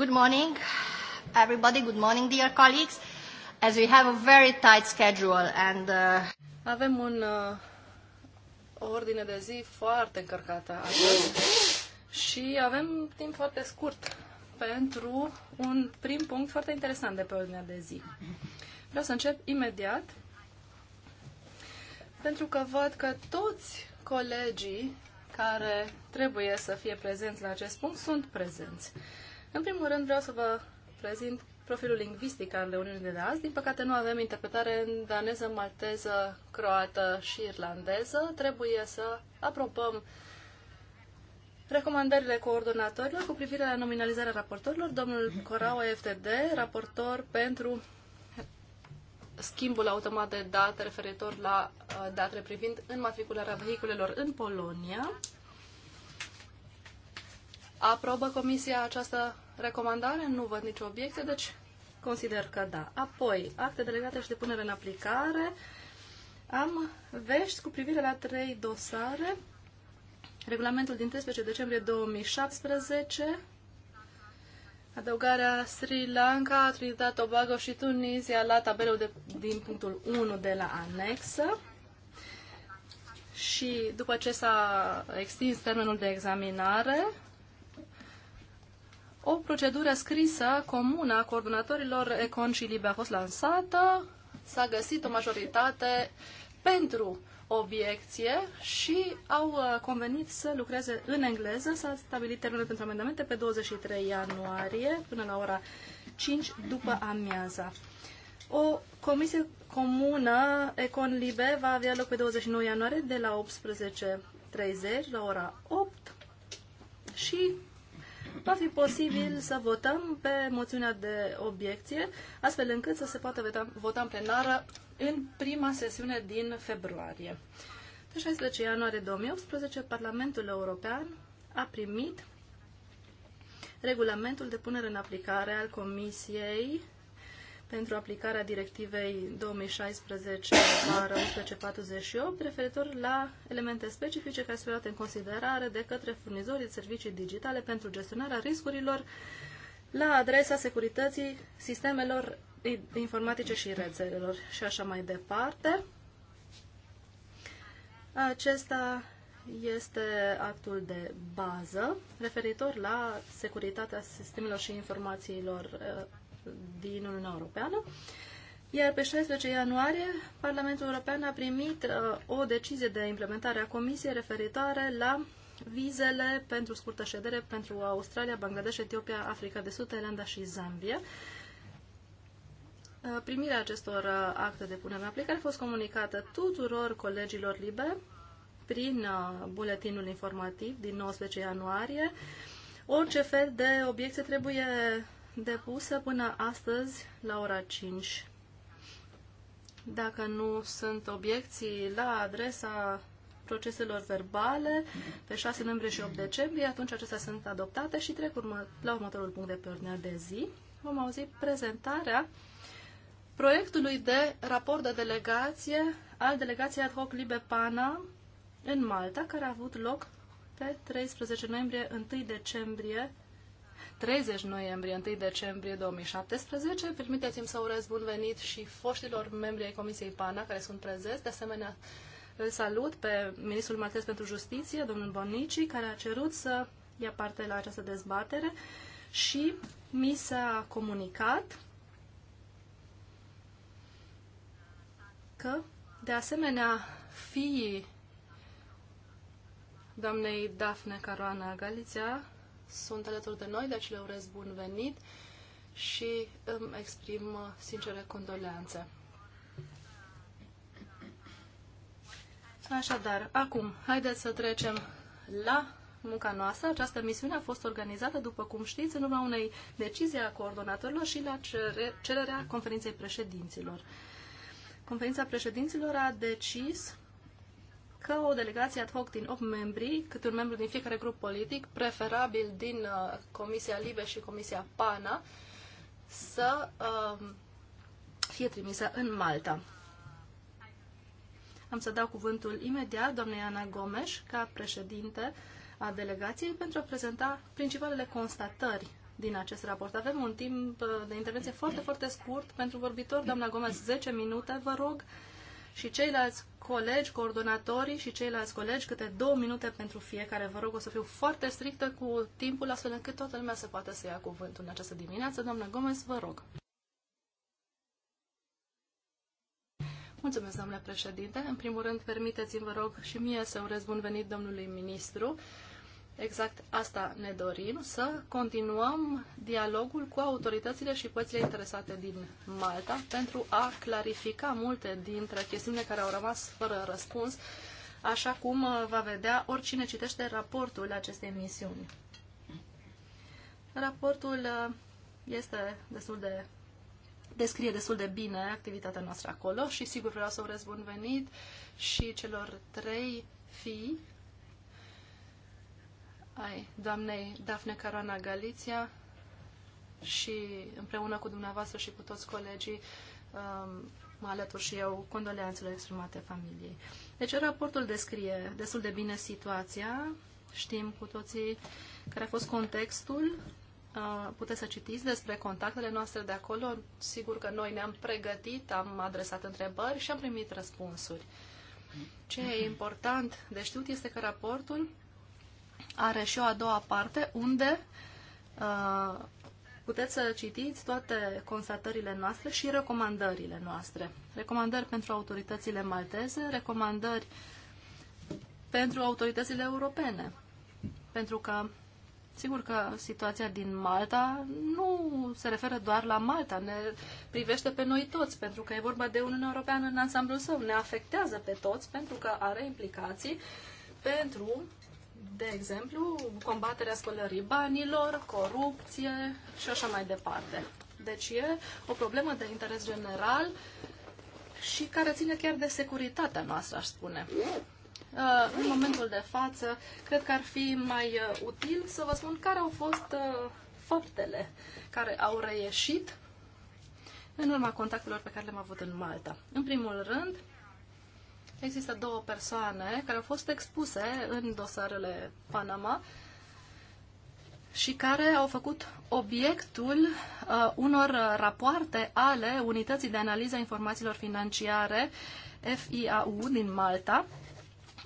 Good morning, everybody. Good morning, dear colleagues. As we have a very tight schedule and uh... avem un uh, o ordine de zi foarte încărcată astăzi și avem timp foarte scurt pentru un prim punct foarte interesant de pe ordinea de zi. Vreau să încep imediat pentru că văd că toți colegii care trebuie să fie prezenți la acest punct sunt prezenți. În primul rând vreau să vă prezint profilul lingvistic al reuniunii de azi. Din păcate nu avem interpretare în daneză, malteză, croată și irlandeză. Trebuie să aprobăm Recomandările coordonatorilor cu privire la nominalizarea raportorilor, domnul Corau FTD, raportor pentru schimbul automat de date referitor la uh, date privind înmatricularea vehiculelor în Polonia. Aprobă Comisia această recomandare? Nu văd nicio obiecție, deci consider că da. Apoi, acte delegate și de punere în aplicare. Am vești cu privire la trei dosare. Regulamentul din 13 decembrie 2017, adăugarea Sri Lanka, Trinidad, Tobago și Tunisia la tabelul de, din punctul 1 de la anexă și după ce s-a extins termenul de examinare, o procedură scrisă comună a coordonatorilor Econ și Libe a fost lansată, s-a găsit o majoritate pentru obiecție și au uh, convenit să lucreze în engleză. S-a stabilit termenul pentru amendamente pe 23 ianuarie până la ora 5 după amiaza. O comisie comună Econ Libe va avea loc pe 29 ianuarie de la 18.30 la ora 8 și va fi posibil să votăm pe moțiunea de obiecție, astfel încât să se poată vota, vota în plenară în prima sesiune din februarie. Pe 16 ianuarie 2018, Parlamentul European a primit regulamentul de punere în aplicare al Comisiei pentru aplicarea directivei 2016-1148 referitor la elemente specifice care sunt luate în considerare de către furnizorii de servicii digitale pentru gestionarea riscurilor la adresa securității sistemelor informatice și rețelelor și așa mai departe. Acesta este actul de bază referitor la securitatea sistemelor și informațiilor uh, din Uniunea Europeană. Iar pe 16 ianuarie, Parlamentul European a primit uh, o decizie de implementare a Comisiei referitoare la vizele pentru scurtă ședere pentru Australia, Bangladesh, Etiopia, Africa de Sud, Thailanda și Zambia. Uh, primirea acestor uh, acte de punere în aplicare a fost comunicată tuturor colegilor libere prin uh, buletinul informativ din 19 ianuarie. Orice fel de obiecție trebuie depuse până astăzi la ora 5. Dacă nu sunt obiecții la adresa proceselor verbale pe 6 noiembrie și 8 decembrie, atunci acestea sunt adoptate și trec urmă, la următorul punct de pe ordinea de zi. Vom auzi prezentarea proiectului de raport de delegație al delegației ad hoc pana în Malta, care a avut loc pe 13 noiembrie, 1 decembrie 30 noiembrie, 1 decembrie 2017. Permiteți-mi să urez bun venit și foștilor membri ai Comisiei PANA care sunt prezenți. De asemenea, îl salut pe Ministrul Maltez pentru Justiție, domnul Bonici, care a cerut să ia parte la această dezbatere și mi s-a comunicat că, de asemenea, fiii doamnei Dafne Caroana Galiția, sunt alături de noi, deci le urez bun venit și îmi exprim sincere condoleanțe. Așadar, acum, haideți să trecem la munca noastră. Această misiune a fost organizată, după cum știți, în urma unei decizii a coordonatorilor și la cererea conferinței președinților. Conferința președinților a decis că o delegație ad hoc din 8 membri, câte un membru din fiecare grup politic, preferabil din uh, Comisia Libe și Comisia PANA, să uh, fie trimisă în Malta. Am să dau cuvântul imediat doamnei Ana Gomes, ca președinte a delegației, pentru a prezenta principalele constatări din acest raport. Avem un timp uh, de intervenție foarte, foarte scurt pentru vorbitor. Doamna Gomes, 10 minute, vă rog. Uh, și ceilalți colegi, coordonatorii și ceilalți colegi, câte două minute pentru fiecare. Vă rog, o să fiu foarte strictă cu timpul, astfel încât toată lumea să poată să ia cuvântul în această dimineață. Doamna Gomez, vă rog. Mulțumesc, doamna președinte. În primul rând, permiteți-mi, vă rog, și mie să urez bun venit domnului ministru exact asta ne dorim, să continuăm dialogul cu autoritățile și părțile interesate din Malta pentru a clarifica multe dintre chestiunile care au rămas fără răspuns, așa cum uh, va vedea oricine citește raportul acestei misiuni. Raportul uh, este destul de descrie destul de bine activitatea noastră acolo și sigur vreau să urez bun venit și celor trei fii ai doamnei Dafne Caruana Galiția și împreună cu dumneavoastră și cu toți colegii um, mă alătur și eu condoleanțele exprimate familiei. Deci raportul descrie destul de bine situația, știm cu toții care a fost contextul, uh, puteți să citiți despre contactele noastre de acolo. Sigur că noi ne-am pregătit, am adresat întrebări și am primit răspunsuri. Ce e important de știut este că raportul are și o a doua parte unde uh, puteți să citiți toate constatările noastre și recomandările noastre. Recomandări pentru autoritățile malteze, recomandări pentru autoritățile europene. Pentru că, sigur că situația din Malta nu se referă doar la Malta, ne privește pe noi toți, pentru că e vorba de Uniunea Europeană în ansamblul său, ne afectează pe toți, pentru că are implicații pentru de exemplu, combaterea spălării banilor, corupție și așa mai departe. Deci e o problemă de interes general și care ține chiar de securitatea noastră, aș spune. Uh, în momentul de față, cred că ar fi mai uh, util să vă spun care au fost uh, faptele care au reieșit în urma contactelor pe care le-am avut în Malta. În primul rând, Există două persoane care au fost expuse în dosarele Panama și care au făcut obiectul uh, unor rapoarte ale Unității de Analiză a Informațiilor Financiare FIAU din Malta.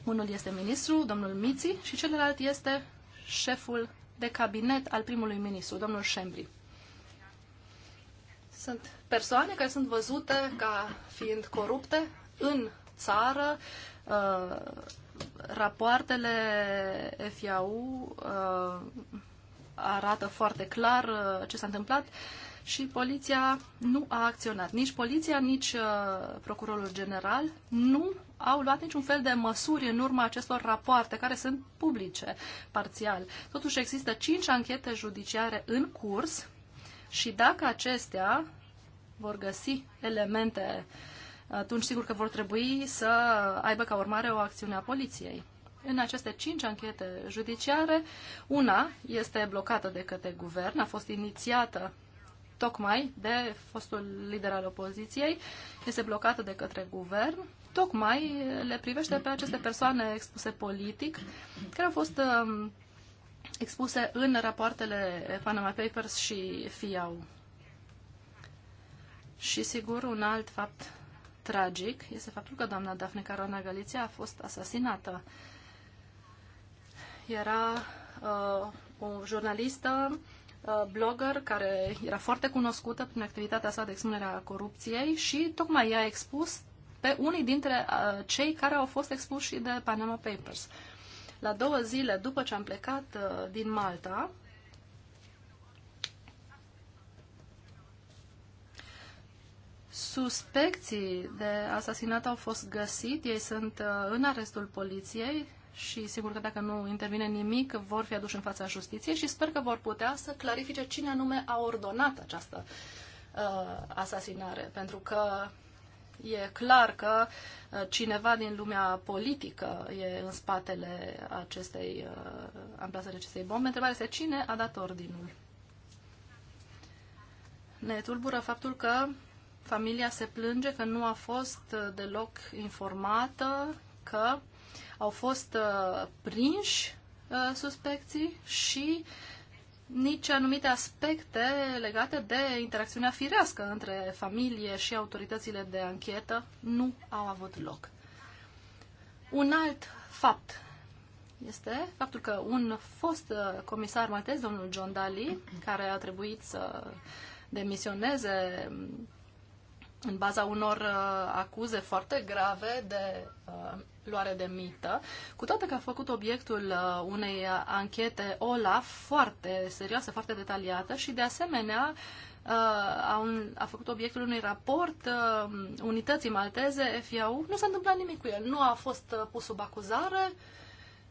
Unul este ministru, domnul Miți, și celălalt este șeful de cabinet al primului ministru, domnul Șembri. Sunt persoane care sunt văzute ca fiind corupte în țară. Uh, rapoartele FIAU uh, arată foarte clar uh, ce s-a întâmplat și poliția nu a acționat. Nici poliția, nici procurorul general nu au luat niciun fel de măsuri în urma acestor rapoarte, care sunt publice parțial. Totuși există cinci anchete judiciare în curs și dacă acestea vor găsi elemente uh, atunci sigur că vor trebui să aibă ca urmare o acțiune a poliției. În aceste cinci anchete judiciare, una este blocată de către guvern, a fost inițiată tocmai de fostul lider al opoziției, este blocată de către guvern, tocmai le privește pe aceste persoane expuse politic, care au fost um, expuse în rapoartele Panama Papers și FIAU. Și sigur, un alt fapt tragic este faptul că doamna Daphne Caruana Galiția a fost asasinată. Era uh, o jurnalistă, uh, blogger, care era foarte cunoscută prin activitatea sa de expunere a corupției și tocmai ea a expus pe unii dintre uh, cei care au fost expuși de Panama Papers. La două zile după ce am plecat uh, din Malta, Suspecții de asasinat au fost găsiți, ei sunt uh, în arestul poliției și sigur că dacă nu intervine nimic vor fi aduși în fața justiției și sper că vor putea să clarifice cine anume a ordonat această uh, asasinare, pentru că e clar că uh, cineva din lumea politică e în spatele acestei uh, amplasări acestei bombe. Întrebarea este cine a dat ordinul. Ne tulbură faptul că familia se plânge că nu a fost uh, deloc informată că au fost uh, prinși uh, suspecții și nici anumite aspecte legate de interacțiunea firească între familie și autoritățile de anchetă nu au avut loc. Un alt fapt este faptul că un fost comisar maltez, domnul John Daly, care a trebuit să demisioneze în baza unor uh, acuze foarte grave de uh, luare de mită, cu toate că a făcut obiectul uh, unei uh, anchete OLAF foarte serioasă, foarte detaliată și de asemenea uh, a, un, a făcut obiectul unui raport uh, unității malteze FIAU, nu s-a întâmplat nimic cu el. Nu a fost uh, pus sub acuzare,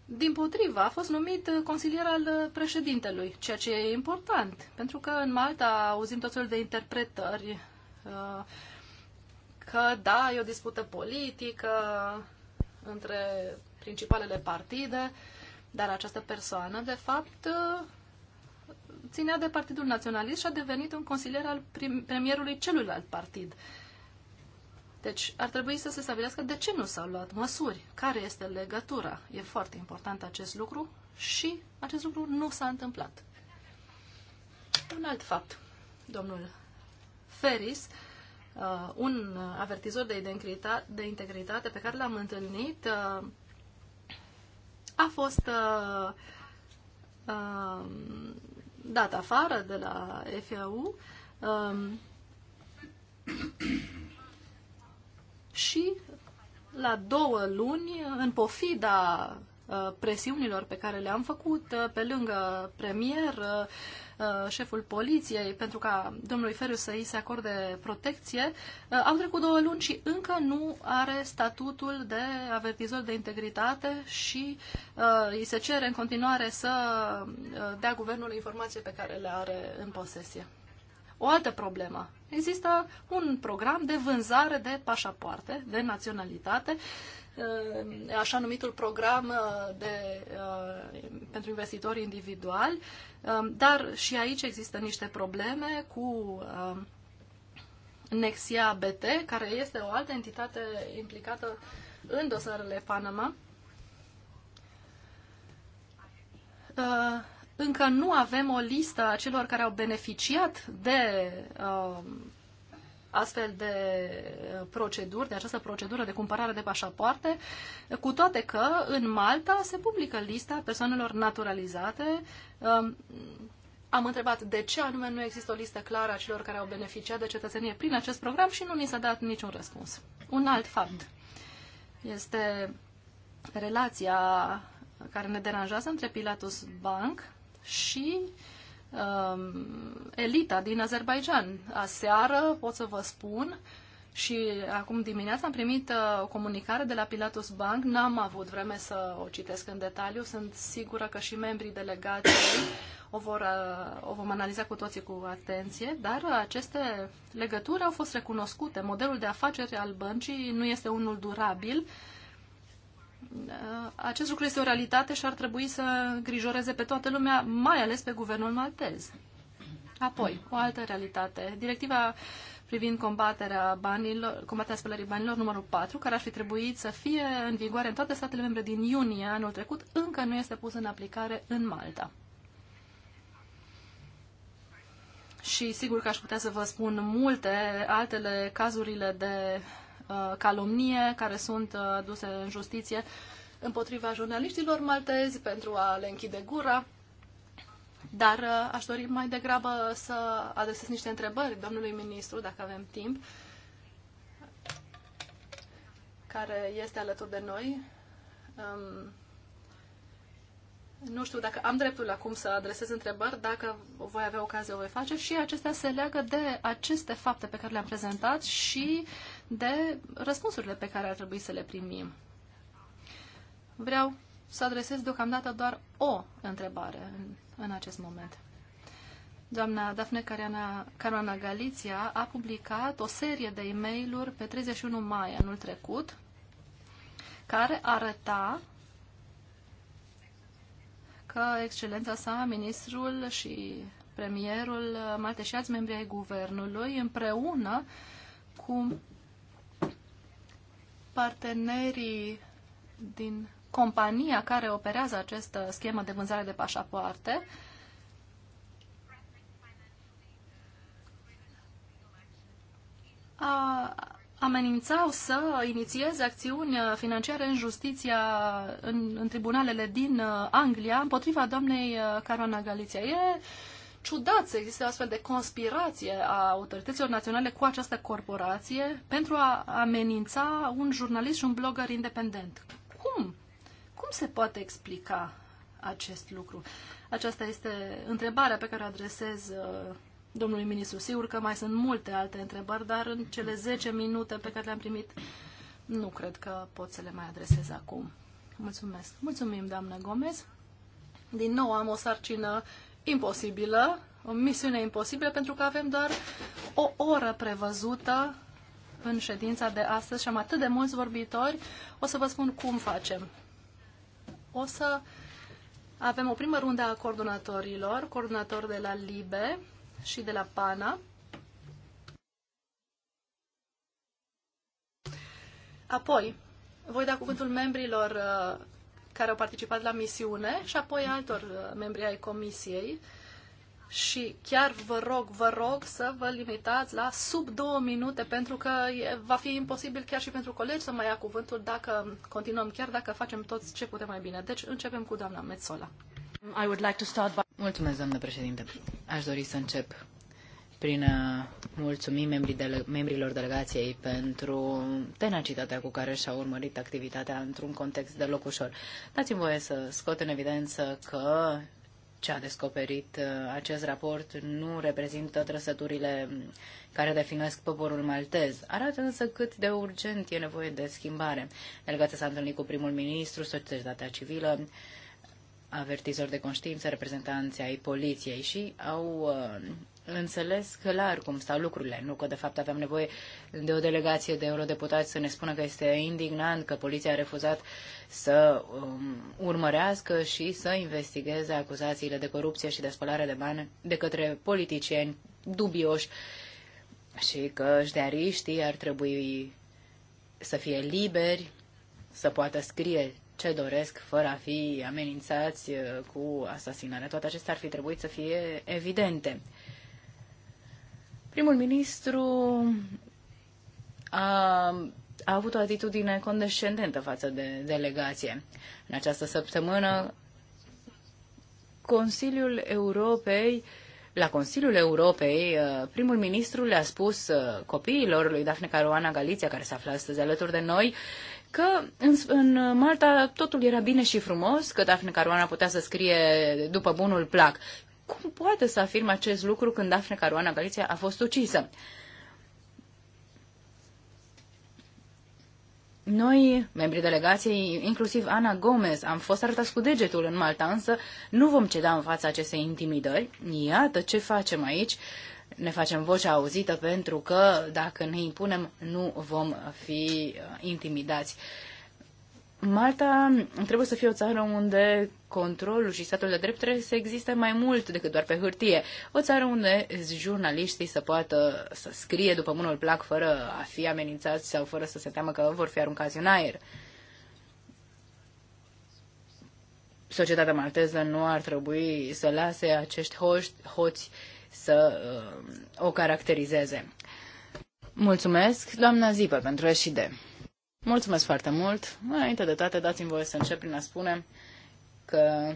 din potriva, a fost numit uh, consilier al uh, președintelui, ceea ce e important, pentru că în Malta auzim tot felul de interpretări uh, că, da, e o dispută politică între principalele partide, dar această persoană, de fapt, ținea de Partidul Naționalist și a devenit un consilier al premierului celuilalt partid. Deci ar trebui să se stabilească de ce nu s-au luat măsuri, care este legătura. E foarte important acest lucru și acest lucru nu s-a întâmplat. Un alt fapt, domnul Ferris, uh, uh, un avertizor de integritate, de integritate pe care l-am întâlnit uh, a fost uh, uh, dat afară de la FAU uh, um, și la două luni, în pofida uh, presiunilor pe care le-am făcut, uh, pe lângă premier, uh, Uh, șeful poliției pentru ca domnului Feriu să îi se acorde protecție. Uh, au trecut două luni și încă nu are statutul de avertizor de integritate și uh, îi se cere în continuare să dea guvernului informații pe care le are în posesie. O altă problemă. Există un program de vânzare de pașapoarte, de naționalitate, Uh, așa numitul program uh, de, uh, pentru investitori individuali, um, dar și aici există niște probleme cu um, Nexia BT, care este o altă entitate implicată în dosarele Panama. Încă nu avem o listă a celor care au beneficiat de um, astfel de uh, proceduri, de această procedură de cumpărare de pașapoarte, cu toate că în Malta se publică lista persoanelor naturalizate. Um, am întrebat de ce anume nu există o listă clară a celor care au beneficiat de cetățenie prin acest program și nu ni s-a dat niciun răspuns. Un alt fapt este relația care ne deranjează între Pilatus Bank și uh, uh, elita din Azerbaijan. Aseară pot să vă spun și acum dimineața am primit uh, o comunicare de la Pilatus Bank. N-am avut vreme să o citesc în detaliu. Sunt sigură că și membrii delegației o, vor, uh, o vom analiza cu toții cu atenție, dar uh, aceste legături au fost recunoscute. Modelul de afaceri al băncii nu este unul durabil. Uh, Uh, acest lucru este o realitate și ar trebui să grijoreze pe toată lumea, mai ales pe guvernul maltez. Apoi, o altă realitate. Directiva privind combaterea, banilor, combaterea spălării banilor numărul 4, care ar fi trebuit să fie în vigoare în toate statele membre din iunie anul trecut, încă nu este pusă în aplicare în Malta. Și sigur că aș putea să vă spun multe altele cazurile de Uh, calomnie care sunt uh, duse în justiție împotriva jurnaliștilor maltezi pentru a le închide gura. Dar uh, aș dori mai degrabă să adresez niște întrebări domnului ministru, dacă avem timp, care este alături de noi. Um, nu știu dacă am dreptul acum să adresez întrebări, dacă voi avea ocazie o voi face și acestea se leagă de aceste fapte pe care le-am prezentat și uh, de răspunsurile pe care ar trebui să le primim. Vreau să adresez deocamdată doar o întrebare în, în acest moment. Doamna Dafne Cariana, Caruana Galiția a publicat o serie de e mail pe 31 mai anul trecut care arăta că excelența sa, ministrul și premierul Malte și alți membri ai guvernului, împreună cu partenerii din compania care operează această schemă de vânzare de pașapoarte a, amenințau să inițieze acțiuni financiare în justiția, în, în tribunalele din uh, Anglia, împotriva doamnei uh, Caruana Galiția. E ciudat să existe astfel de conspirație a autorităților naționale cu această corporație pentru a amenința un jurnalist și un blogger independent. Cum? Cum se poate explica acest lucru? Aceasta este întrebarea pe care o adresez uh, domnului ministru. Sigur că mai sunt multe alte întrebări, dar în cele 10 minute pe care le-am primit, nu cred că pot să le mai adresez acum. Mulțumesc. Mulțumim, doamnă Gomez. Din nou am o sarcină imposibilă, o misiune imposibilă, pentru că avem doar o oră prevăzută în ședința de astăzi și am atât de mulți vorbitori, o să vă spun cum facem. O să avem o primă rundă a coordonatorilor, coordonator de la LIBE și de la PANA. Apoi, voi da cuvântul membrilor uh, care au participat la misiune și apoi altor uh, membri ai comisiei. Și chiar vă rog, vă rog să vă limitați la sub două minute, pentru că va fi imposibil chiar și pentru colegi să mai ia cuvântul dacă continuăm, chiar dacă facem toți ce putem mai bine. Deci începem cu doamna Metzola. I would like to start by... Mulțumesc, doamnă președinte. Aș dori să încep prin a uh, mulțumi membrii membrilor delegației pentru tenacitatea cu care și au urmărit activitatea într-un context deloc ușor. Dați-mi voie să scot în evidență că ce a descoperit uh, acest raport nu reprezintă trăsăturile care definesc poporul maltez. Arată însă cât de urgent e nevoie de schimbare. Delegația s-a întâlnit cu primul ministru, societatea civilă, avertizori de conștiință, reprezentanții ai poliției și au uh, înțeles clar cum stau lucrurile. Nu că, de fapt, aveam nevoie de o delegație de eurodeputați să ne spună că este indignant că poliția a refuzat să um, urmărească și să investigheze acuzațiile de corupție și de spălare de bani de către politicieni dubioși și că jdeariștii ar trebui să fie liberi, să poată scrie ce doresc fără a fi amenințați uh, cu asasinarea. Toate acestea ar fi trebuit să fie evidente. Primul ministru a, a avut o atitudine condescendentă față de delegație. În această săptămână, Consiliul Europei, la Consiliul Europei, uh, primul ministru le-a spus uh, copiilor lui Dafne Caruana Galiția, care se află astăzi alături de noi, că în, în Malta totul era bine și frumos, că Dafne Caruana putea să scrie după bunul plac. Cum poate să afirm acest lucru când Dafne Caruana Galiția a fost ucisă? Noi, membrii delegației, inclusiv Ana Gomez, am fost arătați cu degetul în Malta, însă nu vom ceda în fața acestei intimidări. Iată ce facem aici. Uh, ne facem vocea auzită pentru că dacă ne impunem nu vom fi uh, intimidați. Malta trebuie să fie o țară unde controlul și statul de drept trebuie să existe mai mult decât doar pe hârtie. O țară unde jurnaliștii să poată să scrie după bunul plac fără a fi amenințați sau fără să se teamă că vor fi aruncați în aer. Societatea malteză nu ar trebui să lase acești hoști, hoți să uh, o caracterizeze. Mulțumesc, doamna Zipă, pentru SID. Mulțumesc foarte mult. Înainte de toate, dați-mi voie să încep prin a spune că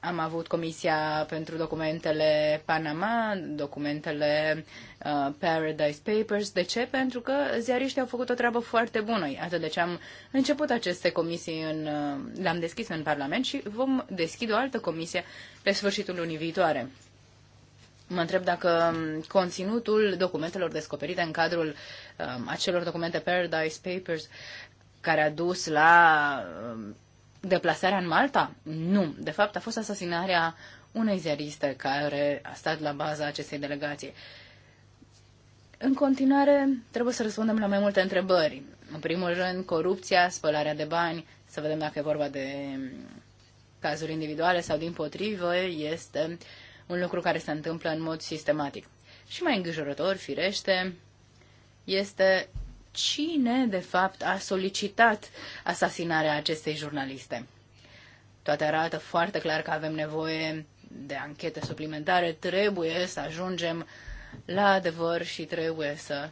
am avut Comisia pentru documentele Panama, documentele uh, Paradise Papers. De ce? Pentru că ziariștii au făcut o treabă foarte bună. Iată de ce am început aceste comisii, în, uh, le-am deschis în Parlament și vom deschide o altă comisie pe sfârșitul lunii viitoare. Mă întreb dacă conținutul documentelor descoperite în cadrul um, acelor documente Paradise Papers care a dus la um, deplasarea în Malta? Nu. De fapt, a fost asasinarea unei ziariste care a stat la baza acestei delegații. În continuare, trebuie să răspundem la mai multe întrebări. În primul rând, corupția, spălarea de bani, să vedem dacă e vorba de um, cazuri individuale sau din potrivă, este uh, un lucru care se întâmplă în mod sistematic. Și mai îngrijorător, firește, este cine, de fapt, a solicitat asasinarea acestei jurnaliste. Toate arată foarte clar că avem nevoie de anchete suplimentare, trebuie să ajungem la adevăr și trebuie să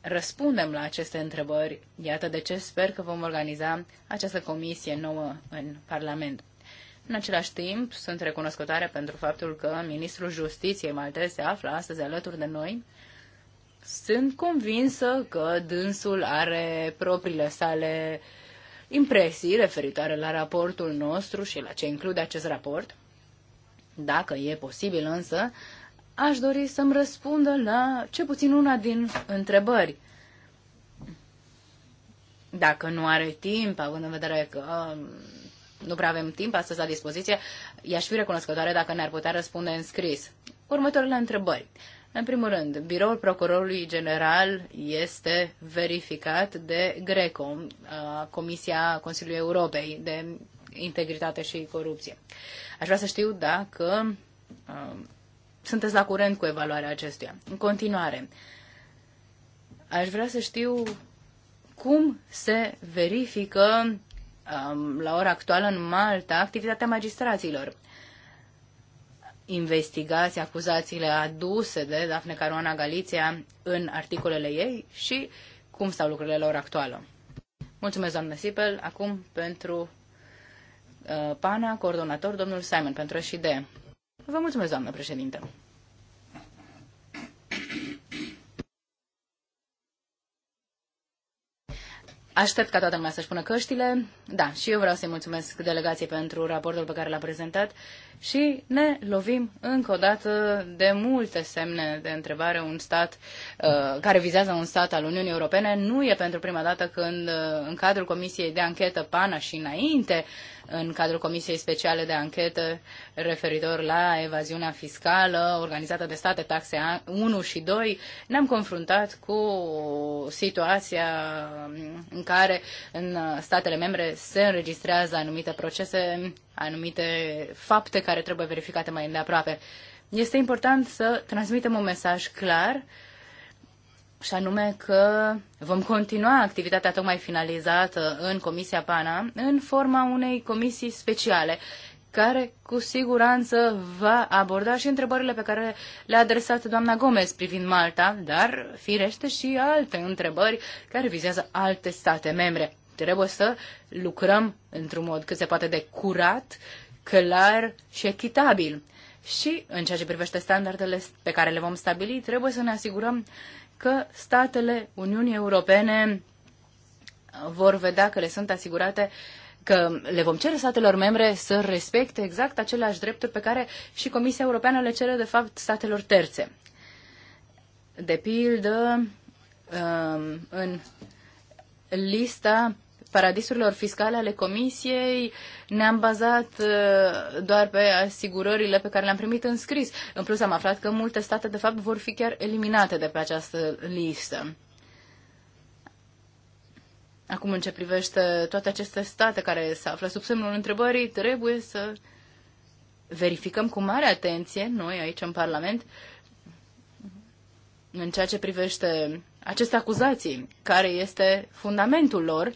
răspundem la aceste întrebări. Iată de ce sper că vom organiza această comisie nouă în Parlament. În același timp, sunt recunoscătoare pentru faptul că ministrul justiției maltez se află astăzi alături de noi. Sunt convinsă că dânsul are propriile sale impresii referitoare la raportul nostru și la ce include acest raport. Dacă e posibil însă, aș dori să-mi răspundă la ce puțin una din întrebări. Dacă nu are timp, având în vedere că nu prea avem timp astăzi la dispoziție, i-aș fi recunoscătoare dacă ne-ar putea răspunde în scris. Următoarele întrebări. În primul rând, biroul procurorului general este verificat de Greco, uh, Comisia Consiliului Europei de Integritate și Corupție. Aș vrea să știu dacă uh, sunteți la curent cu evaluarea acestuia. În continuare, aș vrea să știu cum se verifică Um, la ora actuală în Malta activitatea magistraților. Investigați acuzațiile aduse de Dafne Caruana Galiția în articolele ei și cum stau lucrurile la ora actuală. Mulțumesc, doamnă Sipel. Acum, pentru uh, PANA, coordonator, domnul Simon, pentru și de. Vă mulțumesc, doamnă președinte. Aștept ca toată lumea să-și pună căștile. Da, și eu vreau să-i mulțumesc delegației pentru raportul pe care l-a prezentat și ne lovim încă o dată de multe semne de întrebare. Un stat uh, care vizează un stat al Uniunii Europene nu e pentru prima dată când uh, în cadrul Comisiei de Anchetă PANA și înainte în cadrul Comisiei Speciale de Anchetă referitor la evaziunea fiscală organizată de state, taxe 1 și 2, ne-am confruntat cu situația în care în uh, statele membre se înregistrează anumite procese, anumite fapte care trebuie verificate mai îndeaproape. Este important să transmitem un mesaj clar și anume că vom continua activitatea tocmai finalizată în Comisia PANA în forma unei comisii speciale care cu siguranță va aborda și întrebările pe care le-a adresat doamna Gomez privind Malta, dar firește și alte întrebări care vizează alte state membre. Trebuie să lucrăm într-un mod cât se poate de curat, clar și echitabil. Și, în ceea ce privește standardele pe care le vom stabili, trebuie să ne asigurăm că statele Uniunii Europene vor vedea că le sunt asigurate uh, că le vom cere statelor membre să respecte exact aceleași drepturi pe care și Comisia Europeană le cere, de fapt, statelor terțe. De pildă, um, în lista paradisurilor fiscale ale Comisiei ne-am bazat uh, doar pe asigurările pe care le-am primit în scris. În plus, am aflat că multe state, de fapt, vor fi chiar eliminate de pe această listă. Acum, în ce privește toate aceste state care se află sub semnul întrebării, trebuie să verificăm cu mare atenție, noi aici în Parlament, în ceea ce privește aceste acuzații, care este fundamentul lor,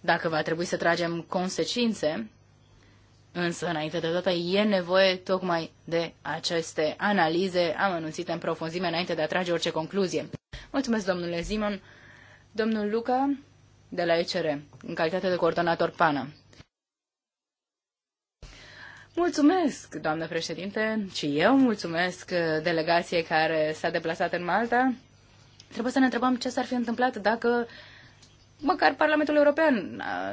dacă va trebui să tragem consecințe, însă înainte de toate e nevoie tocmai de aceste analize amănunțite în profunzime înainte de a trage orice concluzie. Mulțumesc, domnule Zimon. Domnul Luca, de la ECR, în calitate de coordonator PANA. Mulțumesc, doamnă președinte, și eu mulțumesc delegației care s-a deplasat în Malta. Trebuie să ne întrebăm ce s-ar fi întâmplat dacă măcar Parlamentul European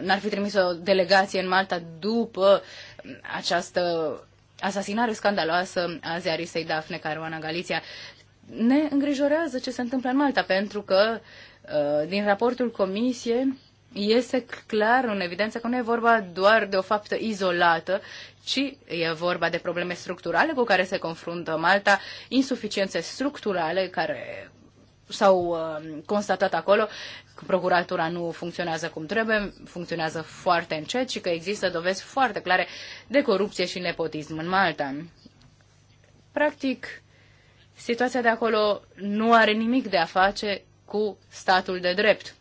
n-ar fi trimis o delegație în Malta după această asasinare scandaloasă a ziaristei Dafne Caruana Galiția ne îngrijorează ce se întâmplă în Malta, pentru că uh, din raportul comisiei este clar în evidență că nu e vorba doar de o faptă izolată, ci e vorba de probleme structurale cu care se confruntă Malta, insuficiențe structurale care s-au uh, constatat acolo că procuratura nu funcționează cum trebuie, funcționează foarte încet și că există dovezi foarte clare de corupție și nepotism în Malta. Practic, situația de acolo nu are nimic de a face cu statul de drept.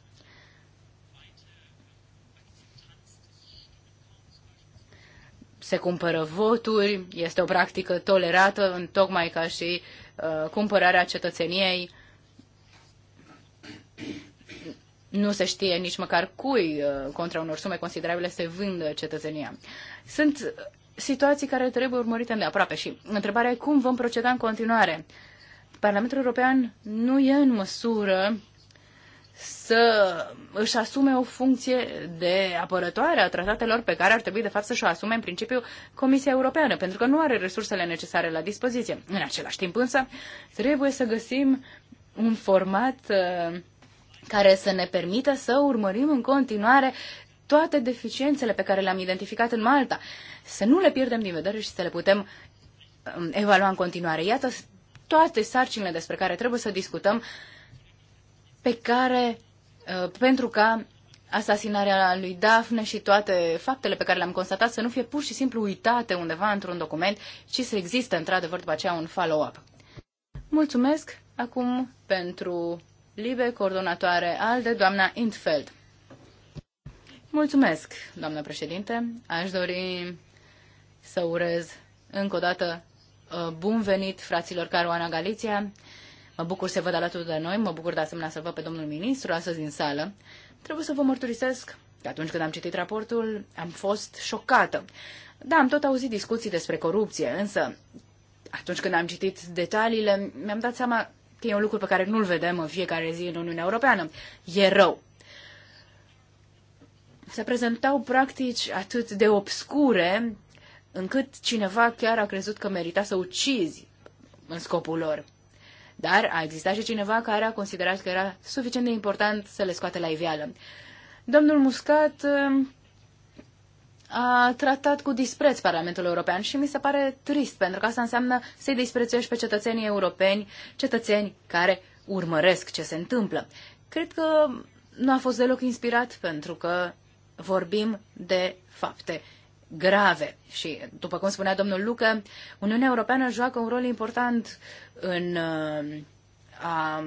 Se cumpără voturi, este o practică tolerată, în tocmai ca și uh, cumpărarea cetățeniei. Nu se știe nici măcar cui, uh, contra unor sume considerabile, se vândă cetățenia. Sunt situații care trebuie urmărite îndeaproape și întrebarea e cum vom proceda în continuare. Uh, Parlamentul European nu e în măsură să își asume o funcție de apărătoare a tratatelor pe care ar trebui de fapt să-și o asume în principiu Comisia Europeană, pentru că nu are resursele necesare la dispoziție. În același timp însă trebuie să găsim un format uh, care să ne permită să urmărim în continuare toate deficiențele pe care le-am identificat în Malta, să nu le pierdem din vedere și să le putem um, evalua în continuare. Iată toate sarcinile despre care trebuie să discutăm, pe care, uh, pentru ca asasinarea lui Daphne și toate faptele pe care le-am constatat să nu fie pur și simplu uitate undeva într-un document, ci să existe într-adevăr după aceea un follow-up. Mulțumesc acum pentru Libe, coordonatoare ALDE, doamna Intfeld. Mulțumesc, doamnă președinte. Aș dori să urez încă o dată Uh, bun venit fraților Caruana Galiția. Mă bucur să văd alături de noi, mă bucur de asemenea să văd pe domnul ministru astăzi în sală. Trebuie să vă mărturisesc că atunci când am citit raportul am fost șocată. Da, am tot auzit discuții despre corupție, însă atunci când am citit detaliile mi-am dat seama că e un lucru pe care nu-l vedem în fiecare zi în Uniunea Europeană. E rău. Se prezentau practici atât de obscure încât cineva chiar a crezut că merita să ucizi în scopul lor. Dar a existat și cineva care a considerat că era suficient de important să le scoate la iveală. Domnul Muscat um, a tratat cu dispreț Parlamentul European și mi se pare trist, pentru că asta înseamnă să-i disprețuiești pe cetățenii europeni, cetățeni care urmăresc ce se întâmplă. Cred că nu a fost deloc inspirat pentru că vorbim de fapte grave. Și, după cum spunea domnul Lucă, Uniunea Europeană joacă un rol important în uh, a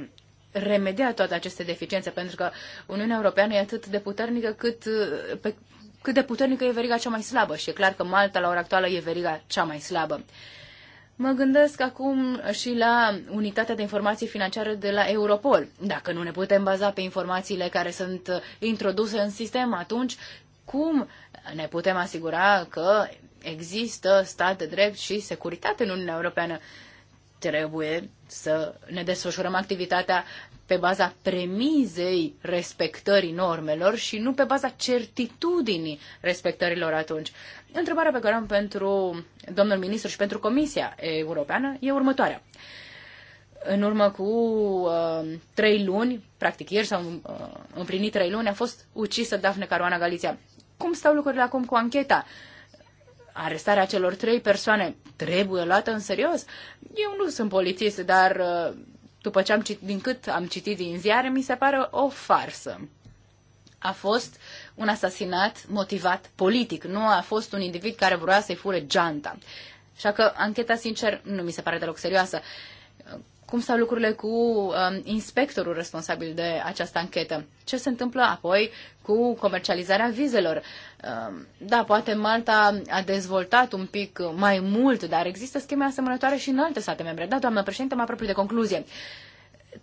remedia toate aceste deficiențe, pentru că Uniunea Europeană e atât de puternică cât, uh, pe, cât de puternică e veriga cea mai slabă și e clar că Malta la ora actuală e veriga cea mai slabă. Mă gândesc acum și la unitatea de informații financiare de la Europol. Dacă nu ne putem baza pe informațiile care sunt uh, introduse în sistem, atunci cum ne putem asigura că există stat de drept și securitate în Uniunea Europeană. Trebuie să ne desfășurăm activitatea pe baza premizei respectării normelor și nu pe baza certitudinii respectărilor atunci. Întrebarea pe care am pentru domnul ministru și pentru Comisia Europeană e următoarea. În urmă cu uh, trei luni, practic ieri s-au uh, împlinit trei luni, a fost ucisă Dafne Caruana Galizia. Cum stau lucrurile acum cu ancheta? Arestarea celor trei persoane trebuie luată în serios? Eu nu sunt polițist, dar uh, după ce am citit, din cât am citit din ziare, mi se pare o farsă. A fost un asasinat motivat politic, nu a fost un individ care vrea să-i fure geanta. Așa că ancheta, sincer, nu mi se pare deloc serioasă. Uh, cum stau lucrurile cu um, inspectorul responsabil de această anchetă? Ce se întâmplă apoi cu comercializarea vizelor? Um, da, poate Malta a dezvoltat un pic mai mult, dar există scheme asemănătoare și în alte state membre. Da, doamnă președinte, mă apropii de concluzie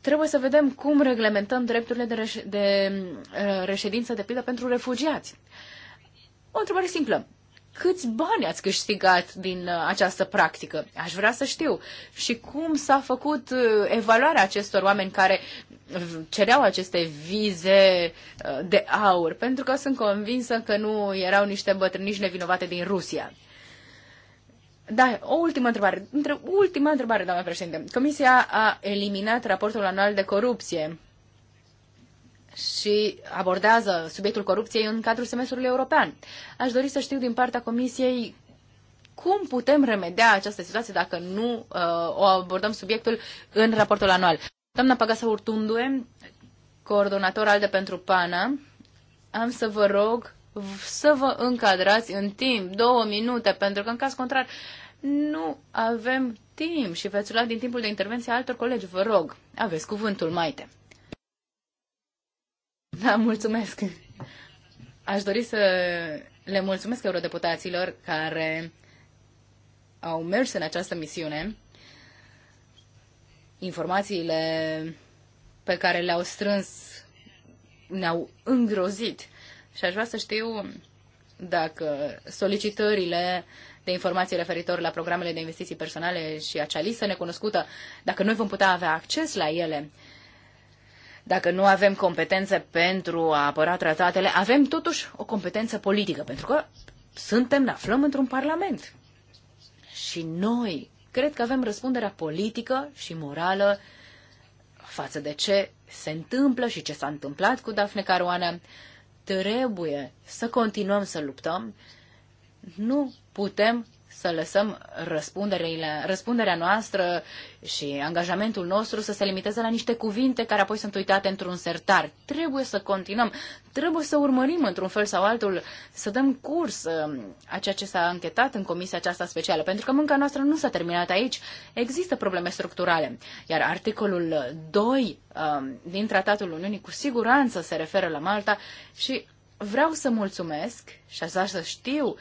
trebuie să vedem cum reglementăm drepturile de, reș- de uh, reședință de pildă pentru refugiați. O întrebare simplă câți bani ați câștigat din uh, această practică? Aș vrea să știu. Și cum s-a făcut uh, evaluarea acestor oameni care uh, cereau aceste vize de aur? Pentru că sunt convinsă că nu erau niște bătrânici nevinovate din Rusia. Da, o ultimă întrebare. Între, ultima întrebare, doamna președinte. Comisia a eliminat raportul anual de corupție și abordează subiectul corupției în cadrul semestrului european. Aș dori să știu din partea Comisiei cum putem remedia această situație dacă nu uh, o abordăm subiectul în raportul anual. Doamna Pagasa Urtundue, coordonator al de pentru PANA, am să vă rog să vă încadrați în timp, două minute, pentru că în caz contrar nu avem timp și veți lua din timpul de intervenție a altor colegi. Vă rog, aveți cuvântul, Maite. Da, mulțumesc. Aș dori să le mulțumesc eurodeputaților care au mers în această misiune. Informațiile pe care le-au strâns ne-au îngrozit și aș vrea să știu dacă solicitările de informații referitor la programele de investiții personale și acea listă necunoscută, dacă noi vom putea avea acces la ele, dacă nu avem competențe pentru a apăra tratatele, avem totuși o competență politică, pentru că suntem, ne aflăm într-un parlament. Și noi cred că avem răspunderea politică și morală față de ce se întâmplă și ce s-a întâmplat cu Dafne Caruana. Trebuie să continuăm să luptăm. Nu putem să lăsăm răspunderea noastră și angajamentul nostru să se limiteze la niște cuvinte care apoi sunt uitate într-un sertar. Trebuie să continuăm, trebuie să urmărim într-un fel sau altul, să dăm curs um, a ceea ce s-a închetat în comisia aceasta specială, pentru că munca noastră nu s-a terminat aici, există probleme structurale, iar articolul 2 um, din Tratatul Uniunii cu siguranță se referă la Malta și vreau să mulțumesc și așa să știu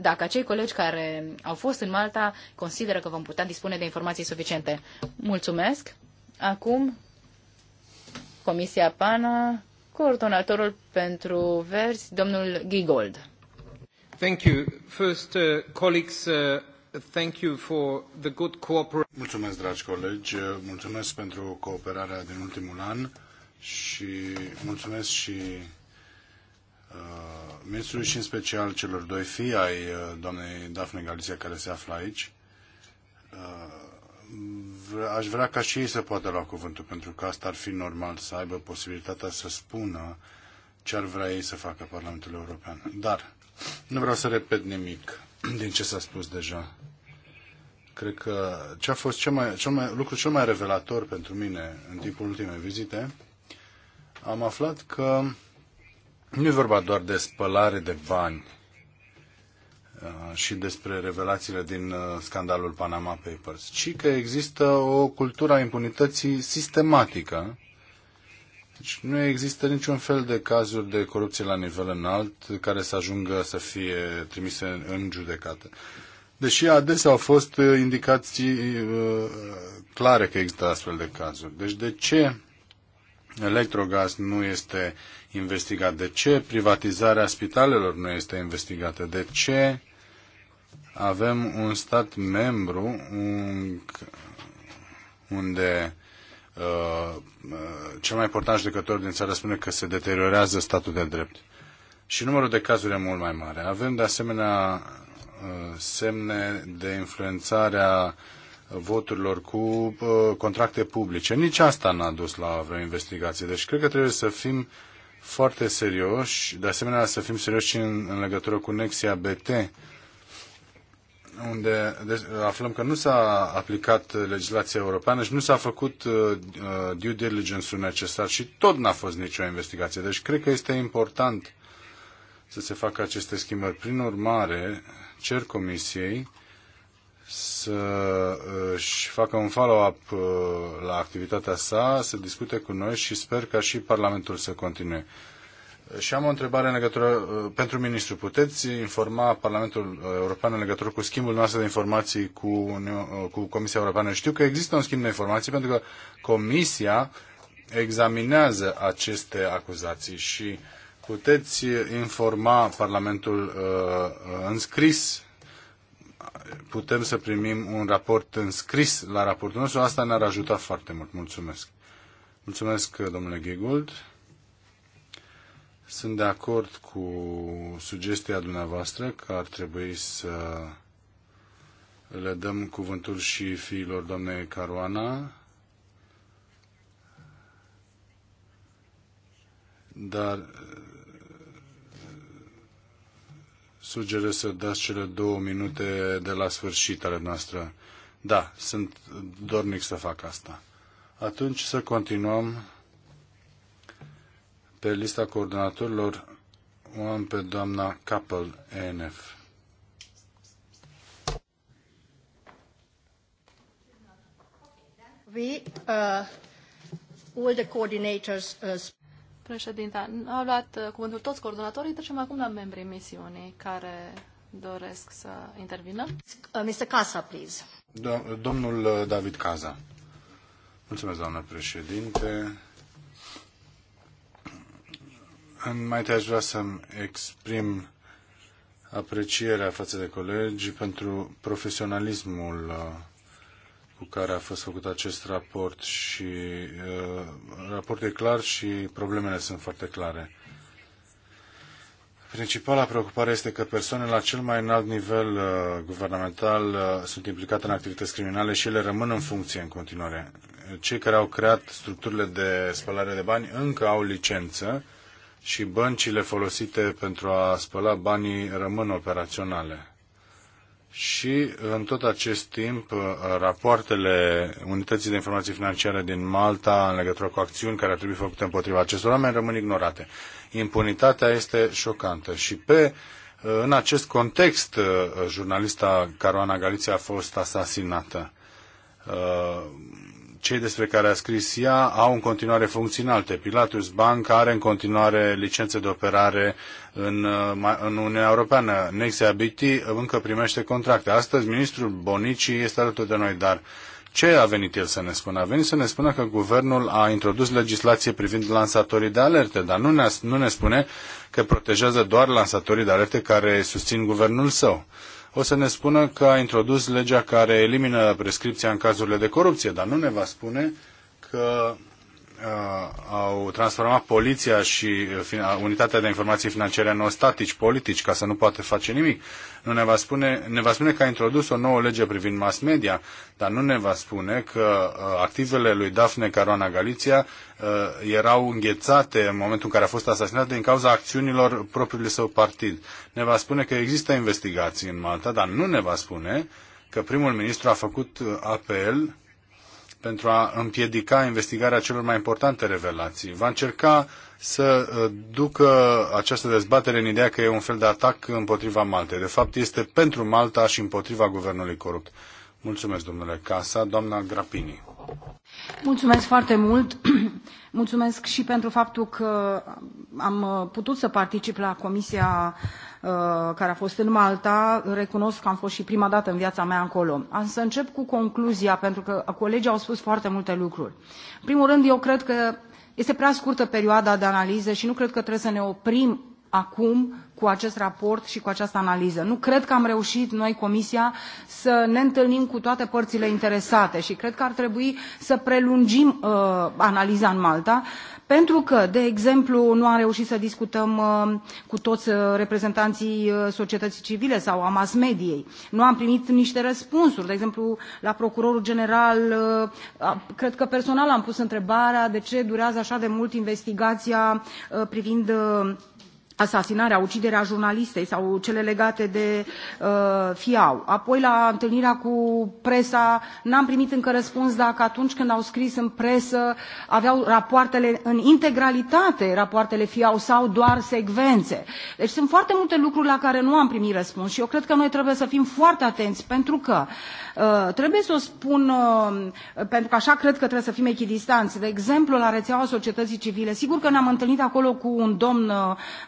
dacă acei colegi care au fost în Malta consideră că vom putea dispune de informații suficiente. Mulțumesc. Acum, Comisia PANA, coordonatorul pentru verzi, domnul Gigold. Thank you. First, uh, colleagues, uh, thank you for the good cooperation. Mulțumesc, dragi colegi. Mulțumesc pentru cooperarea din ultimul an și mulțumesc și Uh, ministrului și în special celor doi fii ai uh, doamnei Dafne Galizia care se află aici. Uh, aș vrea ca și ei să poată lua cuvântul, pentru că asta ar fi normal să aibă posibilitatea să spună ce ar vrea ei să facă Parlamentul European. Dar nu vreau să repet nimic din ce s-a spus deja. Cred că ce a fost cel mai, cel mai, lucru cel mai revelator pentru mine în timpul ultimei vizite, am aflat că nu e vorba doar de spălare de bani uh, și despre revelațiile din uh, scandalul Panama Papers, ci că există o cultură a impunității sistematică. Deci nu există niciun fel de cazuri de corupție la nivel înalt care să ajungă să fie trimise în judecată. Deși adesea au fost indicații uh, clare că există astfel de cazuri. Deci de ce Electrogaz nu este investigat? De ce privatizarea spitalelor nu este investigată? De ce avem un stat membru unde uh, uh, cel mai important judecător din țară spune că se deteriorează statul de drept? Și numărul de cazuri e mult mai mare. Avem de asemenea uh, semne de influențarea voturilor cu uh, contracte publice. Nici asta n-a dus la vreo investigație. Deci cred că trebuie să fim foarte serioși, de asemenea să fim serioși și în, în legătură cu Nexia BT, unde deci, aflăm că nu s-a aplicat legislația europeană și nu s-a făcut uh, uh, due diligence-ul necesar și tot n-a fost nicio investigație. Deci cred că este important să se facă aceste schimbări. Prin urmare, cer comisiei să uh, își facă un follow-up uh, la activitatea sa, să discute cu noi și sper ca și Parlamentul să continue. Și am o întrebare în legătură, uh, pentru ministru. Puteți informa Parlamentul European în legătură cu schimbul noastră de informații cu, cu Comisia Europeană? Știu că există un schimb de informații pentru că Comisia examinează aceste acuzații și puteți informa Parlamentul uh, în scris putem să primim un raport înscris la raportul nostru, asta ne-ar ajuta foarte mult. Mulțumesc. Mulțumesc, domnule Ghegold. Sunt de acord cu sugestia dumneavoastră că ar trebui să le dăm cuvântul și fiilor doamnei Caruana. Dar sugerez să dați cele două minute de la sfârșit ale noastră. Da, sunt dornic să fac asta. Atunci să continuăm pe lista coordonatorilor. O am pe doamna Capel ENF. We, uh, all the coordinators, uh... Președinta, au luat uh, cuvântul toți coordonatorii. Trecem acum la membrii misiunii care doresc să intervină. Uh, Mr. Casa, please. Do domnul uh, David Casa. Mulțumesc, doamnă președinte. Mai te aș vrea să-mi exprim aprecierea față de colegi pentru profesionalismul cu care a fost făcut acest raport și uh, raportul e clar și problemele sunt foarte clare. Principala preocupare este că persoanele la cel mai înalt nivel uh, guvernamental uh, sunt implicate în activități criminale și ele rămân în funcție în continuare. Cei care au creat structurile de spălare de bani încă au licență și băncile folosite pentru a spăla banii rămân operaționale și în tot acest timp rapoartele Unității de Informații Financiare din Malta în legătură cu acțiuni care ar trebui făcute împotriva acestor oameni rămân ignorate. Impunitatea este șocantă și pe în acest context jurnalista Caruana Galiția a fost asasinată cei despre care a scris ea au în continuare funcții înalte. Pilatus Bank are în continuare licențe de operare în, uh, în Uniunea Europeană. Nexia BT încă primește contracte. Astăzi ministrul Bonici este alături de noi, dar ce a venit el să ne spună? A venit să ne spună că guvernul a introdus legislație privind lansatorii de alerte, dar nu ne, nu ne spune că protejează doar lansatorii de alerte care susțin guvernul său o să ne spună că a introdus legea care elimină prescripția în cazurile de corupție, dar nu ne va spune că Uh, au transformat poliția și uh, uh, unitatea de informații financiare în ostatici politici ca să nu poate face nimic. Nu ne va spune, ne va spune că a introdus o nouă lege privind mass media, dar nu ne va spune că activele lui Daphne Caruana Galizia erau înghețate în momentul în care a fost asasinat din cauza acțiunilor propriului său partid. Ne va spune că există investigații în Malta, dar nu ne va spune că primul ministru a făcut apel pentru a împiedica investigarea celor mai importante revelații. Va încerca să uh, ducă această dezbatere în ideea că e un fel de atac împotriva Maltei. De fapt, este pentru Malta și împotriva guvernului corupt. Mulțumesc, domnule Casa. Doamna Grapini. Mulțumesc foarte mult. Mulțumesc și pentru faptul că am uh, putut să particip la Comisia Uh, care a fost în Malta. Recunosc că am fost și prima dată în viața mea acolo. Am să încep cu concluzia, pentru că colegii au spus foarte multe lucruri. În primul rând, eu cred că este prea scurtă perioada de analiză și nu cred că trebuie să ne oprim acum cu acest raport și cu această analiză. Nu cred că am reușit noi, Comisia, să ne întâlnim cu toate părțile interesate și cred că ar trebui să prelungim uh, analiza în Malta pentru că de exemplu nu am reușit să discutăm uh, cu toți uh, reprezentanții uh, societății civile sau a mass mediei nu am primit niște răspunsuri de exemplu la procurorul general cred că personal am pus întrebarea de ce durează așa de mult investigația privind asasinarea, uciderea jurnalistei sau cele legate de uh, FIAU. Apoi la întâlnirea cu presa n-am primit încă răspuns dacă atunci când au scris în presă aveau rapoartele în integralitate, rapoartele FIAU sau doar secvențe. Deci sunt foarte multe lucruri la care nu am primit răspuns și eu cred că noi trebuie să fim foarte atenți pentru că uh, Uh, trebuie să o spun, uh, pentru că așa cred că trebuie să fim echidistanți. De exemplu, la rețeaua societății civile, sigur că ne-am întâlnit acolo cu un domn uh,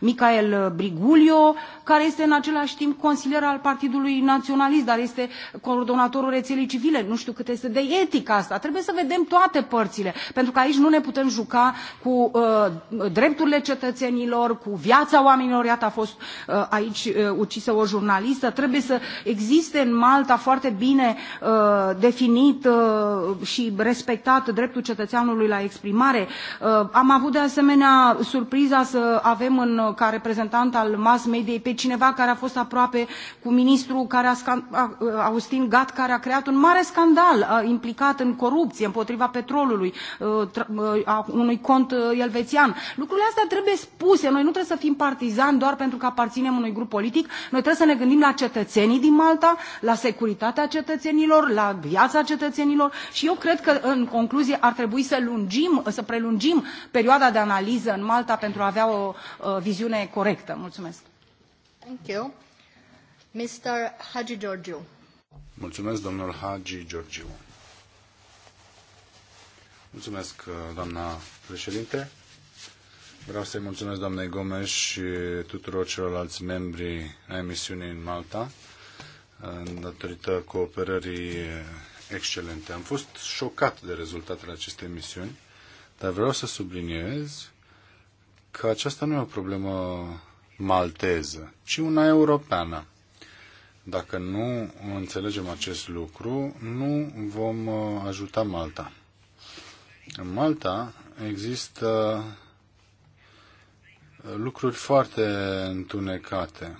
Michael Brigulio, care este în același timp consilier al Partidului Naționalist, dar este coordonatorul rețelei civile. Nu știu cât este de etic asta. Trebuie să vedem toate părțile, pentru că aici nu ne putem juca cu uh, drepturile cetățenilor, cu viața oamenilor. Iată, a fost uh, aici uh, ucisă o jurnalistă. Trebuie să existe în Malta foarte bine Uh, definit uh, și respectat dreptul cetățeanului la exprimare. Uh, am avut de asemenea surpriza să avem în, ca reprezentant al mass mediei pe cineva care a fost aproape cu ministrul care a, Austin Gat, care a creat un mare scandal implicat în corupție împotriva petrolului, a unui cont elvețian. Lucrurile astea trebuie spuse. Noi nu trebuie să fim partizani doar pentru că aparținem unui grup politic. Noi trebuie să ne gândim la cetățenii din Malta, la securitatea cetățenilor cetățenilor, la viața cetățenilor și eu cred că, în concluzie, ar trebui să lungim, să prelungim perioada de analiză în Malta pentru a avea o uh, viziune corectă. Mulțumesc. Thank you. Mr. Hagi Georgiou. Mulțumesc, domnul Hagi Georgiou. Mulțumesc, uh, doamna președinte. Vreau să-i mulțumesc doamnei Gomes și tuturor celorlalți membri ai misiunii în Malta datorită cooperării excelente. Am fost șocat de rezultatele acestei misiuni, dar vreau să subliniez că aceasta nu e o problemă malteză, ci una europeană. Dacă nu înțelegem acest lucru, nu vom uh, ajuta Malta. În Malta există lucruri foarte întunecate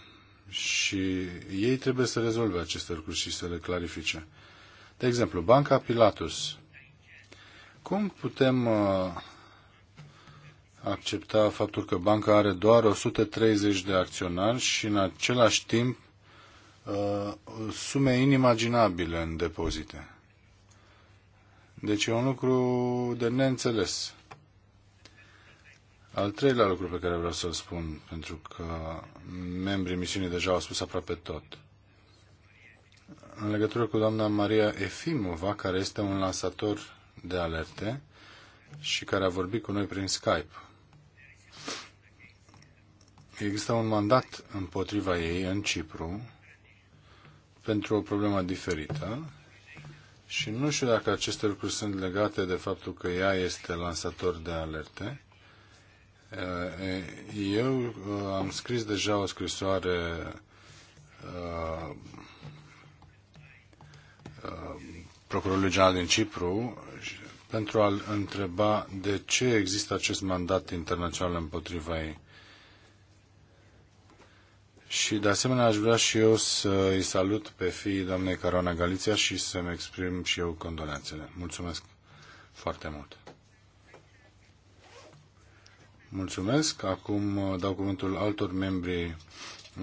și ei trebuie să rezolve aceste lucruri și să le clarifice. De exemplu, Banca Pilatus. Cum putem uh, accepta faptul că banca are doar 130 de acționari și în același timp uh, sume inimaginabile în depozite? Deci e un lucru de neînțeles. Al treilea lucru pe care vreau să-l spun, pentru că membrii misiunii deja au spus aproape tot. În legătură cu doamna Maria Efimova, care este un lansator de alerte și care a vorbit cu noi prin Skype. Există un mandat împotriva ei în Cipru pentru o problemă diferită și nu știu dacă aceste lucruri sunt legate de faptul că ea este lansator de alerte, Eh, eu eh, am scris deja o scrisoare eh, Procurorului General din Cipru pentru a-l întreba de ce există acest mandat internațional împotriva ei. Și de asemenea aș vrea și eu să îi salut pe fiii doamnei Caroana Galiția și să-mi exprim și eu condoleanțele. Mulțumesc foarte mult! Mulțumesc. Acum uh, dau cuvântul altor membri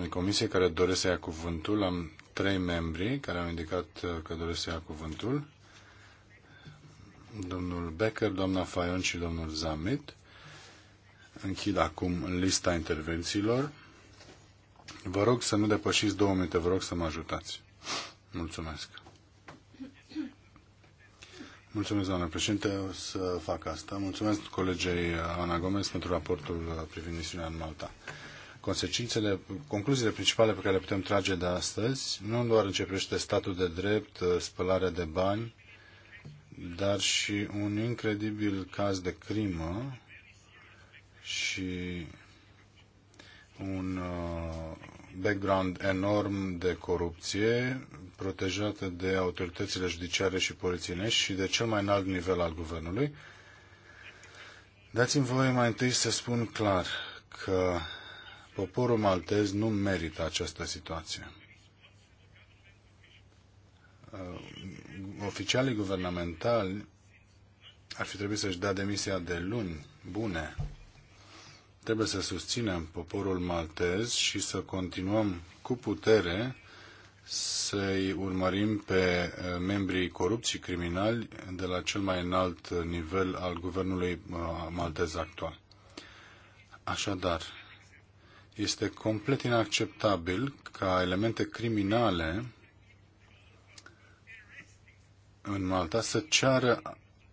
în comisie care doresc să ia cuvântul. Am trei membri care au indicat uh, că doresc să ia cuvântul. Domnul Becker, doamna Fayon și domnul Zamit. Închid acum lista intervențiilor. Vă rog să nu depășiți două minute, vă rog să mă ajutați. Mulțumesc. Mulțumesc, doamnă președinte, o să fac asta. Mulțumesc colegei Ana Gomez pentru raportul privind misiunea în Malta. Consecințele, concluziile principale pe care le putem trage de astăzi, nu doar începește statul de drept, spălarea de bani, dar și un incredibil caz de crimă și un uh, background enorm de corupție protejată de autoritățile judiciare și polițienești și de cel mai înalt nivel al guvernului. Dați-mi voie mai întâi să spun clar că poporul maltez nu merită această situație. Uh, oficialii guvernamentali ar fi trebuit să-și dea demisia de luni bune. Trebuie să susținem poporul maltez și să continuăm cu putere să-i urmărim pe eh, membrii corupții criminali de la cel mai înalt eh, nivel al guvernului eh, maltez actual. Așadar, este complet inacceptabil ca elemente criminale în Malta să ceară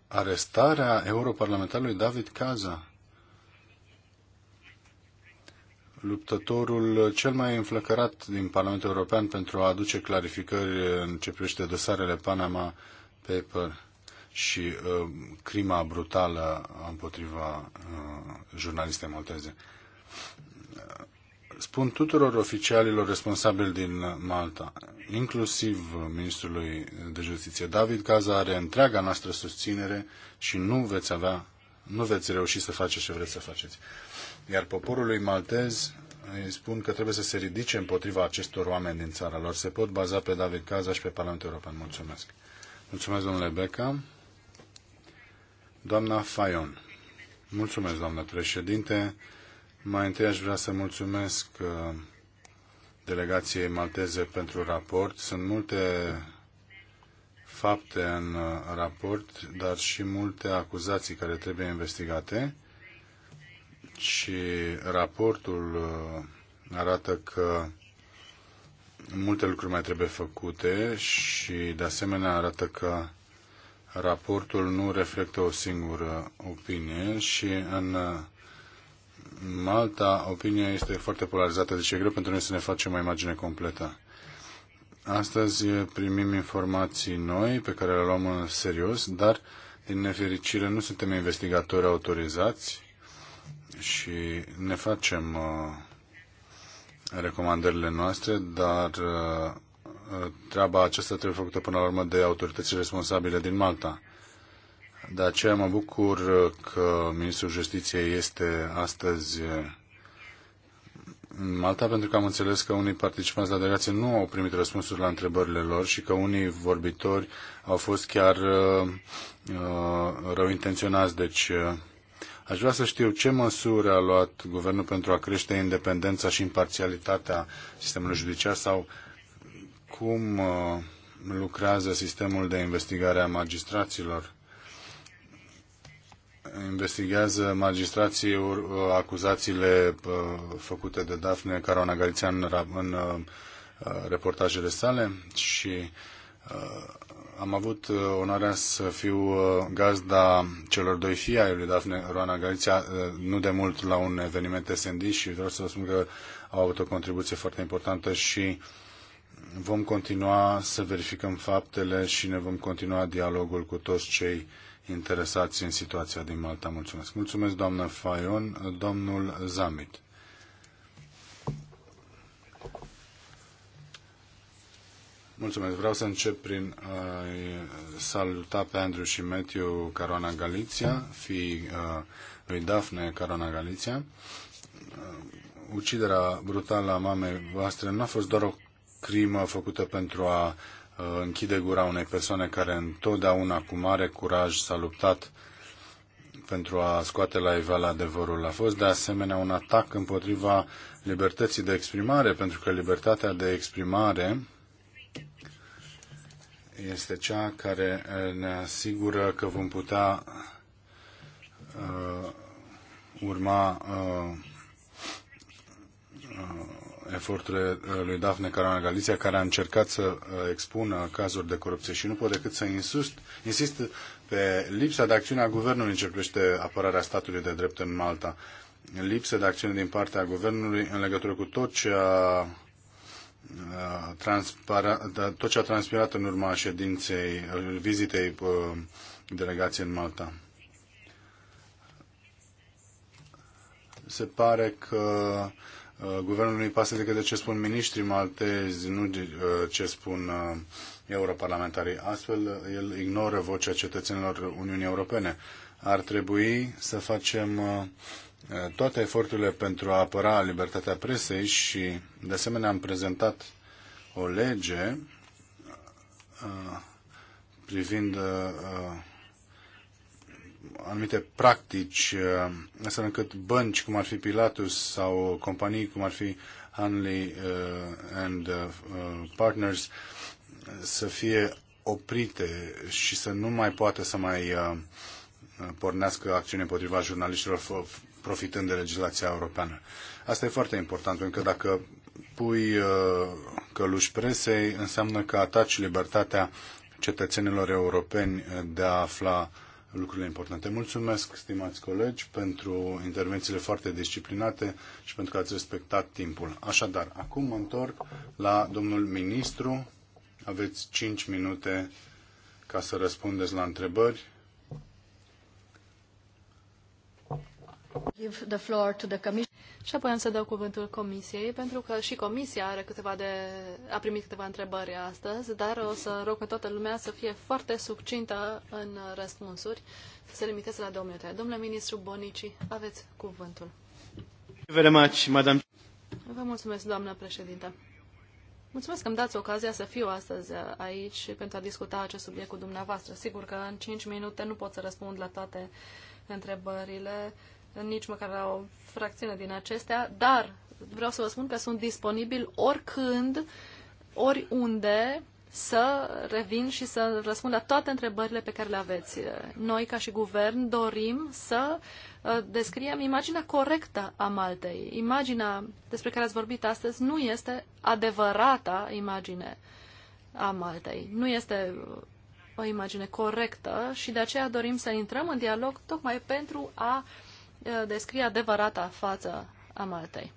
arestarea europarlamentarului David Caza luptătorul cel mai înflăcărat din Parlamentul European pentru a aduce clarificări în ce privește dosarele Panama Paper și uh, crima brutală împotriva uh, jurnalistei malteze. Uh, spun tuturor oficialilor responsabili din Malta, inclusiv ministrului de justiție David Caza, are întreaga noastră susținere și nu veți avea, nu veți reuși să faceți ce vreți să faceți. Uh, iar poporului maltez îi spun că trebuie să se ridice împotriva acestor oameni din țara lor. Se pot baza pe David Caza și pe Parlamentul European. Mulțumesc. Mulțumesc, domnule Beca. Doamna Fayon. Mulțumesc, doamnă președinte. Mai întâi aș vrea să mulțumesc uh, delegației malteze pentru raport. Sunt multe fapte în uh, raport, dar și multe acuzații care trebuie investigate și deci, raportul uh, arată că multe lucruri mai trebuie făcute și de asemenea arată că raportul nu reflectă o singură opinie și în Malta opinia este foarte polarizată, deci e greu pentru noi să ne facem o imagine completă. Astăzi primim informații noi pe care le luăm în serios, dar din nefericire nu suntem investigatori autorizați și ne facem uh, recomandările noastre, dar uh, treaba aceasta trebuie făcută până la urmă de autoritățile responsabile din Malta. De aceea mă bucur uh, că Ministrul Justiției este astăzi în Malta, pentru că am înțeles că unii participanți la delegație nu au primit răspunsuri la întrebările lor și că unii vorbitori au fost chiar uh, rău intenționați. Deci, Aș vrea să știu ce măsuri a luat guvernul pentru a crește independența și imparțialitatea sistemului judiciar sau cum uh, lucrează sistemul de investigare a magistraților. Investigează magistrații uh, acuzațiile uh, făcute de Dafne Caruana Galițean în reportajele sale și am avut uh, onoarea să fiu uh, gazda celor doi fii ai lui Dafne Roana Galiția, uh, nu de mult la un eveniment SND și vreau să vă spun că au avut o contribuție foarte importantă și vom continua să verificăm faptele și ne vom continua dialogul cu toți cei interesați în situația din Malta. Mulțumesc. Mulțumesc, doamnă Fayon. Domnul Zamit. Mulțumesc. Vreau să încep prin a saluta pe Andrew și Matthew Carona Galiția, fi lui Daphne Carona Galiția. Uciderea brutală a mamei voastre nu a fost doar o crimă făcută pentru a închide gura unei persoane care întotdeauna cu mare curaj s-a luptat pentru a scoate la iveală adevărul. A fost de asemenea un atac împotriva libertății de exprimare, pentru că libertatea de exprimare este cea care eh, ne asigură că vom putea uh, urma uh, uh, eforturile lui Dafne Caruana Galicia care a încercat să expună cazuri de corupție și nu pot decât să insist, insist pe lipsa de acțiune a guvernului în ce privește apărarea statului de drept în Malta. Lipsă de acțiune din partea guvernului în legătură cu tot ce a Uh, da, tot ce a transpirat în urma ședinței, uh, vizitei uh, delegației în Malta. Se pare că guvernul nu-i pasă decât de ce spun miniștrii maltezi, nu de ce spun europarlamentarii. Astfel, el ignoră vocea cetățenilor Uniunii Europene. Ar trebui să facem toate eforturile pentru a apăra libertatea presei și, de asemenea, am prezentat o lege uh, privind uh, uh, anumite practici, astfel încât bănci cum ar fi Pilatus sau companii cum ar fi Hanley and Partners să fie oprite și să nu mai poată să mai pornească acțiuni împotriva jurnaliștilor profitând de legislația europeană. Asta e foarte important, pentru că dacă pui uh, căluși presei, înseamnă că ataci libertatea cetățenilor europeni uh, de a afla lucrurile importante. Mulțumesc, stimați colegi, pentru intervențiile foarte disciplinate și pentru că ați respectat timpul. Așadar, acum mă întorc la domnul ministru. Aveți 5 minute ca să răspundeți la întrebări Give the floor to the Și apoi am să dau cuvântul comisiei, pentru că și comisia are câteva de, a primit câteva întrebări astăzi, dar o să rog pe toată lumea să fie foarte succintă în răspunsuri, să se limiteze la două minute. Domnule ministru Bonici, aveți cuvântul. Very much, madam. Vă mulțumesc, doamnă președintă. Mulțumesc că îmi dați ocazia să fiu astăzi aici pentru a discuta acest subiect cu dumneavoastră. Sigur că în 5 minute nu pot să răspund la toate întrebările nici măcar la o fracțiune din acestea, dar vreau să vă spun că sunt disponibil oricând, oriunde, să revin și să răspund la toate întrebările pe care le aveți. Noi, ca și guvern, dorim să uh, descriem imaginea corectă a Maltei. Imaginea despre care ați vorbit astăzi nu este adevărata imagine a Maltei. Nu este uh, o imagine corectă și de aceea dorim să intrăm în dialog tocmai pentru a uh, Eh, descrie adevărata față a Maltei.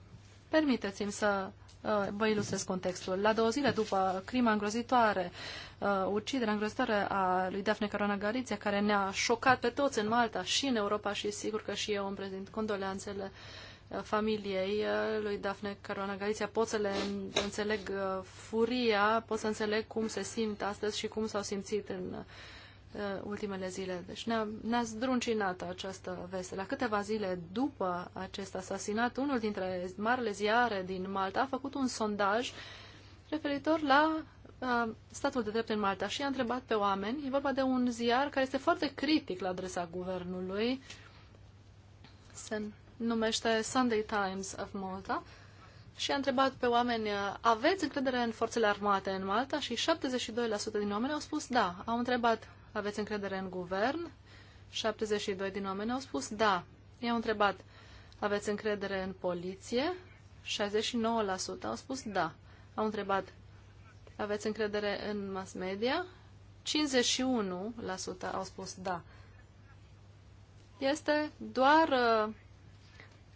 Permiteți-mi să eh, vă ilustrez contextul. La două zile după crima îngrozitoare, eh, uciderea îngrozitoare a lui Daphne Caruana Gariția, care ne-a șocat pe toți în Malta și în Europa și sigur că și eu îmi prezint condoleanțele familiei lui Daphne Caruana Galiția. Pot să le înțeleg furia, pot să înțeleg cum se simt astăzi și cum s-au simțit în Uh, ultimele zile. Deci ne-a, ne-a zdruncinat această veste. La câteva zile după acest asasinat, unul dintre marile ziare din Malta a făcut un sondaj referitor la uh, statul de drept în Malta și a întrebat pe oameni. E vorba de un ziar care este foarte critic la adresa guvernului. Se numește Sunday Times of Malta și a întrebat pe oameni, uh, aveți încredere în forțele armate în Malta? Și 72% din oameni au spus da. Au întrebat, aveți încredere în guvern? 72 din oameni au spus da. I-au întrebat, aveți încredere în poliție? 69% au spus da. Au întrebat, aveți încredere în mass media? 51% au spus da. Este doar uh,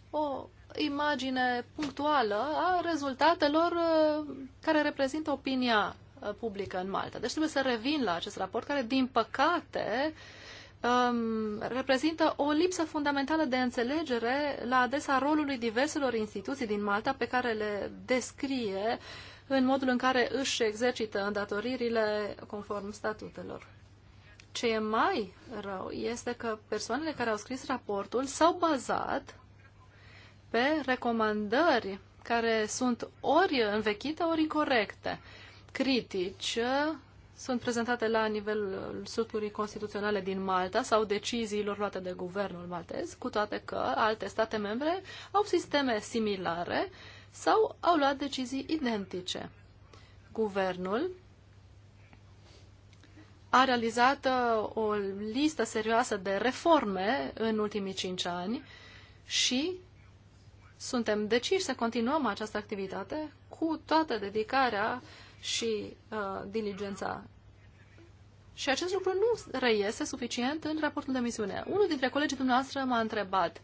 o imagine punctuală a rezultatelor uh, care reprezintă opinia Uh, publică în Malta. Deci trebuie să revin la acest raport care, din păcate, um, reprezintă o lipsă fundamentală de înțelegere la adresa rolului diverselor instituții din Malta pe care le descrie în modul în care își exercită îndatoririle conform statutelor. Ce e mai rău este că persoanele care au scris raportul s-au bazat pe recomandări care sunt ori învechite, ori incorrecte critici sunt prezentate la nivelul structurii constituționale din Malta sau deciziilor luate de guvernul maltez, cu toate că alte state membre au sisteme similare sau au luat decizii identice. Guvernul a realizat uh, o listă serioasă de reforme în ultimii cinci ani și suntem deciși să continuăm această activitate cu toată dedicarea uh, și uh, diligența. Și acest lucru nu reiese suficient în raportul de misiune. Unul dintre colegii dumneavoastră m-a întrebat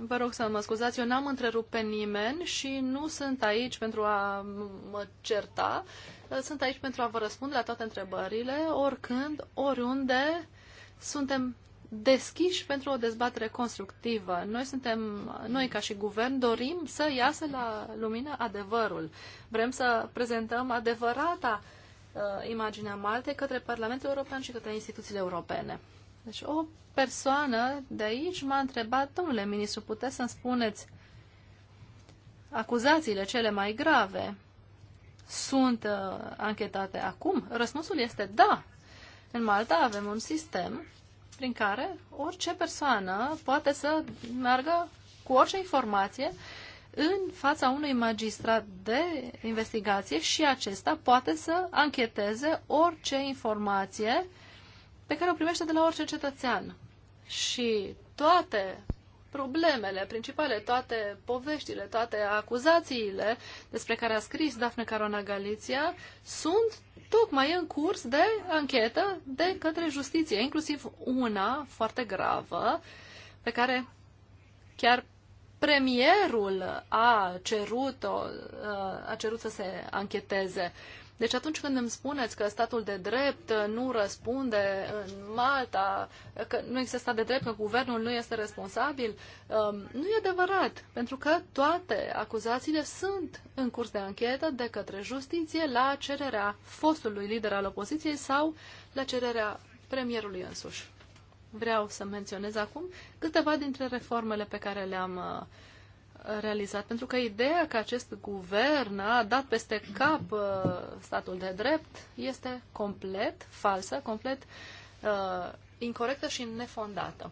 Vă rog să mă scuzați, eu n-am întrerupt pe nimeni și nu sunt aici pentru a mă certa. Sunt aici pentru a vă răspunde la toate întrebările, oricând, oriunde. Suntem deschiși pentru o dezbatere constructivă. Noi suntem, noi ca și guvern, dorim să iasă la lumină adevărul. Vrem să prezentăm adevărata uh, imaginea Maltei către Parlamentul European și către instituțiile europene. Deci o persoană de aici m-a întrebat, domnule ministru, puteți să-mi spuneți acuzațiile cele mai grave sunt uh, anchetate acum? Răspunsul este da. În Malta avem un sistem prin care orice persoană poate să meargă cu orice informație în fața unui magistrat de investigație și acesta poate să ancheteze orice informație pe care o primește de la orice cetățean. Și toate problemele principale, toate poveștile, toate acuzațiile despre care a scris Dafne Carona Galiția sunt tocmai e în curs de anchetă de către justiție, inclusiv una foarte gravă, pe care chiar premierul a cerut, -o, a cerut să se ancheteze. Uh, deci atunci când îmi spuneți că statul de drept nu răspunde în Malta, că nu există stat de drept, că guvernul nu este responsabil, um, nu e adevărat, pentru că toate acuzațiile sunt în curs de anchetă de către justiție la cererea fostului lider al opoziției sau la cererea premierului însuși. Vreau să menționez acum câteva dintre reformele pe care le-am uh, realizat, pentru că ideea că acest guvern a dat peste cap uh, statul de drept este complet falsă, complet uh, incorrectă și nefondată.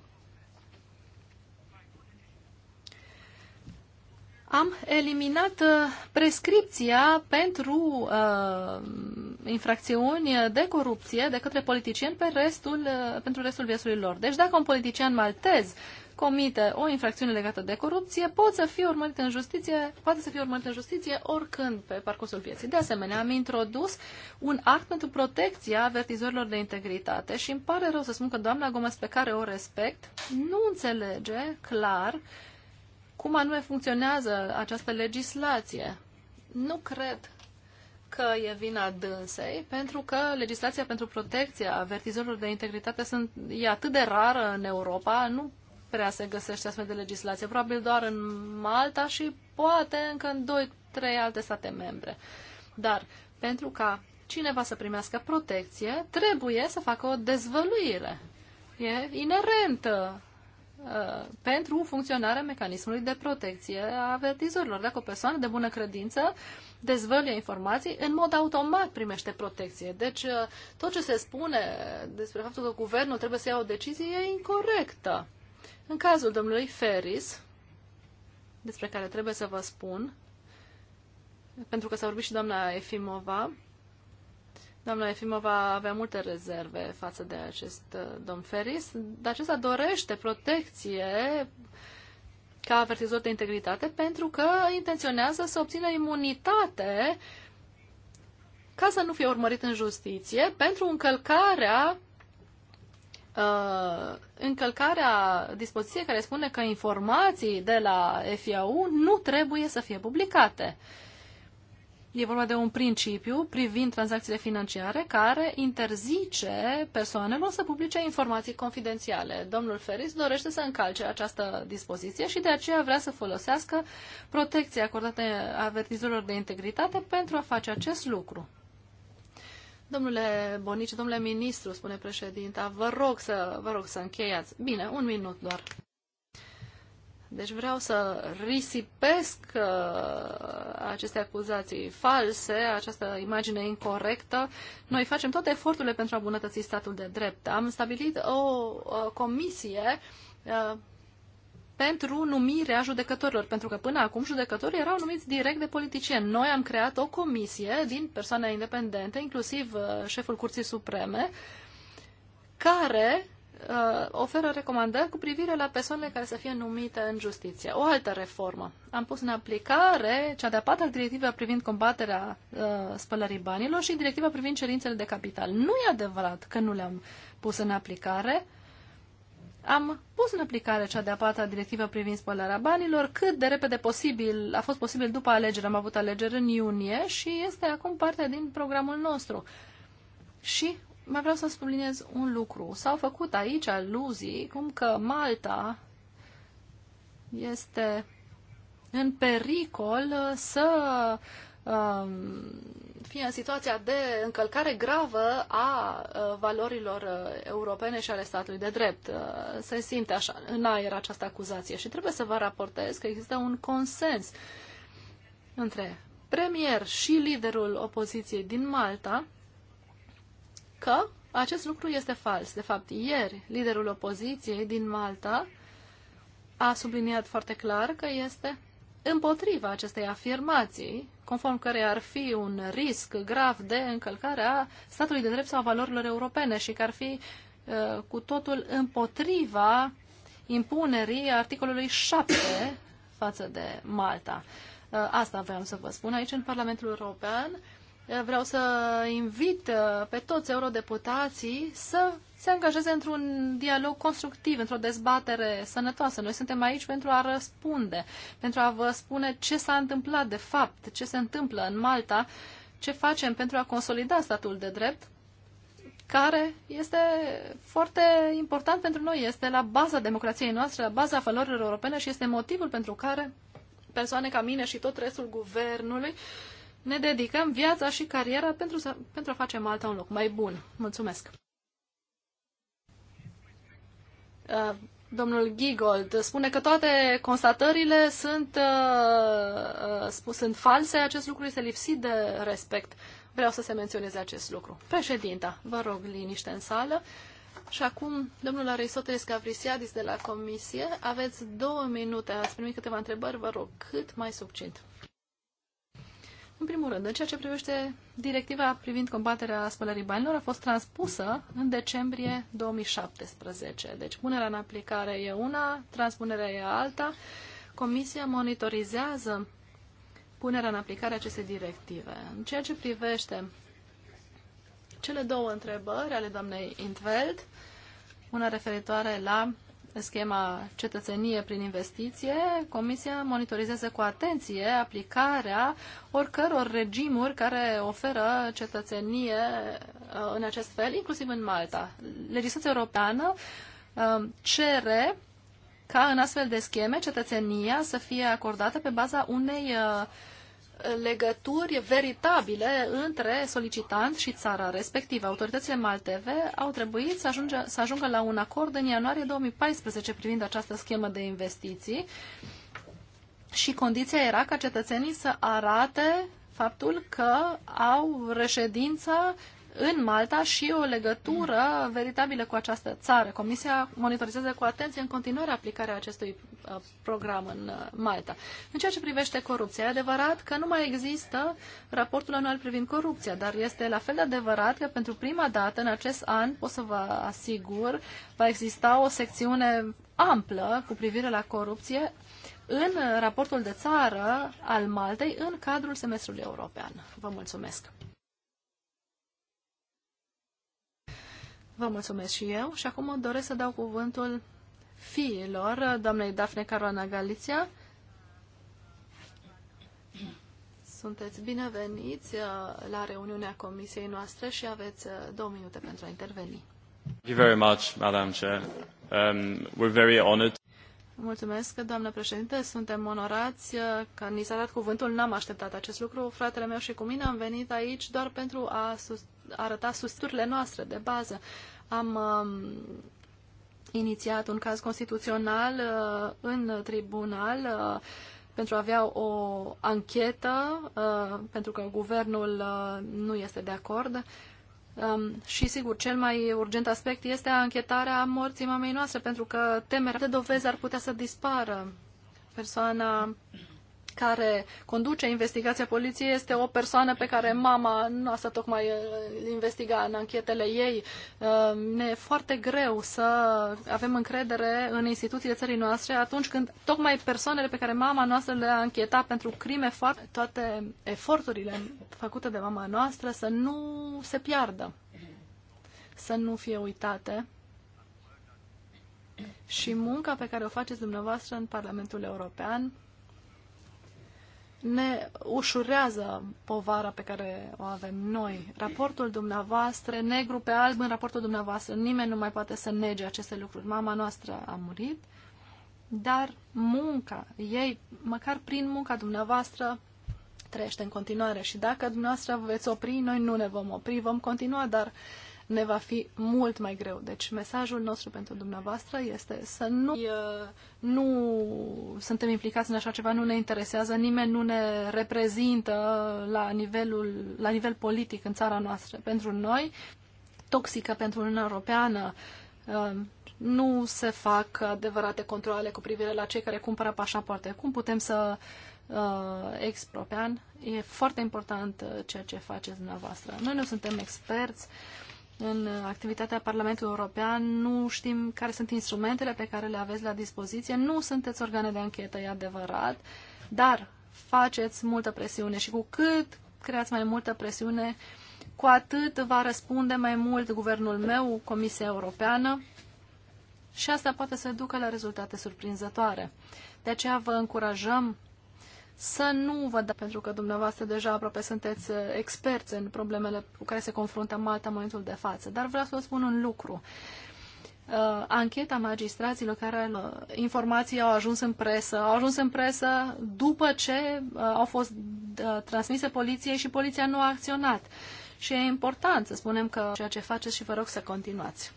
Am eliminat uh, prescripția pentru uh, infracțiuni de corupție de către politicieni pe restul, uh, pentru restul viețului lor. Deci dacă un politician maltez comite o infracțiune legată de corupție pot să fie urmărit în justiție, poate să fie urmărit în justiție oricând pe parcursul vieții. De asemenea, am introdus un act pentru protecția avertizorilor de integritate și îmi pare rău să spun că doamna Gomez, pe care o respect, nu înțelege clar cum anume funcționează această legislație. Nu cred că e vina dânsei, pentru că legislația pentru protecția avertizorilor de integritate sunt, e atât de rară în Europa, nu prea se găsește astfel de legislație. Probabil doar în Malta și poate încă în 2-3 alte state membre. Dar pentru ca cineva să primească protecție, trebuie să facă o dezvăluire. E inerentă uh, pentru funcționarea mecanismului de protecție a avertizorilor. Dacă o persoană de bună credință dezvăluie informații, în mod automat primește protecție. Deci uh, tot ce se spune despre faptul că guvernul trebuie să ia o decizie e incorrectă. În cazul domnului Ferris, despre care trebuie să vă spun, pentru că s-a vorbit și doamna Efimova, doamna Efimova avea multe rezerve față de acest uh, domn Ferris, dar acesta dorește protecție ca avertizor de integritate pentru că intenționează să obțină imunitate ca să nu fie urmărit în justiție pentru încălcarea uh, încălcarea dispoziției care spune că informații de la FIAU nu trebuie să fie publicate. E vorba de un principiu privind tranzacțiile financiare care interzice persoanelor să publice informații confidențiale. Domnul Ferris dorește să încalce această dispoziție și de aceea vrea să folosească protecția acordată avertizorilor de integritate pentru a face acest lucru. Domnule Bonici, domnule ministru, spune președinta, vă rog să, vă rog să încheiați. Bine, un minut doar. Deci vreau să risipesc uh, aceste acuzații false, această imagine incorrectă. Noi facem toate eforturile pentru a îmbunătăți statul de drept. Am stabilit o, comisie uh, pentru numirea judecătorilor, pentru că până acum judecătorii erau numiți direct de politicieni. Noi am creat o comisie din persoane independente, inclusiv uh, șeful Curții Supreme, care uh, oferă recomandări cu privire la persoanele care să fie numite în justiție. O altă reformă. Am pus în aplicare cea de-a patra directivă privind combaterea uh, spălării banilor și directiva privind cerințele de capital. Nu e adevărat că nu le-am pus în aplicare am pus în aplicare cea de-a patra directivă privind spălarea banilor cât de repede posibil, a fost posibil după alegeri, am avut alegeri în iunie și este acum parte din programul nostru. Și mai vreau să subliniez un lucru. S-au făcut aici aluzii cum că Malta este în pericol să uh, Um, fie în situația de încălcare gravă a uh, valorilor uh, europene și ale statului de drept. Uh, se simte așa în aer această acuzație și trebuie să vă raportez că există un consens între premier și liderul opoziției din Malta că acest lucru este fals. De fapt, ieri, liderul opoziției din Malta a subliniat foarte clar că este împotriva acestei afirmații, conform care ar fi un risc grav de încălcare a statului de drept sau a valorilor europene și că ar fi uh, cu totul împotriva impunerii articolului 7 față de Malta. Uh, asta vreau să vă spun aici în Parlamentul European. Uh, vreau să invit uh, pe toți eurodeputații să se angajeze într-un dialog constructiv, într-o dezbatere sănătoasă. Noi suntem aici pentru a răspunde, pentru a vă spune ce s-a întâmplat de fapt, ce se întâmplă în Malta, ce facem pentru a consolida statul de drept, care este foarte important pentru noi, este la baza democrației noastre, la baza valorilor europene și este motivul pentru care persoane ca mine și tot restul guvernului ne dedicăm viața și cariera pentru, să, pentru a face Malta un loc mai bun. Mulțumesc! Uh, domnul Gigold spune că toate constatările sunt, uh, uh, sunt false, acest lucru este lipsit de respect. Vreau să se menționeze acest lucru. Președinta, vă rog liniște în sală. Și acum, domnul Aristoteles Cavrisiadis de la Comisie, aveți două minute, ați primit câteva întrebări, vă rog, cât mai succint. În primul rând, în ceea ce privește directiva privind combaterea spălării banilor, a fost transpusă în decembrie 2017. Deci punerea în aplicare e una, transpunerea e alta. Comisia monitorizează punerea în aplicare a acestei directive. În ceea ce privește cele două întrebări ale doamnei Intveld, una referitoare la schema cetățenie prin investiție, Comisia monitorizează cu atenție aplicarea oricăror regimuri care oferă cetățenie uh, în acest fel, inclusiv în Malta. Legislația europeană um, cere ca în astfel de scheme cetățenia să fie acordată pe baza unei uh, legături veritabile între solicitant și țara respectivă. Autoritățile Malteve au trebuit să, ajunge, să ajungă la un acord în ianuarie 2014 privind această schemă de investiții și condiția era ca cetățenii să arate faptul că au reședința în Malta și o legătură veritabilă cu această țară. Comisia monitorizează cu atenție în continuare aplicarea acestui uh, program în uh, Malta. În ceea ce privește corupția, e adevărat că nu mai există raportul anual privind corupția, dar este la fel de adevărat că pentru prima dată în acest an, pot să vă asigur, va exista o secțiune amplă cu privire la corupție în raportul de țară al Maltei în cadrul semestrului european. Vă mulțumesc! Vă mulțumesc și eu și acum doresc să dau cuvântul fiilor doamnei Dafne Caruana Galiția. Sunteți bineveniți uh, la reuniunea comisiei noastre și aveți uh, două minute pentru a interveni. Thank you very much, Madam Chair. Um, we're very honored. Mulțumesc, doamnă președinte. Suntem onorați uh, că ni s-a dat cuvântul. N-am așteptat acest lucru. Fratele meu și cu mine am venit aici doar pentru a susține arăta susturile noastre de bază. Am uh, inițiat un caz constituțional uh, în tribunal uh, pentru a avea o anchetă, uh, pentru că guvernul uh, nu este de acord. Um, și, sigur, cel mai urgent aspect este anchetarea morții mamei noastre, pentru că temerea de dovezi ar putea să dispară. Persoana care conduce investigația poliției este o persoană pe care mama noastră tocmai uh, investiga în anchetele ei. Uh, ne e foarte greu să avem încredere în instituțiile țării noastre atunci când tocmai persoanele pe care mama noastră le-a închietat pentru crime foarte, toate eforturile făcute de mama noastră să nu se piardă, să nu fie uitate și munca pe care o faceți dumneavoastră în Parlamentul European ne ușurează povara pe care o avem noi. Raportul dumneavoastră, negru pe alb în raportul dumneavoastră, nimeni nu mai poate să nege aceste lucruri. Mama noastră a murit, dar munca ei, măcar prin munca dumneavoastră, trăiește în continuare și dacă dumneavoastră veți opri, noi nu ne vom opri, vom continua, dar ne va fi mult mai greu. Deci mesajul nostru pentru dumneavoastră este să nu, nu suntem implicați în așa ceva, nu ne interesează, nimeni nu ne reprezintă la, nivelul, la nivel politic în țara noastră. Pentru noi, toxică pentru Uniunea Europeană, nu se fac adevărate controle cu privire la cei care cumpără pașapoarte. Cum putem să uh, expropian, e foarte important uh, ceea ce faceți dumneavoastră. Noi nu suntem experți, în activitatea Parlamentului European, nu știm care sunt instrumentele pe care le aveți la dispoziție, nu sunteți organe de anchetă, e adevărat, dar faceți multă presiune și cu cât creați mai multă presiune, cu atât va răspunde mai mult guvernul meu, Comisia Europeană, și asta poate să ducă la rezultate surprinzătoare. De aceea vă încurajăm să nu vă da, pentru că dumneavoastră deja aproape sunteți uh, experți în problemele cu care se confruntă Malta în momentul de față. Dar vreau să vă spun un lucru. Uh, ancheta magistraților care uh, informații au ajuns în presă, au ajuns în presă după ce au fost transmise poliției și poliția nu a acționat. Și e important să spunem că ceea ce faceți și vă rog să continuați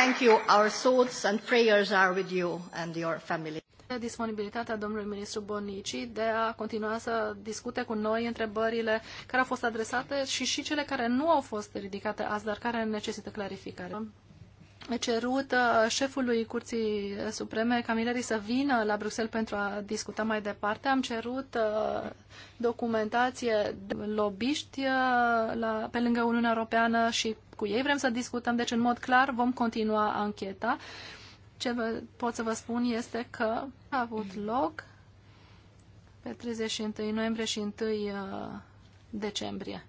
thank you. Our thoughts and prayers are with you and your family. Disponibilitatea domnului ministru Bonici de a continua să discute cu noi întrebările care au fost adresate și și cele care nu au fost ridicate azi, dar care necesită clarificare cerut uh, șefului Curții Supreme, Camilleri, să vină la Bruxelles pentru a discuta mai departe. Am cerut uh, documentație de lobiști uh, la, pe lângă Uniunea Europeană și cu ei vrem să discutăm. Deci, în mod clar, vom continua ancheta. Ce vă, pot să vă spun este că a avut loc pe 31 noiembrie și 1 decembrie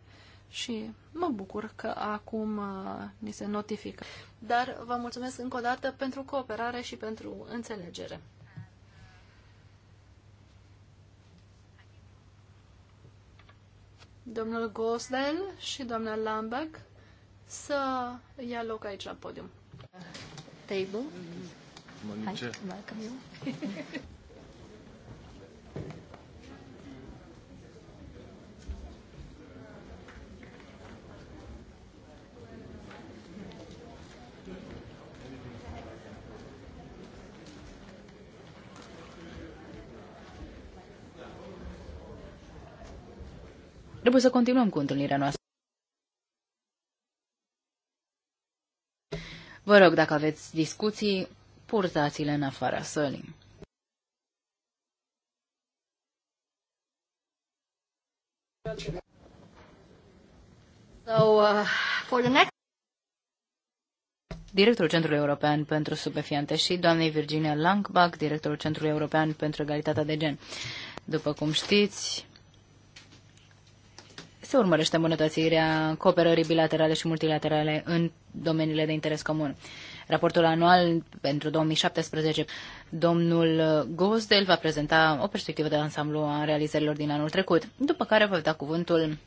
și mă bucur că acum uh, ni se notifică. Dar vă mulțumesc încă o dată pentru cooperare și pentru înțelegere. Domnul Gosdel și doamna Lambeck să ia loc aici la podium. Table. Mănânce. Hai, Trebuie să continuăm cu întâlnirea noastră. Vă rog, dacă aveți discuții, purtați-le în afara sălii. So, uh, for the next... Directorul Centrului European pentru Subefiante și doamnei Virginia Langbach, directorul Centrului European pentru Egalitatea de Gen. După cum știți, se urmărește îmbunătățirea cooperării bilaterale și multilaterale în domeniile de interes comun. Raportul anual pentru 2017, domnul Gosdel va prezenta o perspectivă de ansamblu a realizărilor din anul trecut, după care va da cuvântul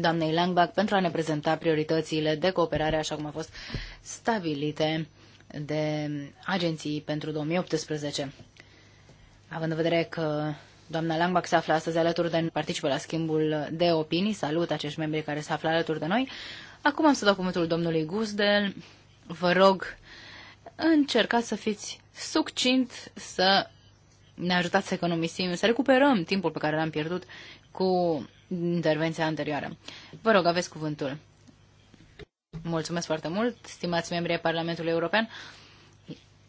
doamnei Langbach pentru a ne prezenta prioritățile de cooperare așa cum au fost stabilite de agenții pentru 2018. Având în vedere că Doamna Langbach se află astăzi alături de noi, participă la schimbul de opinii. Salut acești membri care se află alături de noi. Acum am să dau cuvântul domnului Guzdel. Vă rog, încercați să fiți succint, să ne ajutați să economisim, să recuperăm timpul pe care l-am pierdut cu intervenția anterioară. Vă rog, aveți cuvântul. Mulțumesc foarte mult, stimați membri ai Parlamentului European.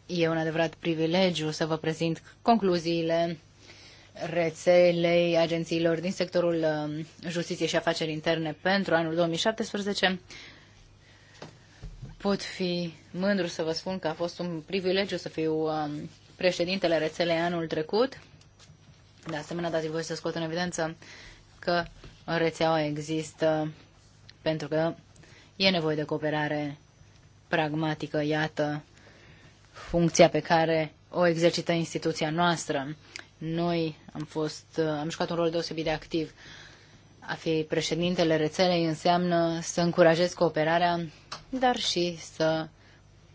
E un adevărat privilegiu să vă prezint concluziile rețelei agențiilor din sectorul um, justiției și afaceri interne pentru anul 2017. Pot fi mândru să vă spun că a fost un privilegiu să fiu um, președintele rețelei anul trecut. De asemenea, dați voi să scot în evidență că rețeaua există pentru că e nevoie de cooperare pragmatică, iată funcția pe care o exercită instituția noastră. Noi am fost, am jucat un rol deosebit de activ. A fi președintele rețelei înseamnă să încurajezi cooperarea, dar și să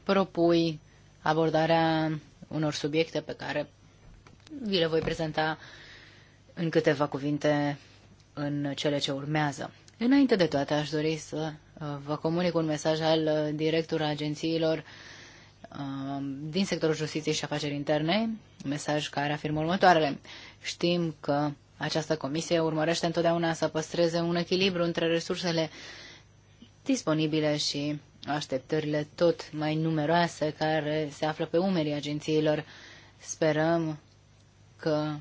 propui abordarea unor subiecte pe care vi le voi prezenta în câteva cuvinte în cele ce urmează. Înainte de toate, aș dori să uh, vă comunic un mesaj al uh, directorului agențiilor Um, din sectorul justiției și afaceri interne, un mesaj care afirmă următoarele. Știm că această comisie urmărește întotdeauna să păstreze un echilibru între resursele disponibile și așteptările tot mai numeroase care se află pe umerii agențiilor. Sperăm că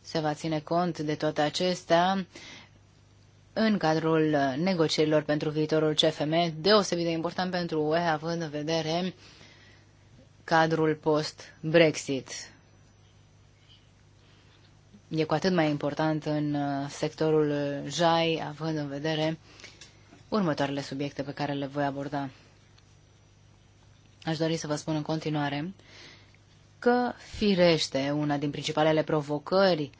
se va ține cont de toate acestea în cadrul negocierilor pentru viitorul CFM, deosebit de important pentru UE, având în vedere cadrul post-Brexit. E cu atât mai important în uh, sectorul uh, JAI, având în vedere următoarele subiecte pe care le voi aborda. Aș dori să vă spun în continuare că, firește, una din principalele provocări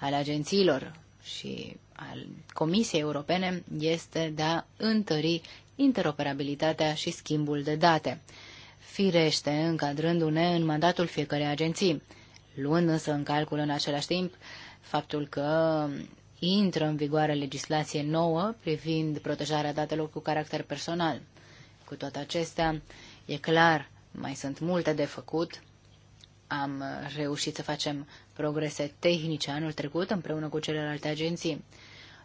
ale agențiilor și al Comisiei Europene este de a întări interoperabilitatea și schimbul de date firește încadrându-ne în mandatul fiecărei agenții, luând însă în calcul în același timp faptul că intră în vigoare legislație nouă privind protejarea datelor cu caracter personal. Cu toate acestea, e clar, mai sunt multe de făcut. Am reușit să facem progrese tehnice anul trecut împreună cu celelalte agenții.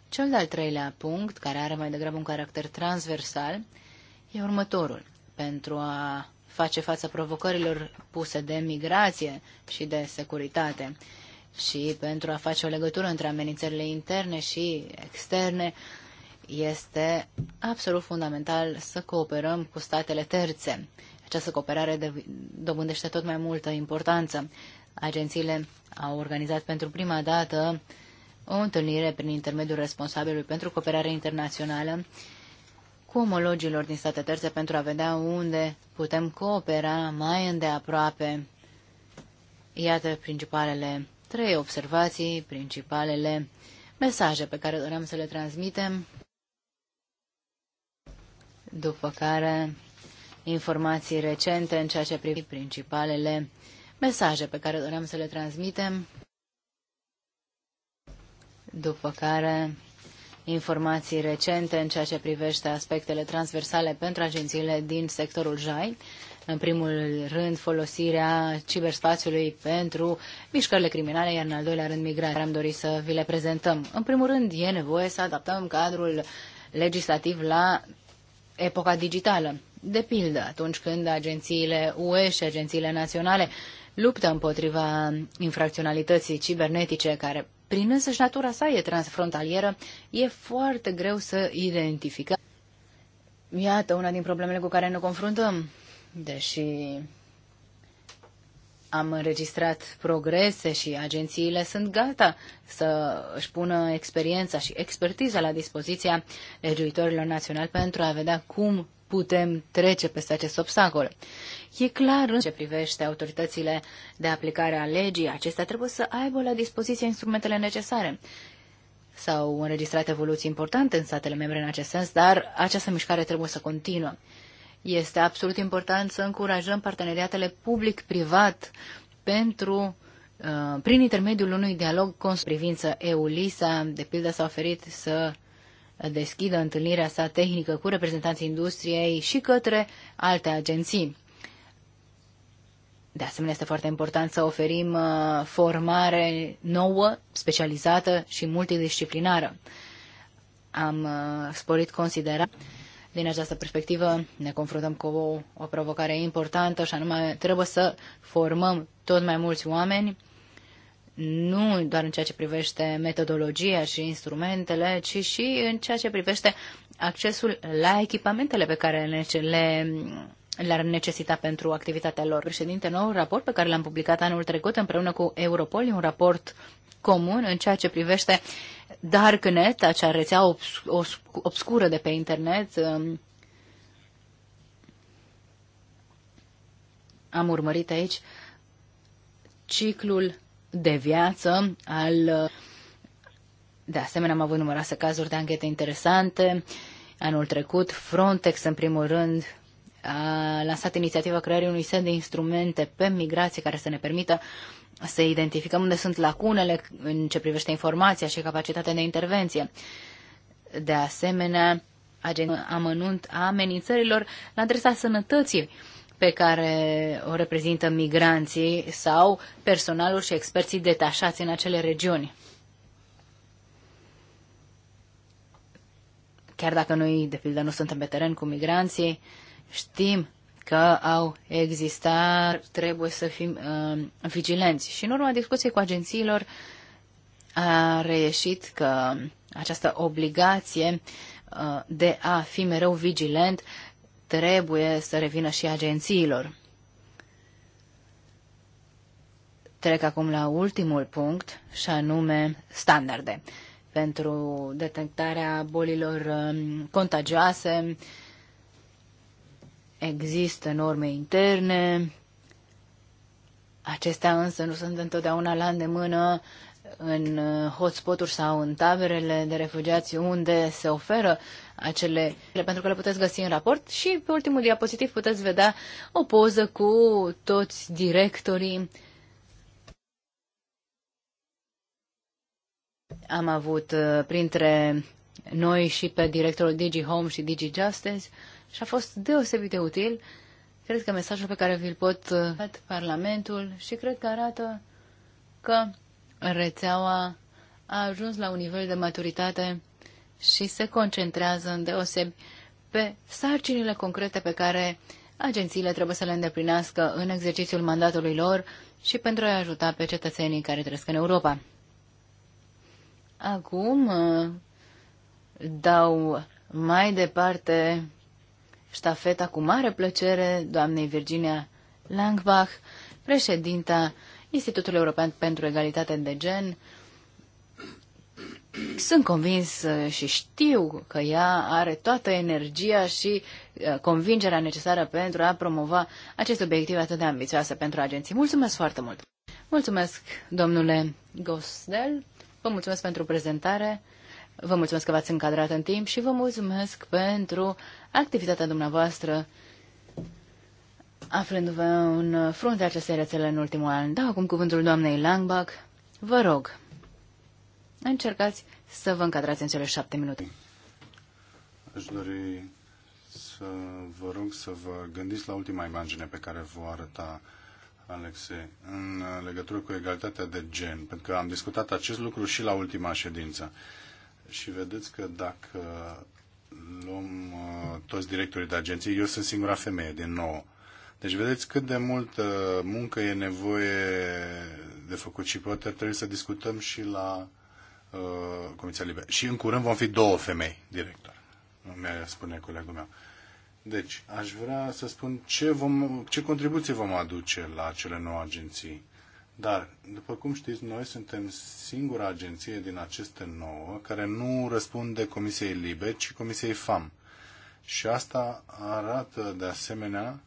Cel de-al treilea punct, care are mai degrabă un caracter transversal, e următorul. Pentru a face față provocărilor puse de migrație și de securitate și pentru a face o legătură între amenințările interne și externe, este absolut fundamental să cooperăm cu statele terțe. Această cooperare dobândește tot mai multă importanță. Agențiile au organizat pentru prima dată o întâlnire prin intermediul responsabilului pentru cooperare internațională cu omologilor din state terțe pentru a vedea unde putem coopera mai îndeaproape. Iată principalele trei observații, principalele mesaje pe care doream să le transmitem, după care informații recente în ceea ce privește principalele mesaje pe care doream să le transmitem, după care informații recente în ceea ce privește aspectele transversale pentru agențiile din sectorul JAI. În primul rând, folosirea ciberspațiului pentru mișcările criminale, iar în al doilea rând, migrarea. Am dorit să vi le prezentăm. În primul rând, e nevoie să adaptăm cadrul legislativ la epoca digitală. De pildă, atunci când agențiile UE și agențiile naționale luptă împotriva infracționalității cibernetice, care prin însăși natura sa e transfrontalieră, e foarte greu să identificăm. Iată una din problemele cu care ne confruntăm, deși am înregistrat progrese și agențiile sunt gata să își pună experiența și expertiza la dispoziția legiuitorilor naționali pentru a vedea cum putem trece peste acest obstacol. E clar în ce privește autoritățile de aplicare a legii, acestea trebuie să aibă la dispoziție instrumentele necesare. S-au înregistrat evoluții importante în statele membre în acest sens, dar această mișcare trebuie să continuă. Este absolut important să încurajăm parteneriatele public-privat pentru uh, prin intermediul unui dialog cu privință EULISA, de pildă s-a oferit să deschidă întâlnirea sa tehnică cu reprezentanții industriei și către alte agenții. De asemenea, este foarte important să oferim uh, formare nouă, specializată și multidisciplinară. Am uh, sporit considerat Din această perspectivă ne confruntăm cu o, o provocare importantă și anume trebuie să formăm tot mai mulți oameni nu doar în ceea ce privește metodologia și instrumentele, ci și în ceea ce privește accesul la echipamentele pe care le, le ar necesita pentru activitatea lor. Președinte, nou raport pe care l-am publicat anul trecut împreună cu Europol, un raport comun în ceea ce privește Darknet, acea rețea obs- obs- obscură de pe internet. Am urmărit aici ciclul de viață al de asemenea, am avut numeroase cazuri de anchete interesante. Anul trecut, Frontex, în primul rând, a lansat inițiativa creării unui set de instrumente pe migrație care să ne permită să identificăm unde sunt lacunele în ce privește informația și capacitatea de intervenție. De asemenea, amănunt a amenințărilor la adresa sănătății pe care o reprezintă migranții sau personalul și experții detașați în acele regiuni. Chiar dacă noi, de pildă, nu suntem pe teren cu migranții, știm că au existat, trebuie să fim uh, vigilenți. Și în urma discuției cu agențiilor a reieșit că această obligație uh, de a fi mereu vigilent uh, trebuie să revină și agențiilor. Trec acum la ultimul punct, și anume standarde pentru detectarea bolilor um, contagioase. Există norme interne, acestea însă nu sunt întotdeauna la îndemână în uh, hotspot-uri sau în taberele de refugiați unde se oferă acele, pentru că le puteți găsi în raport și pe ultimul diapozitiv puteți vedea o poză cu toți directorii. Am avut uh, printre noi și pe directorul Digi Home și Digi Justice și a fost deosebit de util. Cred că mesajul pe care vi-l pot uh, Parlamentul și cred că arată că rețeaua a ajuns la un nivel de maturitate și se concentrează îndeosebi pe sarcinile concrete pe care agențiile trebuie să le îndeplinească în exercițiul mandatului lor și pentru a ajuta pe cetățenii care trăiesc în Europa. Acum uh, dau mai departe ștafeta cu mare plăcere doamnei Virginia Langbach, președinta Institutului European pentru Egalitate de Gen, sunt convins uh, și știu că ea are toată energia și uh, convingerea necesară pentru a promova acest obiectiv atât de ambițioase pentru agenții. Mulțumesc foarte mult! Mulțumesc, domnule Gosdel, vă mulțumesc pentru prezentare, vă mulțumesc că v-ați încadrat în timp și vă mulțumesc pentru activitatea dumneavoastră aflându-vă în fruntea acestei rețele în ultimul an. Dau acum cuvântul doamnei Langbach. Vă rog încercați să vă încadrați în cele șapte minute. Aș dori să vă rog să vă gândiți la ultima imagine pe care vă arăta Alexe, în legătură cu egalitatea de gen, pentru că am discutat acest lucru și la ultima ședință. Și vedeți că dacă luăm uh, toți directorii de agenții, eu sunt singura femeie din nou. Deci vedeți cât de multă muncă e nevoie de făcut și poate trebuie să discutăm și la Uh, Comisia Libe. Și în curând vom fi două femei director, mi-a spune colegul meu. Deci, aș vrea să spun ce, vom, ce contribuție vom aduce la cele nouă agenții. Dar, după cum știți, noi suntem singura agenție din aceste nouă care nu răspunde Comisiei Libe, ci Comisiei FAM. Și asta arată, de asemenea,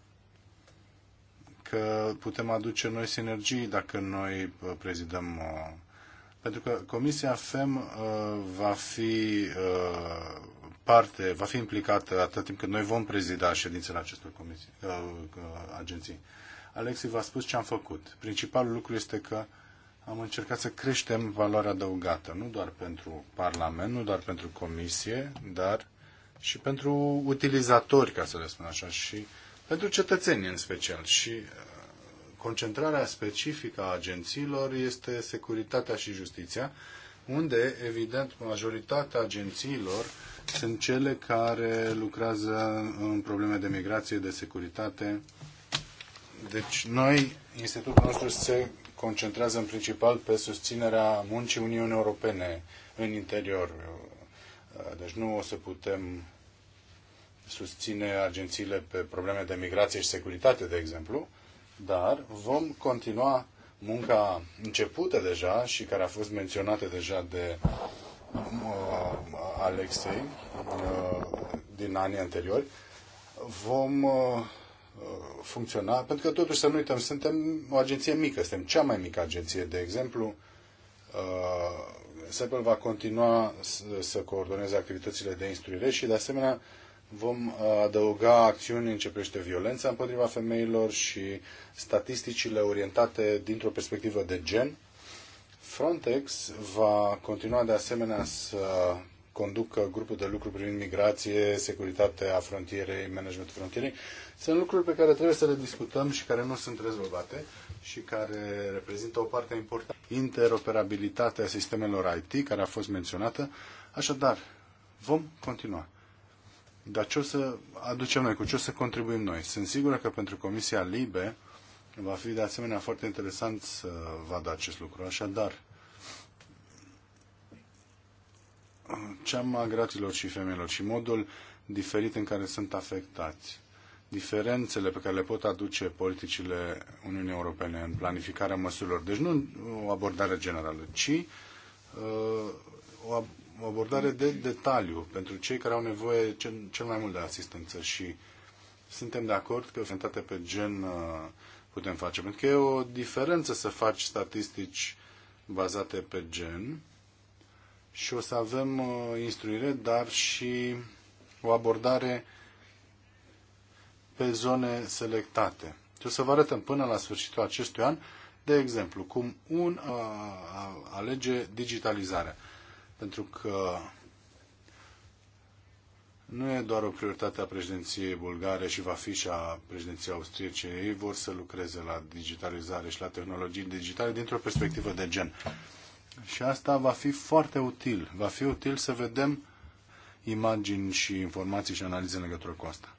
că putem aduce noi sinergii dacă noi prezidăm uh, pentru că Comisia FEM uh, va fi uh, parte, va fi implicată atât timp cât noi vom prezida ședințele acestor comisii, uh, agenții. Alexi v-a spus ce am făcut. Principalul lucru este că am încercat să creștem valoarea adăugată, nu doar pentru Parlament, nu doar pentru Comisie, dar și pentru utilizatori, ca să le spun așa, și pentru cetățenii în special. Și concentrarea specifică a agențiilor este securitatea și justiția, unde, evident, majoritatea agențiilor sunt cele care lucrează în probleme de migrație, de securitate. Deci noi, institutul nostru se concentrează în principal pe susținerea muncii Uniunii Europene în interior. Deci nu o să putem susține agențiile pe probleme de migrație și securitate, de exemplu, dar vom continua munca începută deja și care a fost menționată deja de uh, Alexei uh, din anii anteriori. Vom uh, uh funcționa, pentru că totuși să nu uităm, suntem o agenție mică, suntem cea mai mică agenție, de exemplu, uh, SEPL va continua să, să coordoneze activitățile de instruire și, de asemenea, vom uh, adăuga acțiuni în ce privește violența împotriva femeilor și statisticile orientate dintr-o perspectivă de gen. Frontex va continua de asemenea să conducă grupul de lucru privind migrație, securitatea frontierei, managementul frontierei. Sunt lucruri pe care trebuie să le discutăm și care nu sunt rezolvate și care reprezintă o parte importantă. Interoperabilitatea sistemelor IT, care a fost menționată. Așadar, vom continua. Dar ce o să aducem noi? Cu ce o să contribuim noi? Sunt sigură că pentru Comisia Libe va fi de asemenea foarte interesant să vadă acest lucru. Așadar, ceama gratilor și femeilor și modul diferit în care sunt afectați, diferențele pe care le pot aduce politicile Uniunii Europene în planificarea măsurilor. Deci nu o abordare generală, ci uh, o o abordare de detaliu pentru cei care au nevoie cel mai mult de asistență și suntem de acord că sănătate pe gen uh, putem face, pentru că e o diferență să faci statistici bazate pe gen și o să avem uh, instruire, dar și o abordare pe zone selectate. Și o să vă arătăm până la sfârșitul acestui an, de exemplu, cum un uh, a, a, alege digitalizarea pentru că nu e doar o prioritate a președinției bulgare și va fi și a președinției austriece. Ei vor să lucreze la digitalizare și la tehnologii digitale dintr-o perspectivă de gen. Și asta va fi foarte util. Va fi util să vedem imagini și informații și analize în legătură cu asta.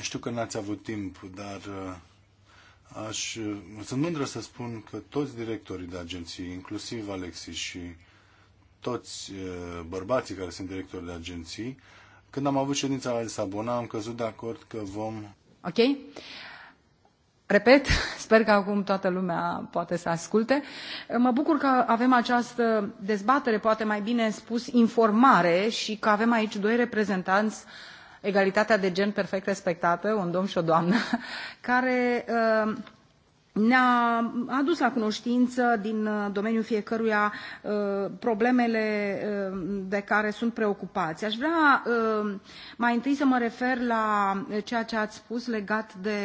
Știu că n-ați avut timp, dar uh, aș, sunt mândră să spun că toți directorii de agenții, inclusiv Alexis și toți bărbații care sunt directori de agenții. Când am avut ședința la Lisabona, am căzut de acord că vom... Ok. Repet, sper că acum toată lumea poate să asculte. Mă bucur că avem această dezbatere, poate mai bine spus informare, și că avem aici doi reprezentanți egalitatea de gen perfect respectată, un domn și o doamnă, care uh, ne-a adus la cunoștință din uh, domeniul fiecăruia uh, problemele uh, de care sunt preocupați. Aș vrea mai întâi să mă refer la ceea ce ați spus legat de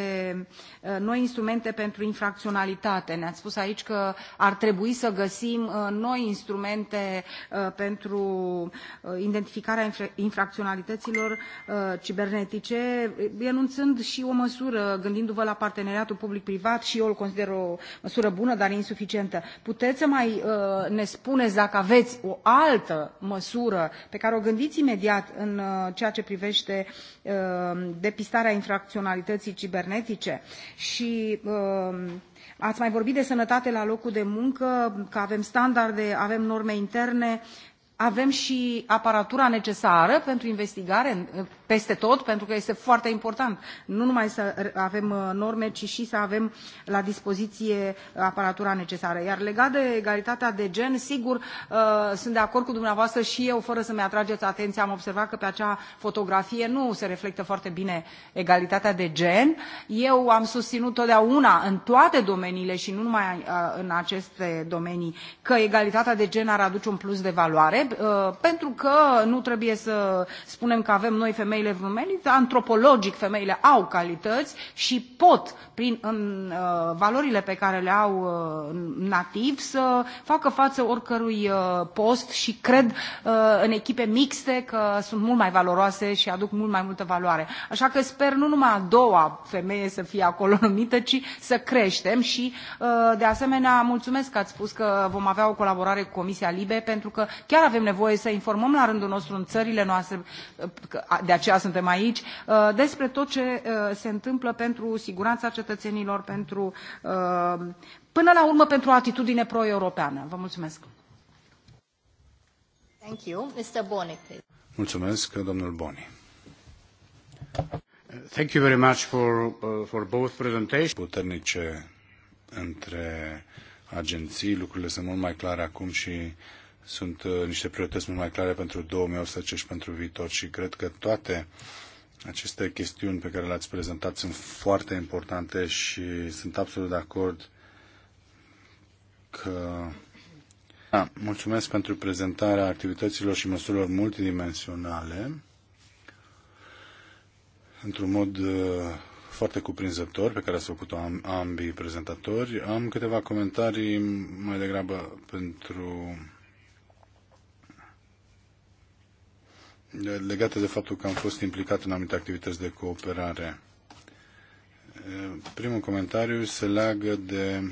noi instrumente pentru infracționalitate. Ne-ați spus aici că ar trebui să găsim noi instrumente pentru identificarea infracționalităților cibernetice, enunțând și o măsură, gândindu-vă la parteneriatul public-privat și o consider o măsură bună, dar insuficientă. Puteți să mai uh, ne spuneți dacă aveți o altă măsură pe care o gândiți imediat în uh, ceea ce privește uh, depistarea infracționalității cibernetice și uh, Ați mai vorbit de sănătate la locul de muncă, că avem standarde, avem norme interne avem și aparatura necesară pentru investigare peste tot pentru că este foarte important nu numai să avem uh, norme ci și să avem la dispoziție aparatura necesară. iar legat de egalitatea de gen sigur uh, sunt de acord cu dumneavoastră și eu fără să mi atrageți atenția am observat că pe acea fotografie nu se reflectă foarte bine egalitatea de gen. eu am susținut totdeauna în toate domeniile și nu numai uh, în aceste domenii că egalitatea de gen ar aduce un plus de valoare întreb, uh, pentru că nu trebuie să spunem că avem noi femeile în domeniu, antropologic femeile au calități și pot, prin în, uh, valorile pe care le au uh, nativ, să facă față oricărui post și cred în echipe mixte că sunt mult mai valoroase și aduc mult mai multă valoare. Așa că sper nu numai a doua femeie să fie acolo numită, ci să creștem și de asemenea mulțumesc că ați spus că vom avea o colaborare cu Comisia Libe pentru că chiar avem avem nevoie să informăm la rândul nostru în țările noastre, de aceea suntem aici, uh, despre tot ce uh, se întâmplă pentru siguranța cetățenilor, pentru, uh, până la urmă pentru o atitudine pro-europeană. Vă mulțumesc! Thank you. Mr. Boni, please. Mulțumesc, domnul Boni. Thank you very much for, uh, for both presentations. Puternice între agenții, lucrurile sunt mult mai clare acum și sunt uh, niște priorități mult mai clare pentru 2018 și pentru viitor și cred că toate aceste chestiuni pe care le-ați prezentat sunt foarte importante și sunt absolut de acord că... Da, mulțumesc pentru prezentarea activităților și măsurilor multidimensionale într-un mod uh, foarte cuprinzător pe care ați făcut-o am, ambii prezentatori. Am câteva comentarii mai degrabă pentru legate de faptul că am fost implicat în anumite activități de cooperare. Primul comentariu se leagă de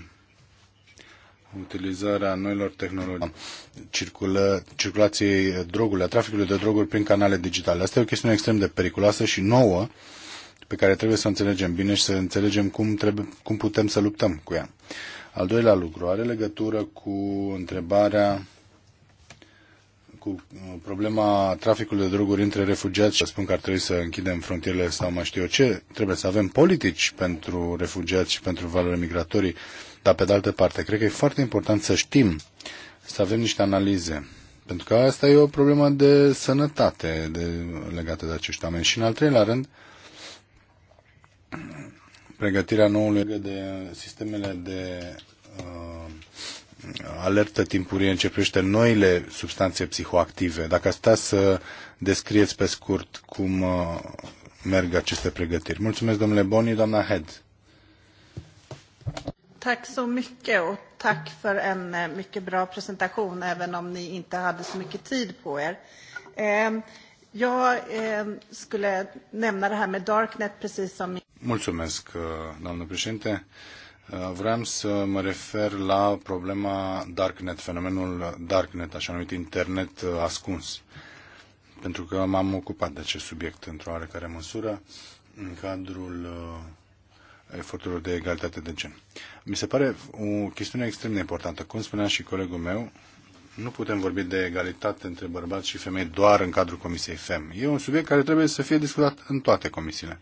utilizarea noilor tehnologii, circulă, circulației drogurilor, traficului de droguri prin canale digitale. Asta e o chestiune extrem de periculoasă și nouă pe care trebuie să o înțelegem bine și să înțelegem cum, trebuie, cum putem să luptăm cu ea. Al doilea lucru are legătură cu întrebarea cu uh, problema traficului de droguri între refugiați și spun că ar trebui să închidem frontierele sau mai știu eu ce, trebuie să avem politici pentru refugiați și pentru valorile migratorii, dar pe de altă parte, cred că e foarte important să știm, să avem niște analize. Pentru că asta e o problemă de sănătate de, legată de acești oameni. Și în al treilea rând, pregătirea noului de uh, sistemele de uh, alertă timpurie începește noile substanțe psihoactive. Dacă ați sta să descrieți pe scurt cum uh, merg aceste pregătiri. Mulțumesc, domnule Boni, doamna Head. Tack så mycket och tack för en eh, mycket bra presentation även om ni inte hade så mycket tid på er. Ehm, jag ehm, skulle nämna det här med Darknet precis som... Mulțumesc, eh, doamnă președinte. Uh, vreau să mă refer la problema darknet, fenomenul darknet, așa numit internet uh, ascuns. Pentru că m-am ocupat de acest subiect într-o oarecare măsură în cadrul uh, eforturilor de egalitate de gen. Mi se pare o chestiune extrem de importantă. Cum spunea și colegul meu, nu putem vorbi de egalitate între bărbați și femei doar în cadrul Comisiei FEM. E un subiect care trebuie să fie discutat în toate comisiile.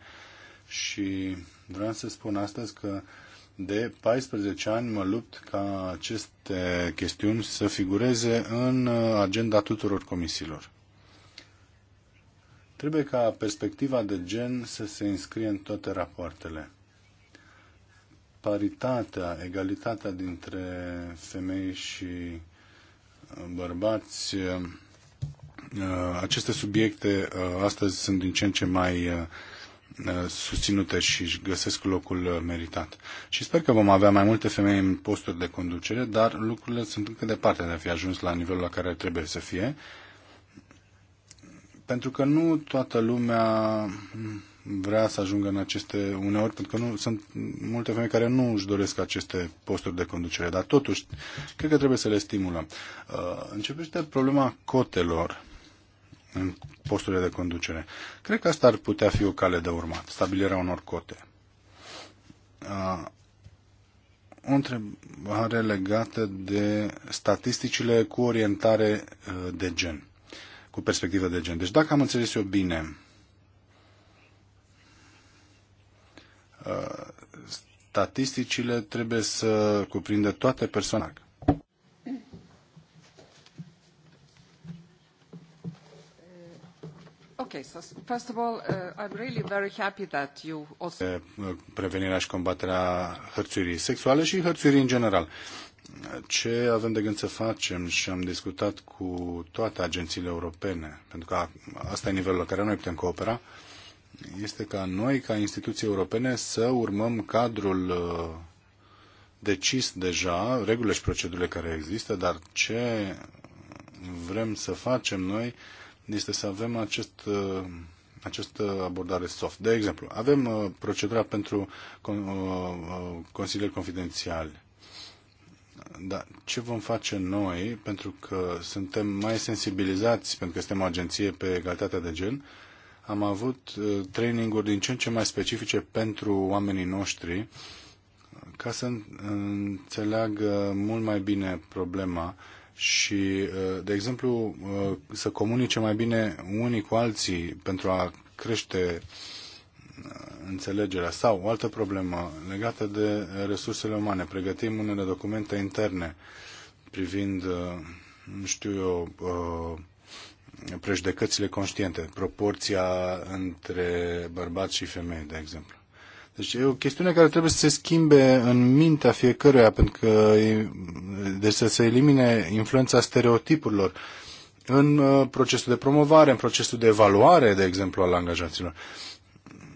Și vreau să spun astăzi că de 14 ani mă lupt ca aceste chestiuni să figureze în uh, agenda tuturor comisiilor. Trebuie ca perspectiva de gen să se înscrie în toate rapoartele. Paritatea, egalitatea dintre femei și uh, bărbați, uh, aceste subiecte astăzi sunt din ce în ce mai Uh, susținute și își găsesc locul uh, meritat. Și sper că vom avea mai multe femei în posturi de conducere, dar lucrurile sunt încă departe de a fi ajuns la nivelul la care trebuie să fie, pentru că nu toată lumea vrea să ajungă în aceste uneori, pentru că nu, sunt multe femei care nu își doresc aceste posturi de conducere, dar totuși, cred că trebuie să le stimulăm. Uh, începește problema cotelor în posturile de conducere. Cred că asta ar putea fi o cale de urmat, stabilirea unor cote. o întrebare legată de statisticile cu orientare de gen, cu perspectivă de gen. Deci dacă am înțeles eu bine, statisticile trebuie să cuprindă toate persoanele. Prevenirea și combaterea hărțuirii sexuale și hărțuirii în general. Ce avem de gând să facem și am discutat cu toate agențiile europene, pentru că asta e nivelul la care noi putem coopera, este ca noi, ca instituții europene, să urmăm cadrul uh, decis deja, regulile și procedurile care există, dar ce vrem să facem noi este să avem acest, uh, această abordare soft. De exemplu, avem uh, procedura pentru uh, consilieri confidențiali. Da, ce vom face noi, pentru că suntem mai sensibilizați, pentru că suntem o agenție pe egalitatea de gen, am avut traininguri din ce în ce mai specifice pentru oamenii noștri ca să înțeleagă mult mai bine problema și, uh, de exemplu, uh, să comunice mai bine unii cu alții pentru a crește uh, înțelegerea sau o altă problemă legată de resursele umane. Pregătim unele documente interne privind, nu știu eu, prejudecățile conștiente, proporția între bărbați și femei, de exemplu. Deci e o chestiune care trebuie să se schimbe în mintea fiecăruia, pentru că deci să se elimine influența stereotipurilor în uh, procesul de promovare, în procesul de evaluare, de exemplu, al angajaților.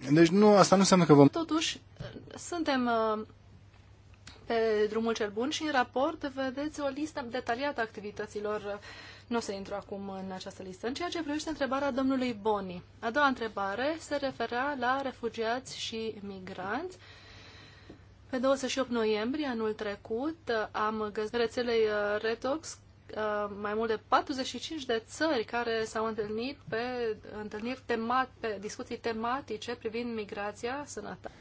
Deci nu, asta nu înseamnă că vom... Totuși, suntem uh, pe drumul cel bun și în raport vedeți o listă detaliată a activităților uh, nu o să intru acum în această listă. În ceea ce privește întrebarea domnului Boni, a doua întrebare se referea la refugiați și migranți. Pe 28 noiembrie anul trecut am găsit rețelei uh, Retox uh, mai mult de 45 de țări care s-au întâlnit pe întâlniri temat, pe discuții tematice privind migrația, sănătatea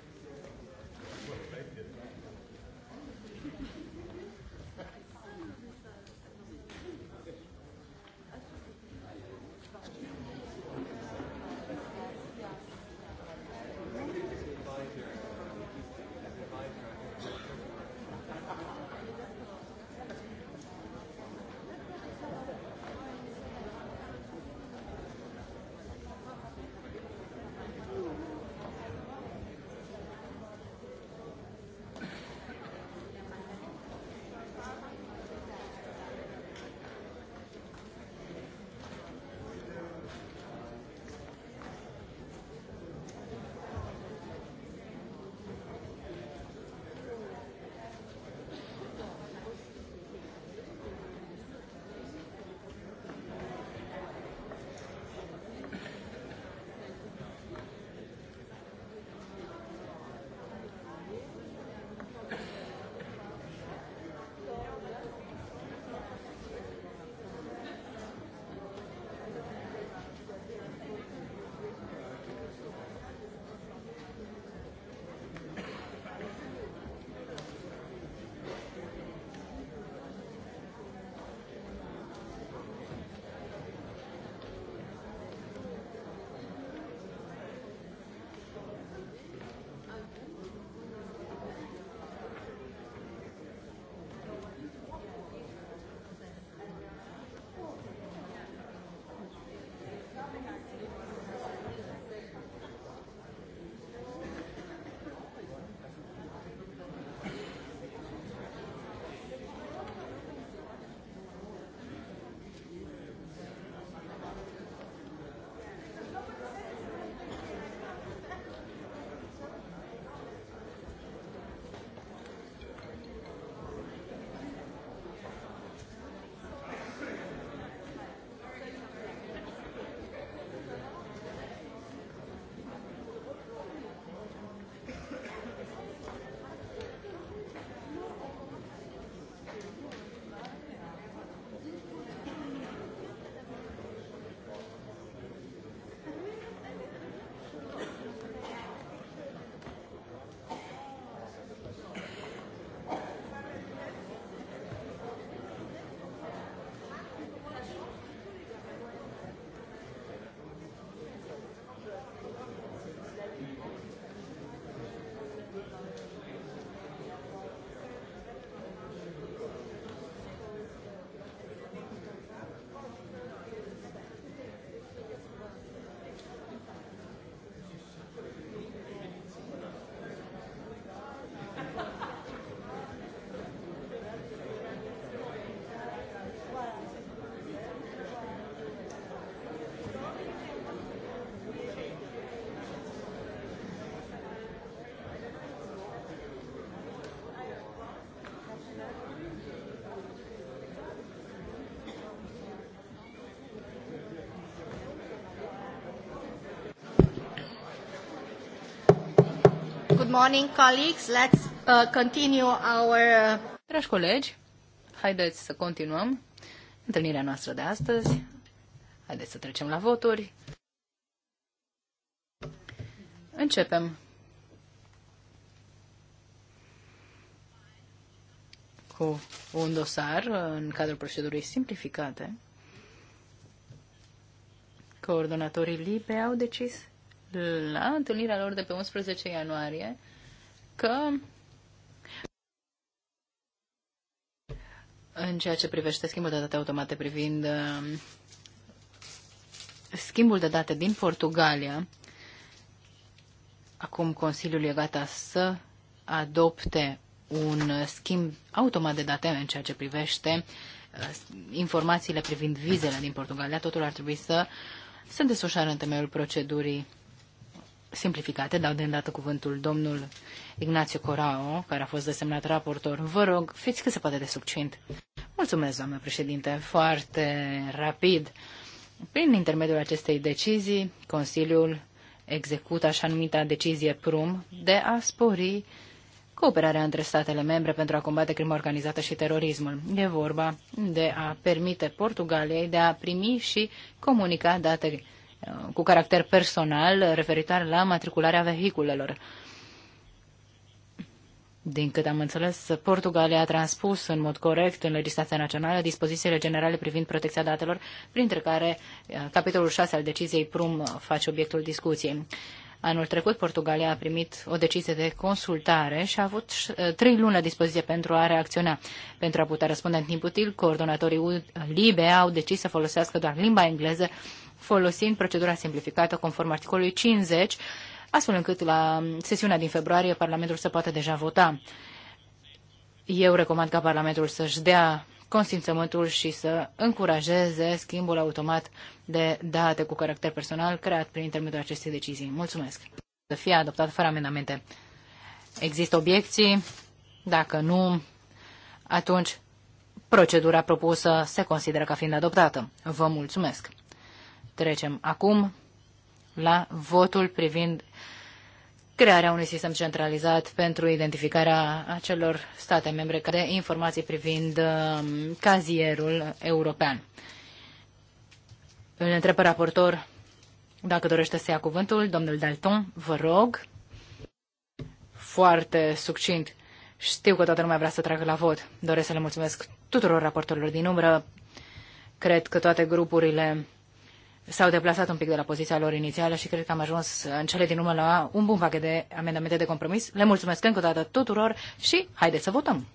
morning, colleagues. Let's uh, continue our... Uh, Dragi colegi, haideți să continuăm întâlnirea noastră de astăzi. Haideți să trecem la voturi. Începem cu un dosar uh, în cadrul procedurii simplificate. Coordonatorii LIBE au decis la întâlnirea lor de pe 11 ianuarie că în ceea ce privește schimbul de date automate privind um, schimbul de date din Portugalia, acum Consiliul e gata să adopte un schimb automat de date în ceea ce privește uh, informațiile privind vizele din Portugalia. Totul ar trebui să se desfășoare în temeiul procedurii simplificate. Dau de îndată cuvântul domnul Ignacio Corao, care a fost desemnat raportor. Vă rog, fiți cât se poate de succint. Mulțumesc, doamnă președinte, foarte rapid. Prin intermediul acestei decizii, Consiliul execută așa numita decizie PRUM de a spori cooperarea între statele membre pentru a combate crima organizată și terorismul. E vorba de a permite Portugaliei de a primi și comunica date cu caracter personal referitoare la matricularea vehiculelor. Din cât am înțeles, Portugalia a transpus în mod corect în legislația națională dispozițiile generale privind protecția datelor, printre care eh, capitolul 6 al deciziei PRUM face obiectul discuției. Anul trecut, Portugalia a primit o decizie de consultare și a avut eh, trei luni la dispoziție pentru a reacționa. Pentru a putea răspunde în timp util, coordonatorii LIBE au decis să folosească doar limba engleză, folosind procedura simplificată conform articolului 50, astfel încât la sesiunea din februarie Parlamentul să poată deja vota. Eu recomand ca Parlamentul să-și dea consimțământul și să încurajeze schimbul automat de date cu caracter personal creat prin intermediul acestei decizii. Mulțumesc! Să fie adoptat fără amendamente. Există obiecții? Dacă nu, atunci procedura propusă se consideră ca fiind adoptată. Vă mulțumesc! Trecem acum la votul privind crearea unui sistem centralizat pentru identificarea acelor state membre de informații privind um, cazierul european. Îl întreb pe raportor dacă dorește să ia cuvântul. Domnul Dalton, vă rog. Foarte succint. Știu că toată lumea vrea să tragă la vot. Doresc să le mulțumesc tuturor raportorilor din umbră. Cred că toate grupurile s-au deplasat un pic de la poziția lor inițială și cred că am ajuns în cele din urmă la un bun pachet de amendamente de compromis. Le mulțumesc încă o dată tuturor și haideți să votăm.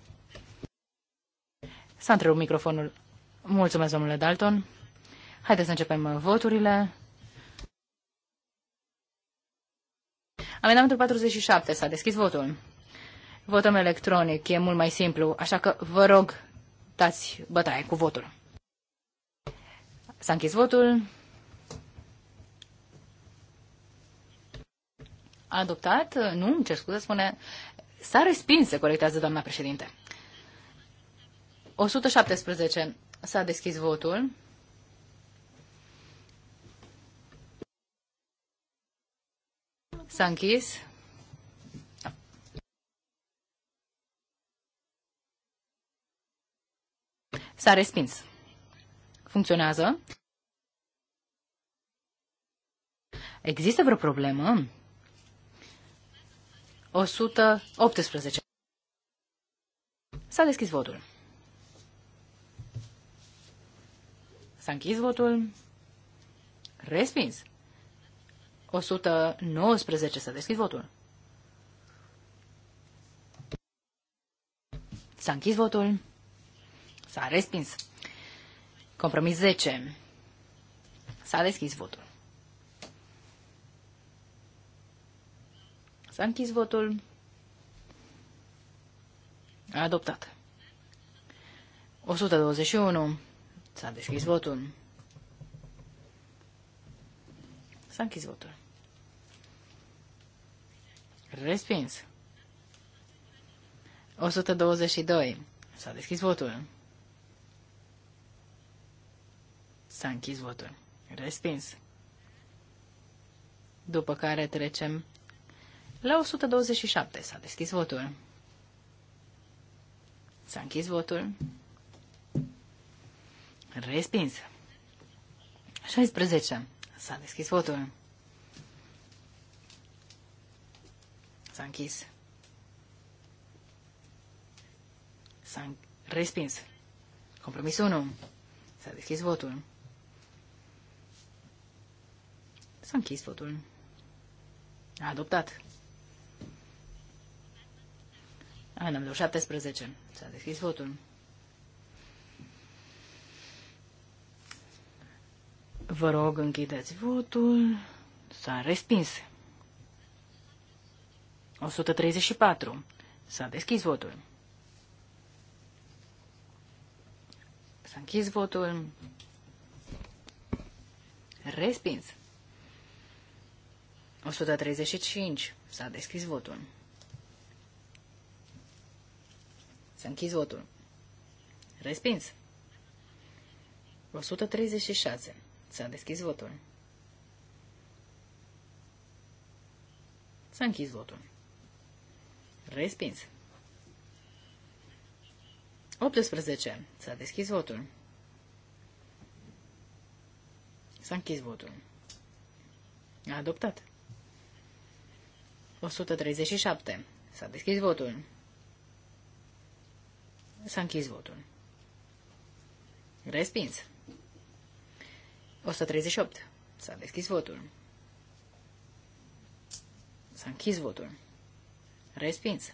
S-a întrerupt microfonul. Mulțumesc, domnule Dalton. Haideți să începem uh, voturile. Amendamentul 47. S-a deschis votul. Votăm electronic. E mult mai simplu, așa că vă rog, dați bătaie cu votul. S-a închis votul. adoptat, nu, îmi cer scuze, spune, s-a respins, se corectează doamna președinte. 117. S-a deschis votul. S-a închis. S-a respins. Funcționează. Există vreo problemă? 118. S-a deschis votul. S-a închis votul. Respins. 119. S-a deschis votul. S-a închis votul. S-a respins. Compromis 10. S-a deschis votul. S-a închis votul. A adoptat. 121. S-a deschis votul. S-a închis votul. Respins. 122. S-a deschis votul. S-a închis votul. Respins. După care trecem la 127 s-a deschis votul. S-a închis votul. Respins. 16. S-a deschis votul. S-a închis. S-a respins. Compromis 1. S-a deschis votul. S-a închis votul. A adoptat. Ah, Amendamentul 17. S-a deschis votul. Vă rog, închideți votul. S-a respins. 134. S-a deschis votul. S-a închis votul. Respins. 135. S-a deschis votul. Să închizi votul. Respins. 136. Să deschizi votul. Să închizi votul. Respins. 18. Să deschizi votul. Să închizi votul. adoptat. 137. S-a deschis votul. S-a închis votul. Respins. 138. S-a deschis votul. S-a închis votul. Respins.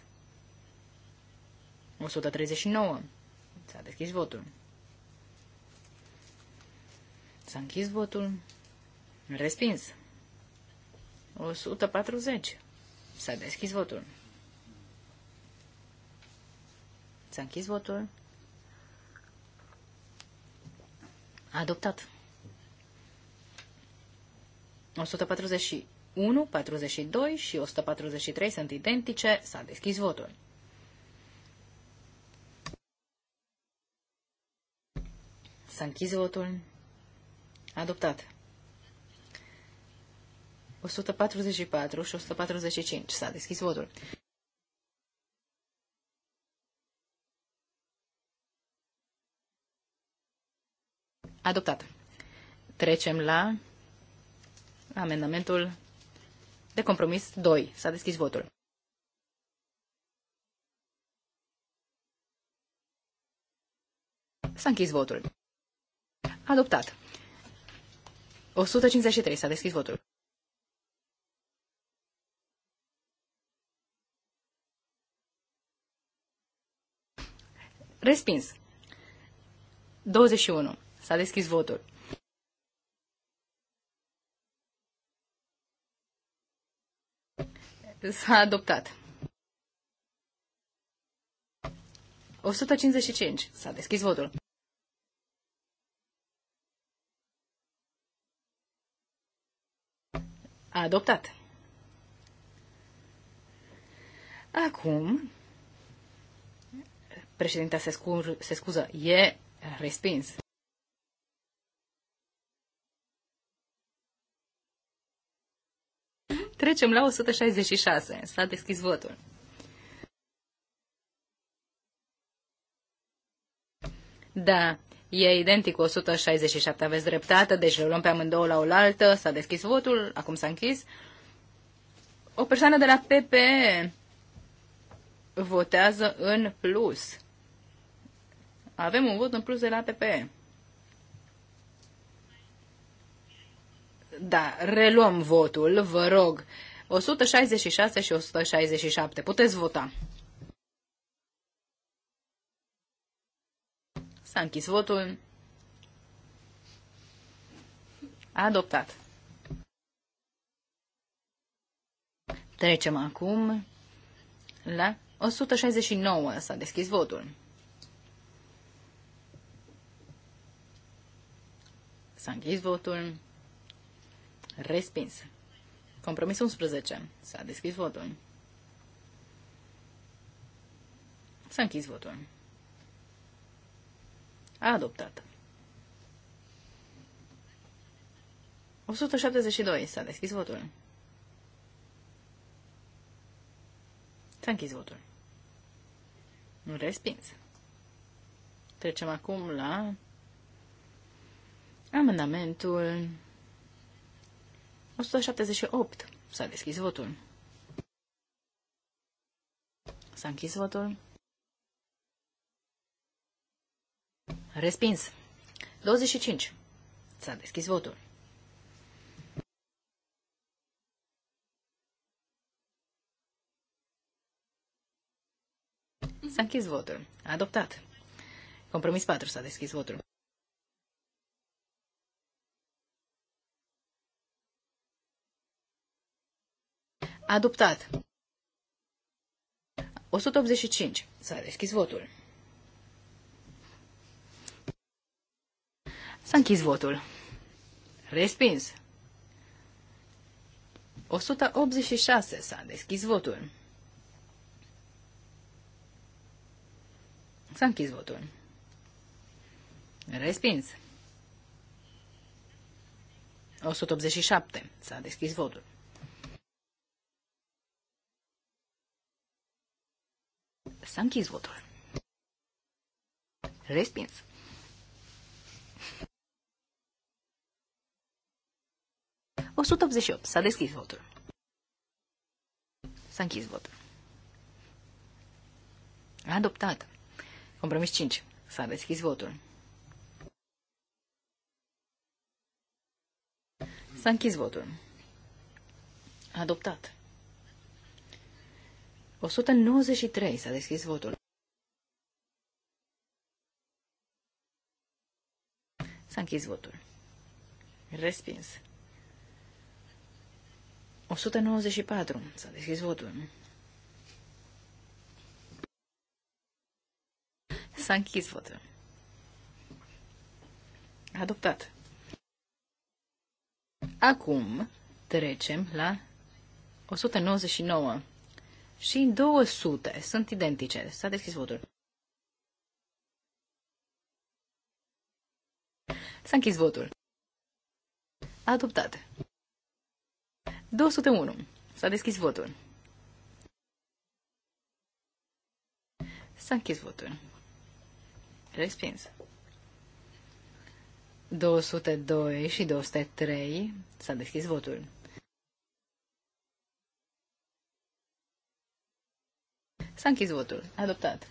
139. S-a deschis votul. S-a închis votul. Respins. 140. S-a deschis votul. Să a închis votul. Adoptat. 141, 42 și 143 sunt identice. S-a deschis votul. S-a închis votul. Adoptat. 144 și 145. S-a deschis votul. Adoptat. Trecem la amendamentul de compromis 2. S-a deschis votul. S-a închis votul. Adoptat. 153. S-a deschis votul. Respins. 21. S-a deschis votul. S-a adoptat. 155. S-a deschis votul. A adoptat. Acum, președinta se, scu- se scuză, e respins. Trecem la 166. S-a deschis votul. Da, e identic cu 167. Aveți dreptate, deci le luăm pe amândouă la oaltă. S-a deschis votul, acum s-a închis. O persoană de la PP votează în plus. Avem un vot în plus de la PP. Da, reluăm votul, vă rog. 166 și 167. Puteți vota. S-a închis votul. Adoptat. Trecem acum la 169. S-a deschis votul. S-a închis votul. Respins. Compromis 11. S-a deschis votul. S-a închis votul. A adoptat. 172. S-a deschis votul. S-a închis votul. Respins. Trecem acum la amendamentul 178. S-a deschis votul. S-a închis votul. Respins. 25. S-a deschis votul. S-a închis votul. Adoptat. Compromis 4. S-a deschis votul. Adoptat. 185. S-a deschis votul. S-a închis votul. Respins. 186. S-a deschis votul. S-a închis votul. Respins. 187. S-a deschis votul. S-a închis votul. Respins. O S-a deschis votul. S-a închis votul. Adoptat. Compromis 5. S-a deschis votul. S-a închis votul. Adoptat. 193. S-a deschis votul. S-a închis votul. Respins. 194. S-a deschis votul. S-a închis votul. Adoptat. Acum trecem la 199 și 200 sunt identice. S-a deschis votul. S-a închis votul. Adoptate. 201. S-a deschis votul. S-a închis votul. Respins. 202 și 203. S-a deschis votul. S-a închis votul. Adoptat.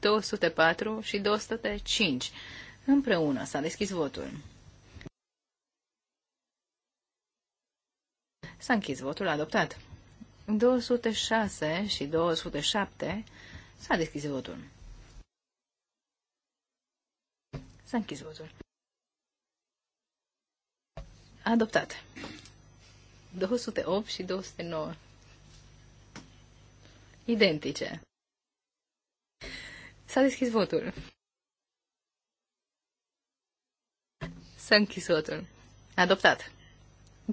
204 și 205. Împreună s-a deschis votul. S-a închis votul adoptat. 206 și 207 s-a deschis votul. S-a închis votul. Adoptat. 208 și 209 identice. S-a deschis votul. S-a închis votul. Adoptat.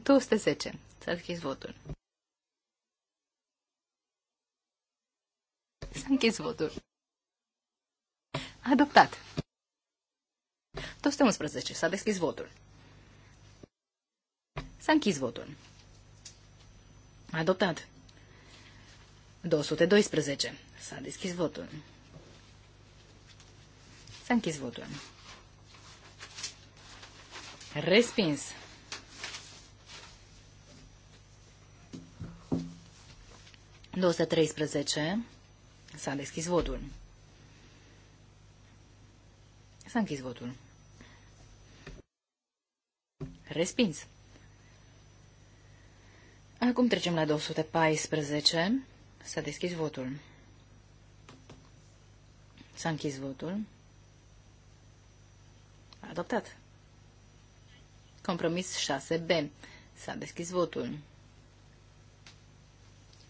210. S-a deschis votul. S-a închis votul. Adoptat. 211. S-a deschis votul. S-a închis votul. Adoptat. 212. S-a deschis votul. S-a închis votul. Respins. S-a deschis votul. S-a închis votul. Respins. Acum trecem la 214. S-a deschis votul. S-a închis votul. Adoptat. Compromis 6B. S-a deschis votul.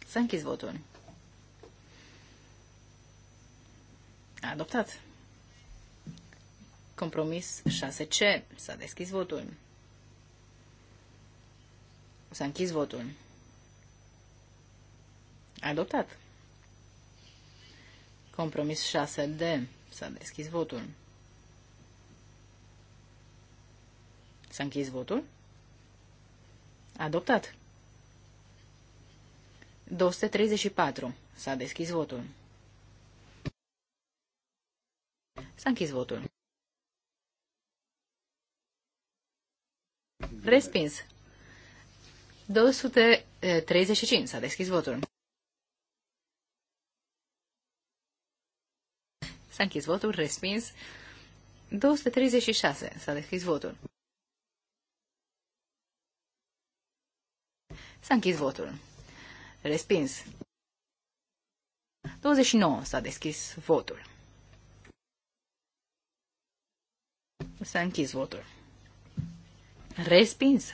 S-a închis votul. Adoptat. Compromis 6C. S-a deschis votul. S-a închis votul. Adoptat. Compromis 6D. S-a deschis votul. S-a închis votul. Adoptat. 234. S-a deschis votul. S-a închis votul. Respins. 235. S-a deschis votul. S-a închis votul, respins. 236. S-a deschis votul. S-a închis votul. Respins. 29. S-a deschis votul. S-a închis votul. Respins.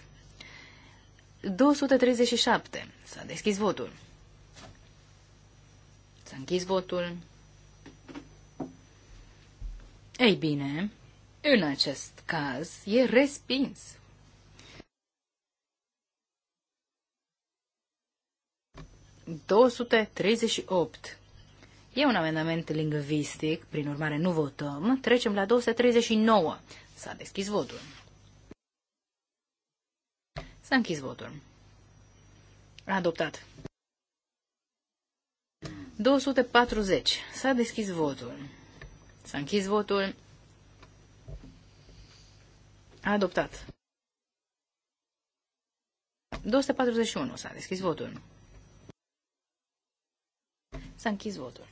237. S-a deschis votul. S-a închis votul. Ei bine, în acest caz e respins. ...238. E un amendament lingvistic, prin urmare nu votăm. Trecem la 239. S-a deschis votul. S-a închis votul. Adoptat. 240. S-a deschis votul. S-a închis votul. A adoptat. 241. S-a deschis votul. S-a închis votul.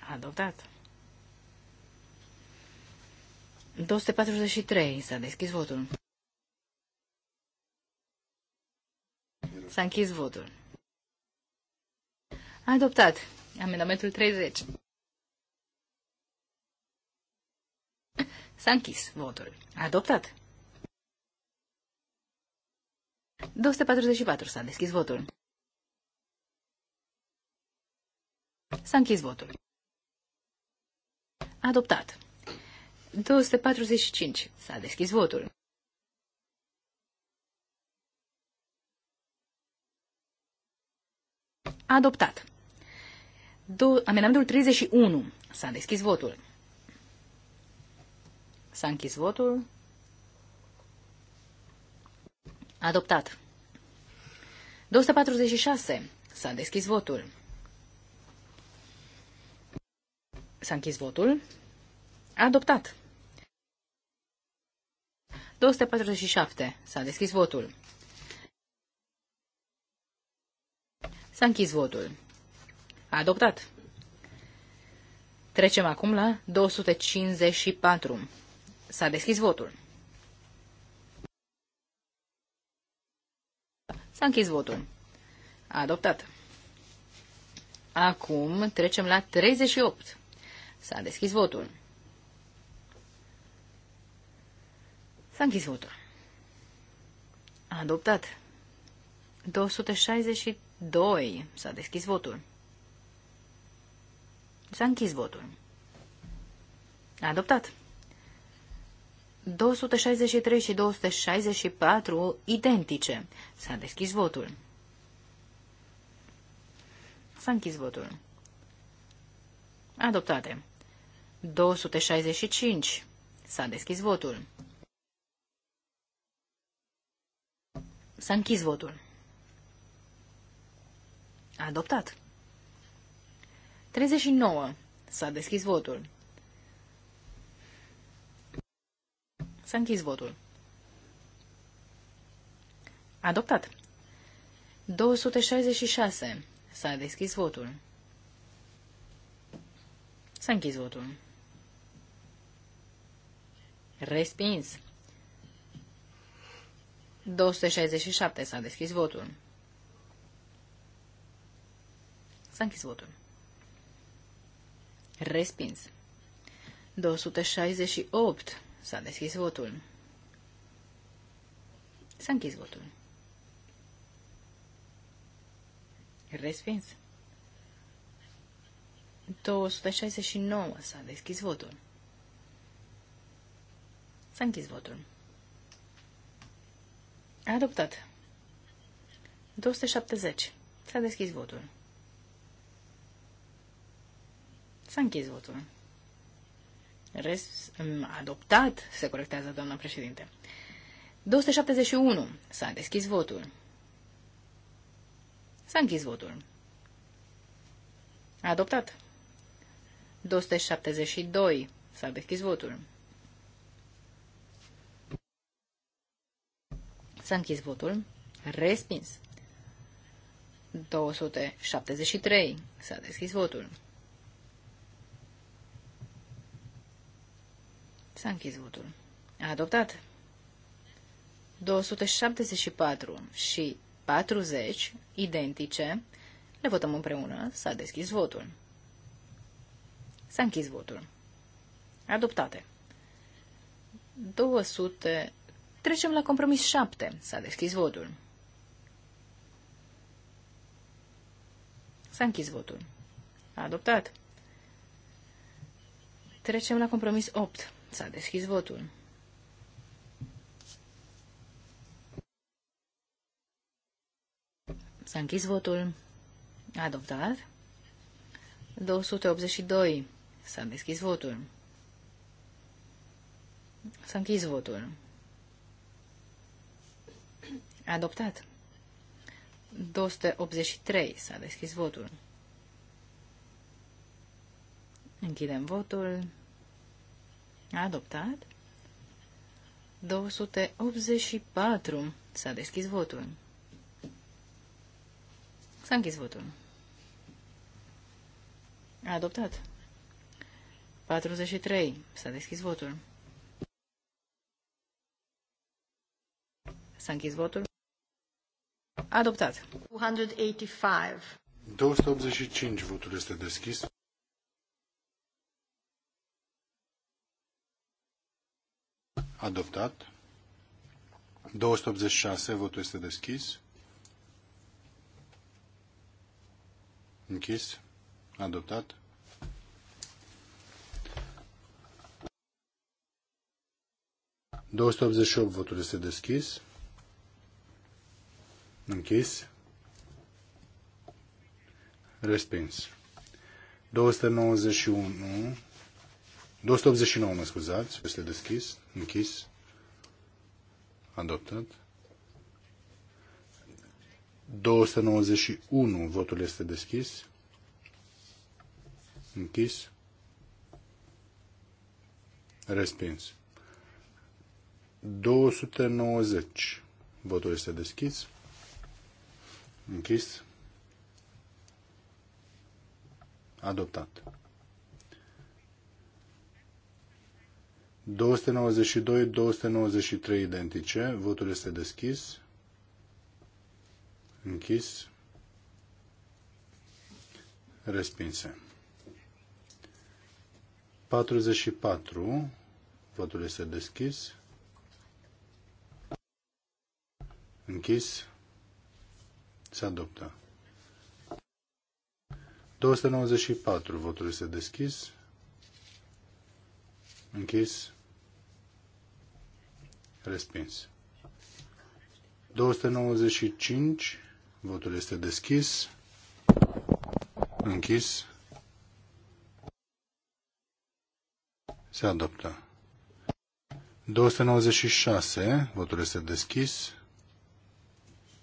A adoptat. 243. S-a deschis votul. S-a închis votul. A adoptat. Amendamentul 30. S-a închis votul. Adoptat. 244. S-a deschis votul. S-a închis votul. Adoptat. 245. S-a deschis votul. Adoptat. Do amendamentul 31. S-a deschis votul. S-a închis votul. Adoptat. 246. S-a deschis votul. S-a închis votul. Adoptat. 247. S-a deschis votul. S-a închis votul. Adoptat. Trecem acum la 254. S-a deschis votul. S-a închis votul. A adoptat. Acum trecem la 38. S-a deschis votul. S-a închis votul. A adoptat. 262. S-a deschis votul. S-a închis votul. A adoptat. 263 și 264 identice. S-a deschis votul. S-a închis votul. Adoptate. 265. S-a deschis votul. S-a închis votul. Adoptat. 39. S-a deschis votul. Să închizi votul. Adoptat. 266. S-a deschis votul. S-a închis votul. Respins. 267. S-a deschis votul. S-a închis votul. Respins. 268. S-a deschis votul. S-a închis votul. Respins. 269. S-a deschis votul. S-a închis votul. Adoptat. 270. S-a deschis votul. S-a închis votul res, adoptat, se corectează doamna președinte. 271. S-a deschis votul. S-a închis votul. A adoptat. 272. S-a deschis votul. S-a închis votul. Respins. 273. S-a deschis votul. S-a închis votul. A adoptat. 274 și 40, identice, le votăm împreună, s-a deschis votul. S-a închis votul. Adoptate. 200. Trecem la compromis 7. S-a deschis votul. S-a închis votul. Adoptat. Trecem la compromis 8. S-a deschis votul. S-a închis votul. Adoptat. 282. S-a deschis votul. S-a închis votul. Adoptat. 283. S-a deschis votul. Închidem votul. Adoptat. 284. S-a deschis votul. S-a închis votul. Adoptat. 43. S-a deschis votul. S-a închis votul. Adoptat. 285. 285 votul este deschis. adoptat. 286, votul este deschis. Închis. Adoptat. Două votul este deschis. Închis. Respins. 291 289, mă scuzați, este deschis, închis, adoptat. 291, votul este deschis, închis, respins. 290, votul este deschis, închis, adoptat. 292-293 identice. Votul este deschis. Închis. Respinse. 44. Votul este deschis. Închis. Se adoptă. 294. Votul este deschis. Închis. Respins. 295. Votul este deschis. Închis. Se adoptă. 296. Votul este deschis.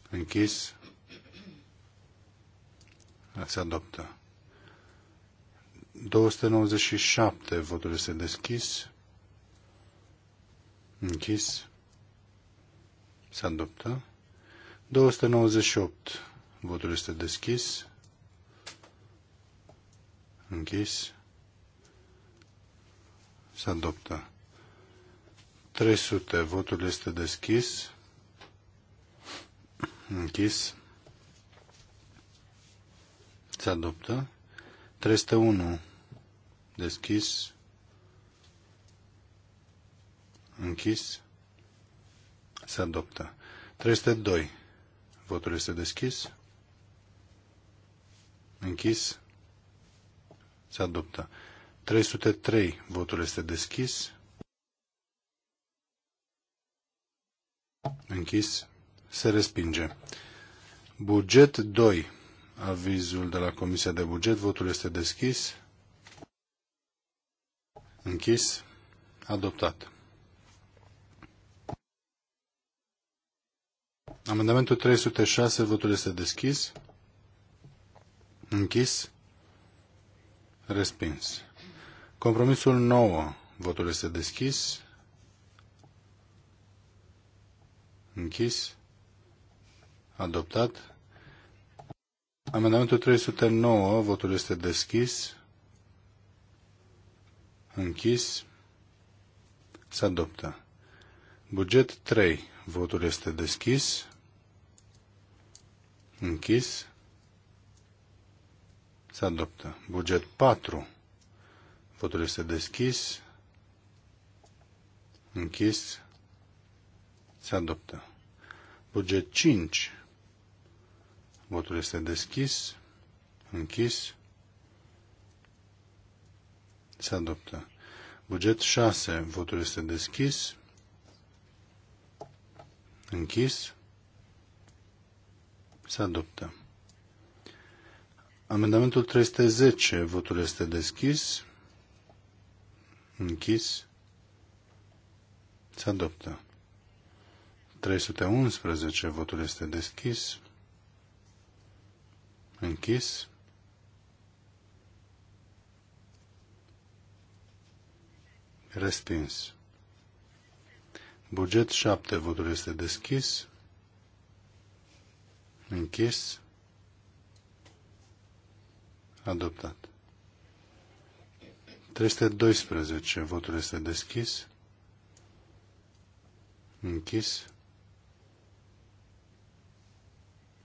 Închis. Se adoptă. 297. Votul este deschis. Închis. Se adoptă. 298. Votul este deschis. Închis. Se adoptă. 300. Votul este deschis. Închis. Se adoptă. 301. Deschis. Închis. Se adoptă. 302. Votul este deschis. Închis. Se adoptă. 303. Votul este deschis. Închis. Se respinge. Buget 2. Avizul de la Comisia de Buget. Votul este deschis. Închis. Adoptat. Amendamentul 306, votul este deschis. Închis. Respins. Compromisul 9, votul este deschis. Închis. Adoptat. Amendamentul 309, votul este deschis. Închis. Se adoptă. Buget 3, votul este deschis. Închis. Se adoptă. Buget 4. Votul este deschis. Închis. Se adoptă. Buget 5. Votul este deschis. Închis. Se adoptă. Buget 6. Votul este deschis. Închis. Se adoptă. Amendamentul 310. Votul este deschis. Închis. Se adoptă. 311. Votul este deschis. Închis. Respins. Buget 7. Votul este deschis. Închis. Adoptat. 312. Votul este deschis. Închis.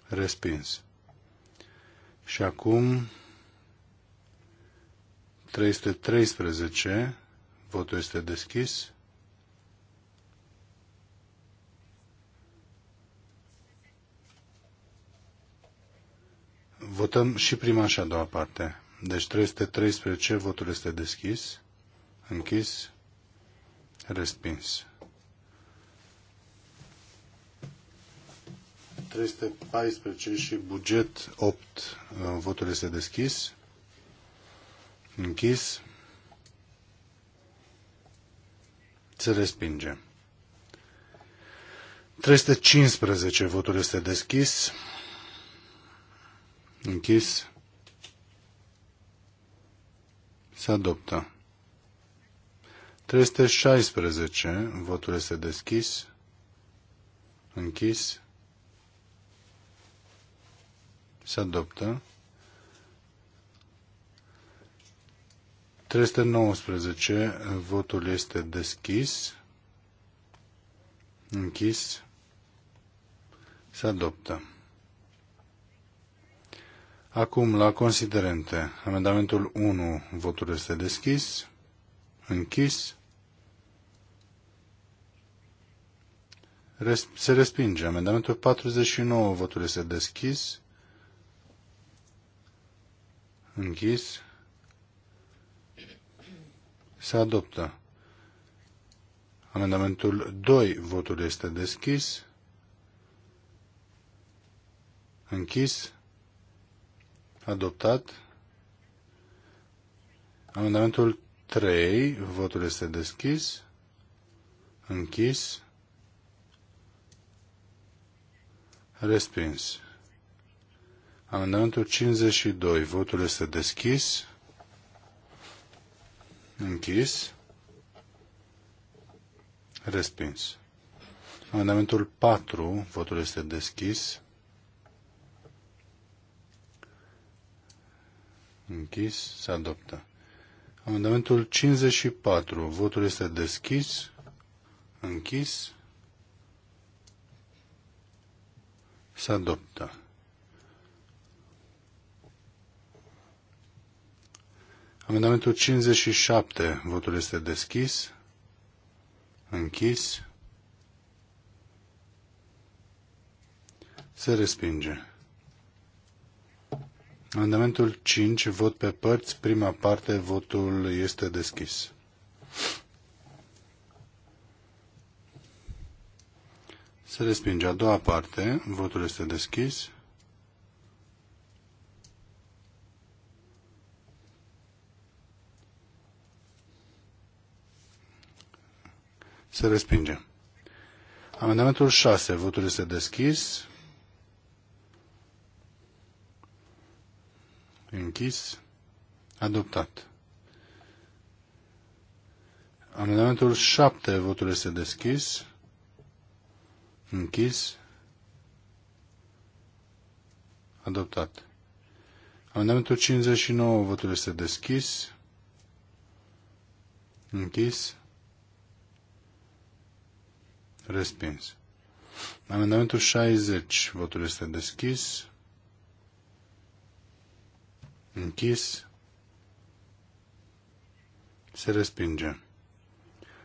Respins. Și acum 313. Votul este deschis. Votăm și prima și a doua parte. Deci 313, votul este deschis, închis, respins. 314 și buget 8, uh, votul este deschis, închis, se respinge. 315, votul este deschis, Închis. Se adoptă. 316. Votul este deschis. Închis. Se adoptă. 319. Votul este deschis. Închis. Se adoptă. Acum, la considerente. Amendamentul 1, votul este deschis, închis. Se respinge. Amendamentul 49, votul este deschis, închis. Se adoptă. Amendamentul 2, votul este deschis, închis adoptat. Amendamentul 3, votul este deschis, închis, respins. Amendamentul 52, votul este deschis, închis, respins. Amendamentul 4, votul este deschis, Închis. Se adoptă. Amendamentul 54. Votul este deschis. Închis. Se adoptă. Amendamentul 57. Votul este deschis. Închis. Se respinge. Amendamentul 5, vot pe părți, prima parte, votul este deschis. Se respinge a doua parte, votul este deschis. Se respinge. Amendamentul 6, votul este deschis. Închis. Adoptat. Amendamentul 7. Votul este deschis. Închis. Adoptat. Amendamentul 59. Votul este deschis. Închis. Respins. Amendamentul 60. Votul este deschis. Închis. Se respinge.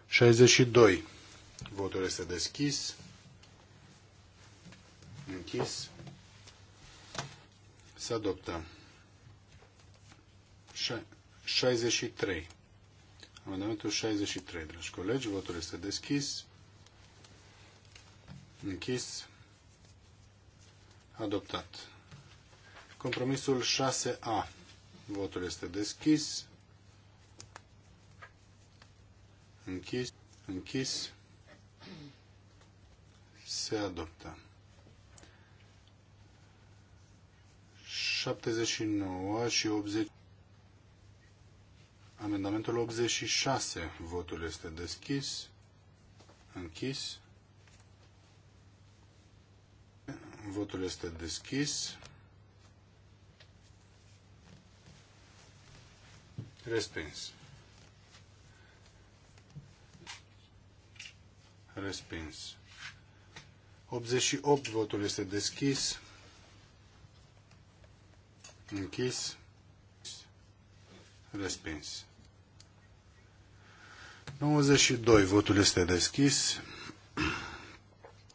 62. Votul este deschis. Închis. Se adoptă. 63. Amendamentul 63, dragi colegi. Votul este deschis. Închis. Adoptat. Compromisul 6A. Votul este deschis. Închis. Închis. Se adoptă. 79 și 80. Amendamentul 86. Votul este deschis. Închis. Votul este deschis. Respins. Respins. 88 votul este deschis. Închis. Respins. 92 votul este deschis.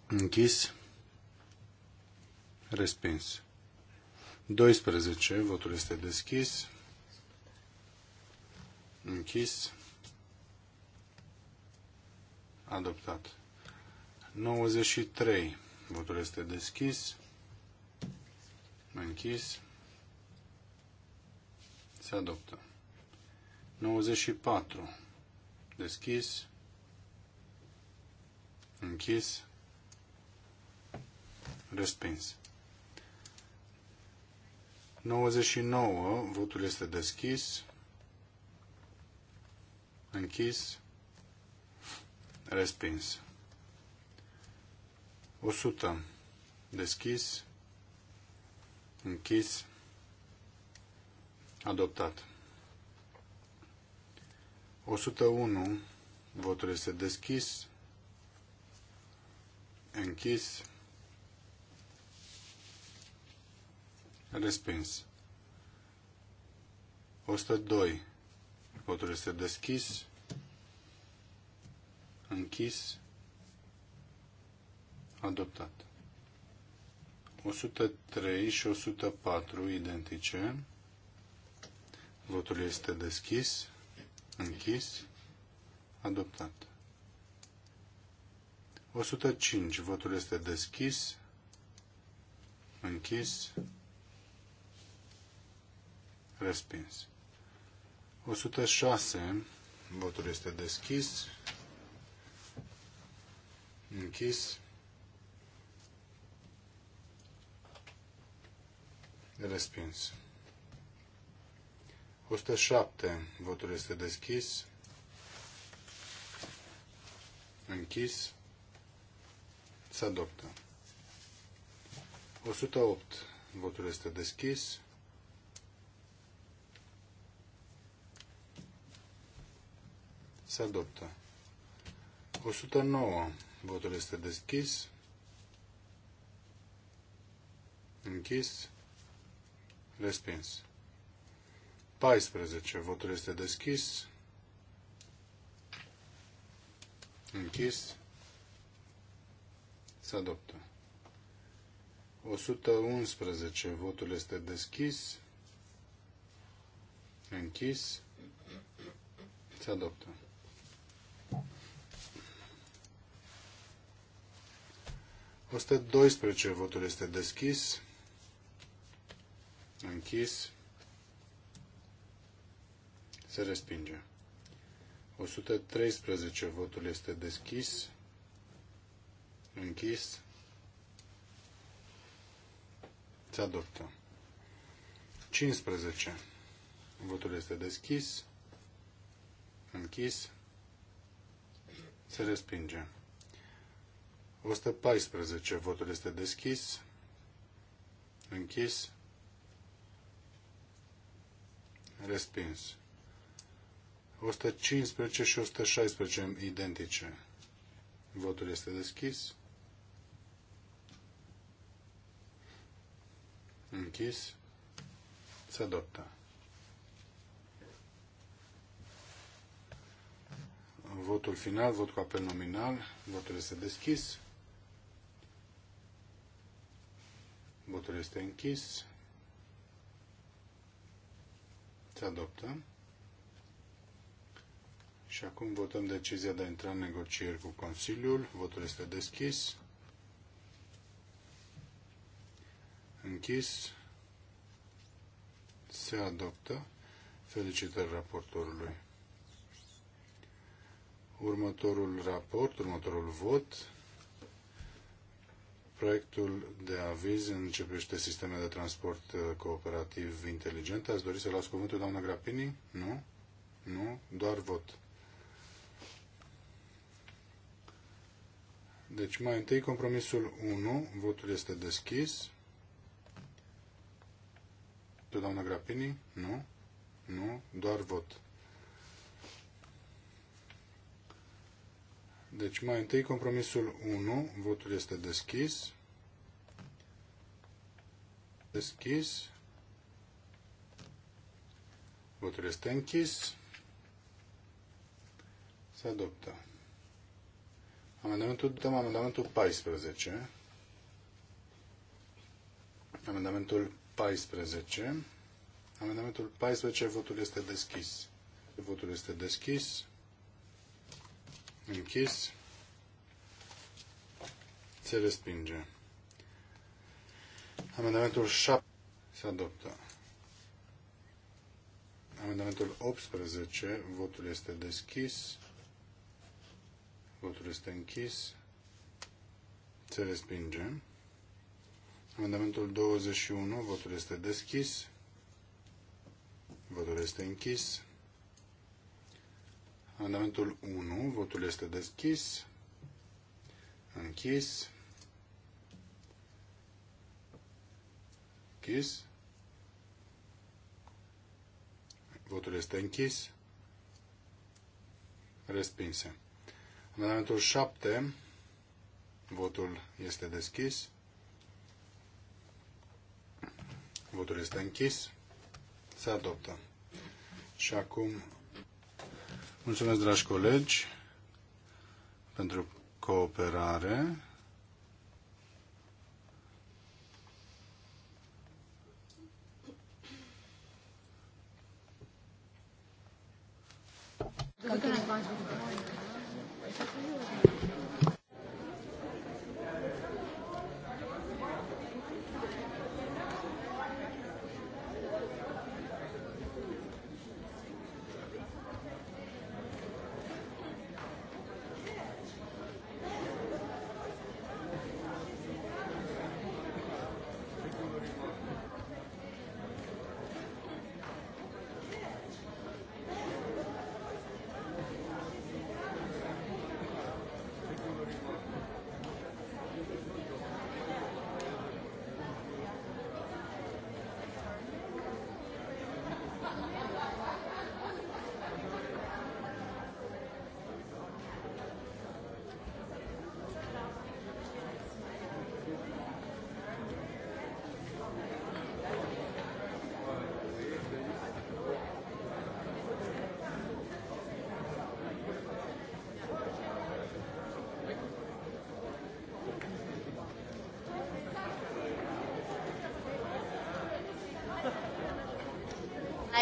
Închis. Respins. 12 votul este deschis. Închis. Adoptat. 93. Votul este deschis. Închis. Se adoptă. 94. Deschis. Închis. Respins. 99. Votul este deschis închis, respins. 100 deschis, închis, adoptat. 101 votul este deschis, închis, respins. 102 votul este deschis, închis, adoptat. 103 și 104 identice. Votul este deschis, închis, adoptat. 105. Votul este deschis, închis, respins. 106. Votul este deschis, Închis. Respins. 107. Votul este deschis. Închis. Se adoptă. 108. Votul este deschis. Se adoptă. 109. Votul este deschis. Închis. Respins. 14. Votul este deschis. Închis. Se adoptă. 111. Votul este deschis. Închis. Se adoptă. 112. Votul este deschis. Închis. Se respinge. 113. Votul este deschis. Închis. Se adoptă. 15. Votul este deschis. Închis. Se respinge. 114. Votul este deschis. Închis. Respins. 115 și 116 identice. Votul este deschis. Închis. Se adoptă. Votul final, vot cu apel nominal. Votul este deschis. Votul este închis. Se adoptă. Și acum votăm decizia de a intra în negocieri cu Consiliul. Votul este deschis. Închis. Se adoptă. Felicitări raportorului. Următorul raport, următorul vot proiectul de aviz începește sisteme de transport uh, cooperativ inteligente. Ați dori să las cuvântul, doamna Grapini? Nu? Nu? Doar vot. Deci mai întâi compromisul 1, votul este deschis. Tu, doamna Grapini? Nu? Nu? Doar vot. Deci mai întâi compromisul 1, votul este deschis. Deschis. Votul este închis. Se adoptă. Amendamentul, dăm amendamentul 14. Amendamentul 14. Amendamentul 14, votul este deschis. Votul este deschis. Închis. Se respinge. Amendamentul 7 se adoptă. Amendamentul 18, votul este deschis. Votul este închis. Se respinge. Amendamentul 21, votul este deschis. Votul este închis. Amendamentul 1, votul este deschis, închis, închis, votul este închis, respinse. Amendamentul 7, votul este deschis, votul este închis, se adoptă. Și acum Mulțumesc, dragi colegi, pentru cooperare. Când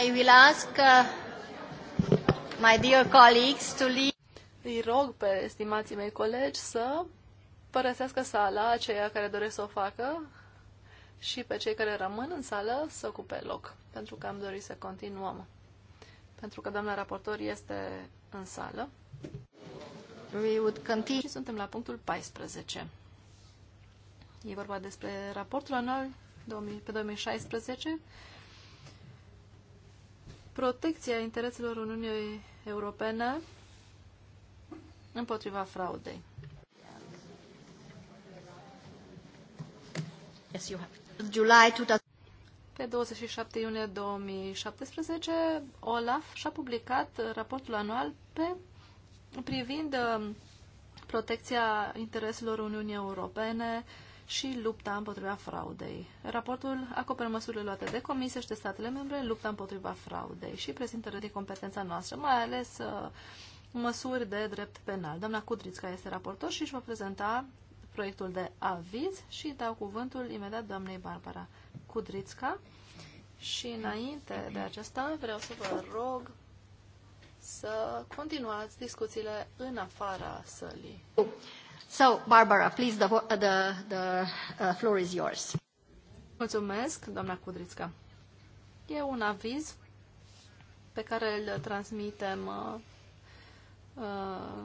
I will ask uh, my dear colleagues to leave. Îi rog pe estimații mei colegi să părăsească sala, aceia care doresc să o facă, și pe cei care rămân în sală să ocupe loc, pentru că am dorit să continuăm. Pentru că doamna raportor este în sală. We would continue. Și suntem la punctul 14. E vorba despre raportul anual 2000, pe 2016 protecția intereselor Uniunii Europene împotriva fraudei. Yes, you have. July 2000. Pe 27 iunie 2017, OLAF și-a publicat raportul anual pe, privind um, protecția intereselor Uniunii Europene și lupta împotriva fraudei. Raportul acoperă măsurile luate de Comisie și de statele membre, lupta împotriva fraudei și prezintă de competența noastră, mai ales uh, măsuri de drept penal. Doamna Cudrițca este raportor și își va prezenta proiectul de aviz și dau cuvântul imediat doamnei Barbara Cudrițca. Și înainte de acesta vreau să vă rog să continuați discuțiile în afara sălii. So, Barbara, please, the, uh, the, the uh, floor is yours. Mulțumesc, doamna Cudrițca. E un aviz pe care îl transmitem uh, uh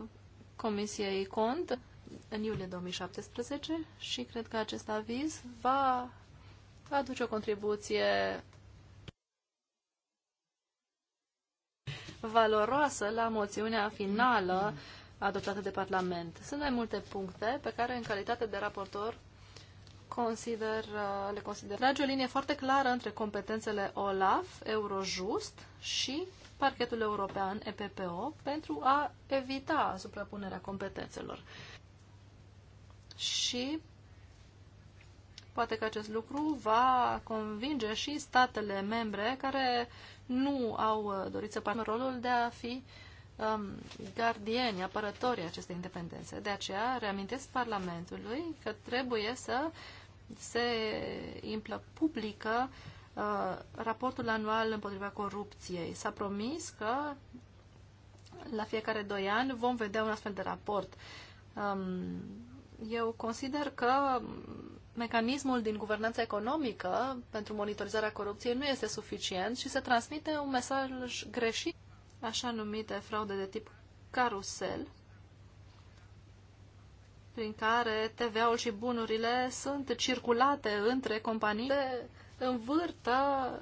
Comisiei Cont în iulie 2017 și cred că acest aviz va aduce o contribuție valoroasă la moțiunea finală adoptată de Parlament. Sunt mai multe puncte pe care, în calitate de raportor, consider, uh, le consider. Trage o linie foarte clară între competențele OLAF, Eurojust și parchetul european, EPPO, pentru a evita suprapunerea competențelor. Și poate că acest lucru va convinge și statele membre care nu au uh, dorit să pară rolul de a fi uh, um, gardieni, apărătorii acestei independențe. De aceea reamintesc Parlamentului că trebuie să se implă publică uh, raportul anual împotriva corupției. S-a promis că la fiecare doi ani vom vedea un astfel de raport. Um, eu consider că mecanismul din guvernanța economică pentru monitorizarea corupției nu este suficient și se transmite un mesaj greșit așa numite fraude de tip carusel, prin care TVA-ul și bunurile sunt circulate între companii, se învârtă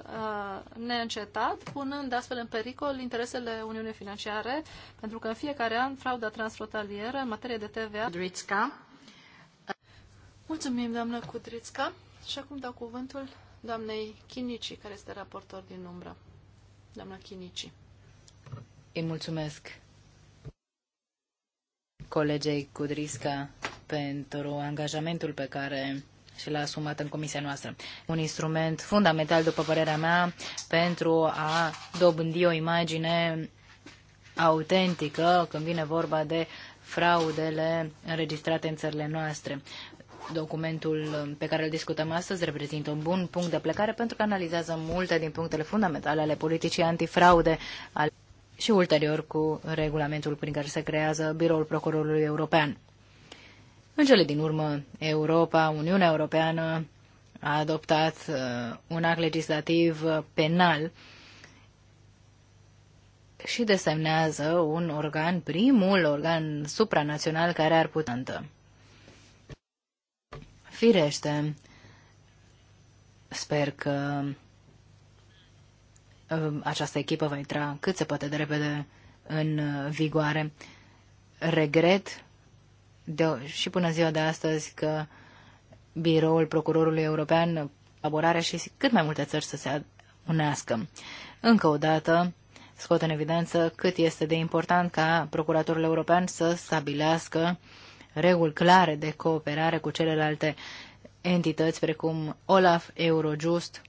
uh, neîncetat, punând astfel în pericol interesele Uniunii Financiare, pentru că în fiecare an frauda transfrontalieră în materie de TVA... Dritzka. Mulțumim, doamnă Cudrițca. Și acum dau cuvântul doamnei Chinici, care este raportor din umbră. Doamna Chinici. Îi mulțumesc colegei Cudrisca pentru angajamentul pe care și l-a asumat în comisia noastră. Un instrument fundamental, după părerea mea, pentru a dobândi o imagine autentică când vine vorba de fraudele înregistrate în țările noastre. Documentul pe care îl discutăm astăzi reprezintă un bun punct de plecare pentru că analizează multe din punctele fundamentale ale politicii antifraude. Al și ulterior cu regulamentul prin care se creează Biroul Procurorului European. În cele din urmă, Europa, Uniunea Europeană, a adoptat uh, un act legislativ uh, penal și desemnează un organ, primul organ supranațional care ar putea. Firește, sper că această echipă va intra cât se poate de repede în vigoare. Regret de, și până ziua de astăzi că biroul procurorului european, colaborarea și cât mai multe țări să se unească. Încă o dată scot în evidență cât este de important ca procuratorul european să stabilească reguli clare de cooperare cu celelalte entități precum OLAF, Eurojust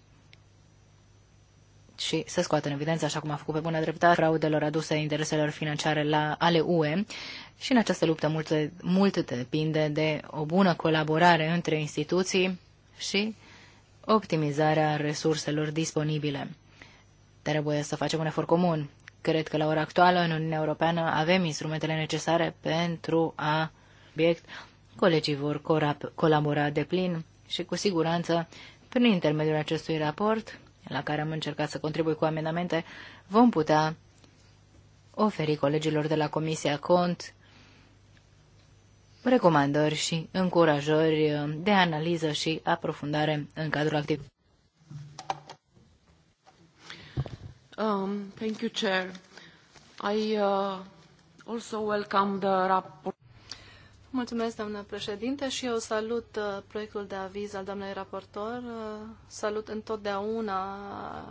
și să scoată în evidență, așa cum a făcut pe bună dreptate, fraudelor aduse intereselor financiare la, ale UE. Și în această luptă mult, mult depinde de o bună colaborare între instituții și optimizarea resurselor disponibile. Trebuie să facem un efort comun. Cred că la ora actuală în Uniunea Europeană avem instrumentele necesare pentru a obiect. Colegii vor colabora de plin și cu siguranță prin intermediul acestui raport la care am încercat să contribui cu amendamente, vom putea oferi colegilor de la Comisia Cont recomandări și încurajări de analiză și aprofundare în cadrul activ. Um, thank you, Chair. I uh, also welcome the report. Mulțumesc, doamnă președinte, și eu salut uh, proiectul de aviz al doamnei raportor. Uh, salut întotdeauna,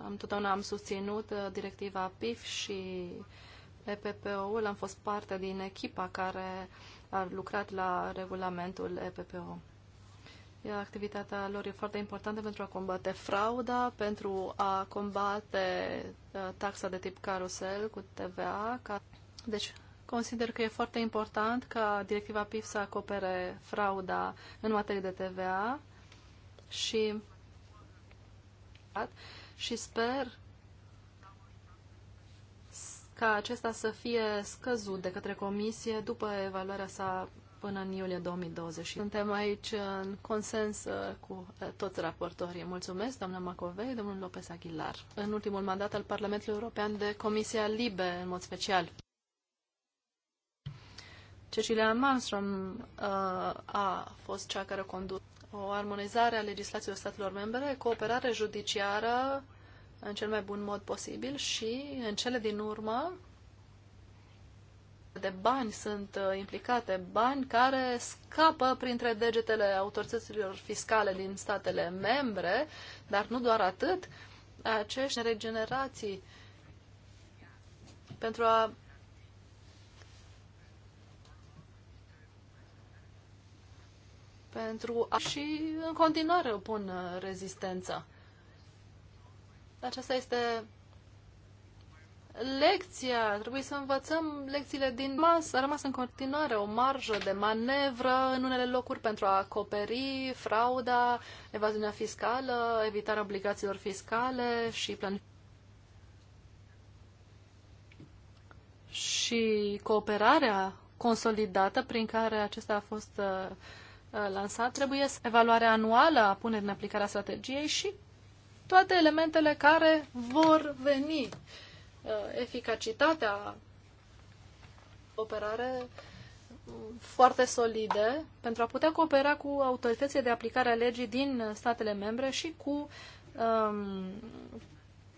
întotdeauna am susținut uh, directiva PIF și EPPO-ul. Am fost parte din echipa care a lucrat la regulamentul EPPO. Activitatea lor e foarte importantă pentru a combate frauda, pentru a combate uh, taxa de tip carusel cu TVA. Ca... Deci Consider că e foarte important ca directiva PIF să acopere frauda în materie de TVA și, și sper ca acesta să fie scăzut de către comisie după evaluarea sa până în iulie 2020. Suntem aici în consens uh, cu uh, toți raportorii. Mulțumesc, doamna Macovei, domnul Lopez Aguilar. În ultimul mandat al Parlamentului European de Comisia Libe, în mod special. Cecilia Malmström uh, a fost cea care a condus o armonizare a legislației statelor membre, cooperare judiciară în cel mai bun mod posibil și, în cele din urmă, de bani sunt uh, implicate, bani care scapă printre degetele autorităților fiscale din statele membre, dar nu doar atât, acești regenerații pentru a pentru a... și în continuare opun uh, rezistența. Aceasta este lecția, trebuie să învățăm lecțiile din masă. A rămas în continuare o marjă de manevră în unele locuri pentru a acoperi frauda, evaziunea fiscală, evitarea obligațiilor fiscale și plan și cooperarea consolidată prin care acesta a fost uh, Uh, lansat, trebuie evaluarea anuală a punerii în aplicare a strategiei și toate elementele care vor veni. Uh, eficacitatea, operare mm, foarte solide pentru a putea coopera cu autoritățile de aplicare a legii din statele membre și cu um,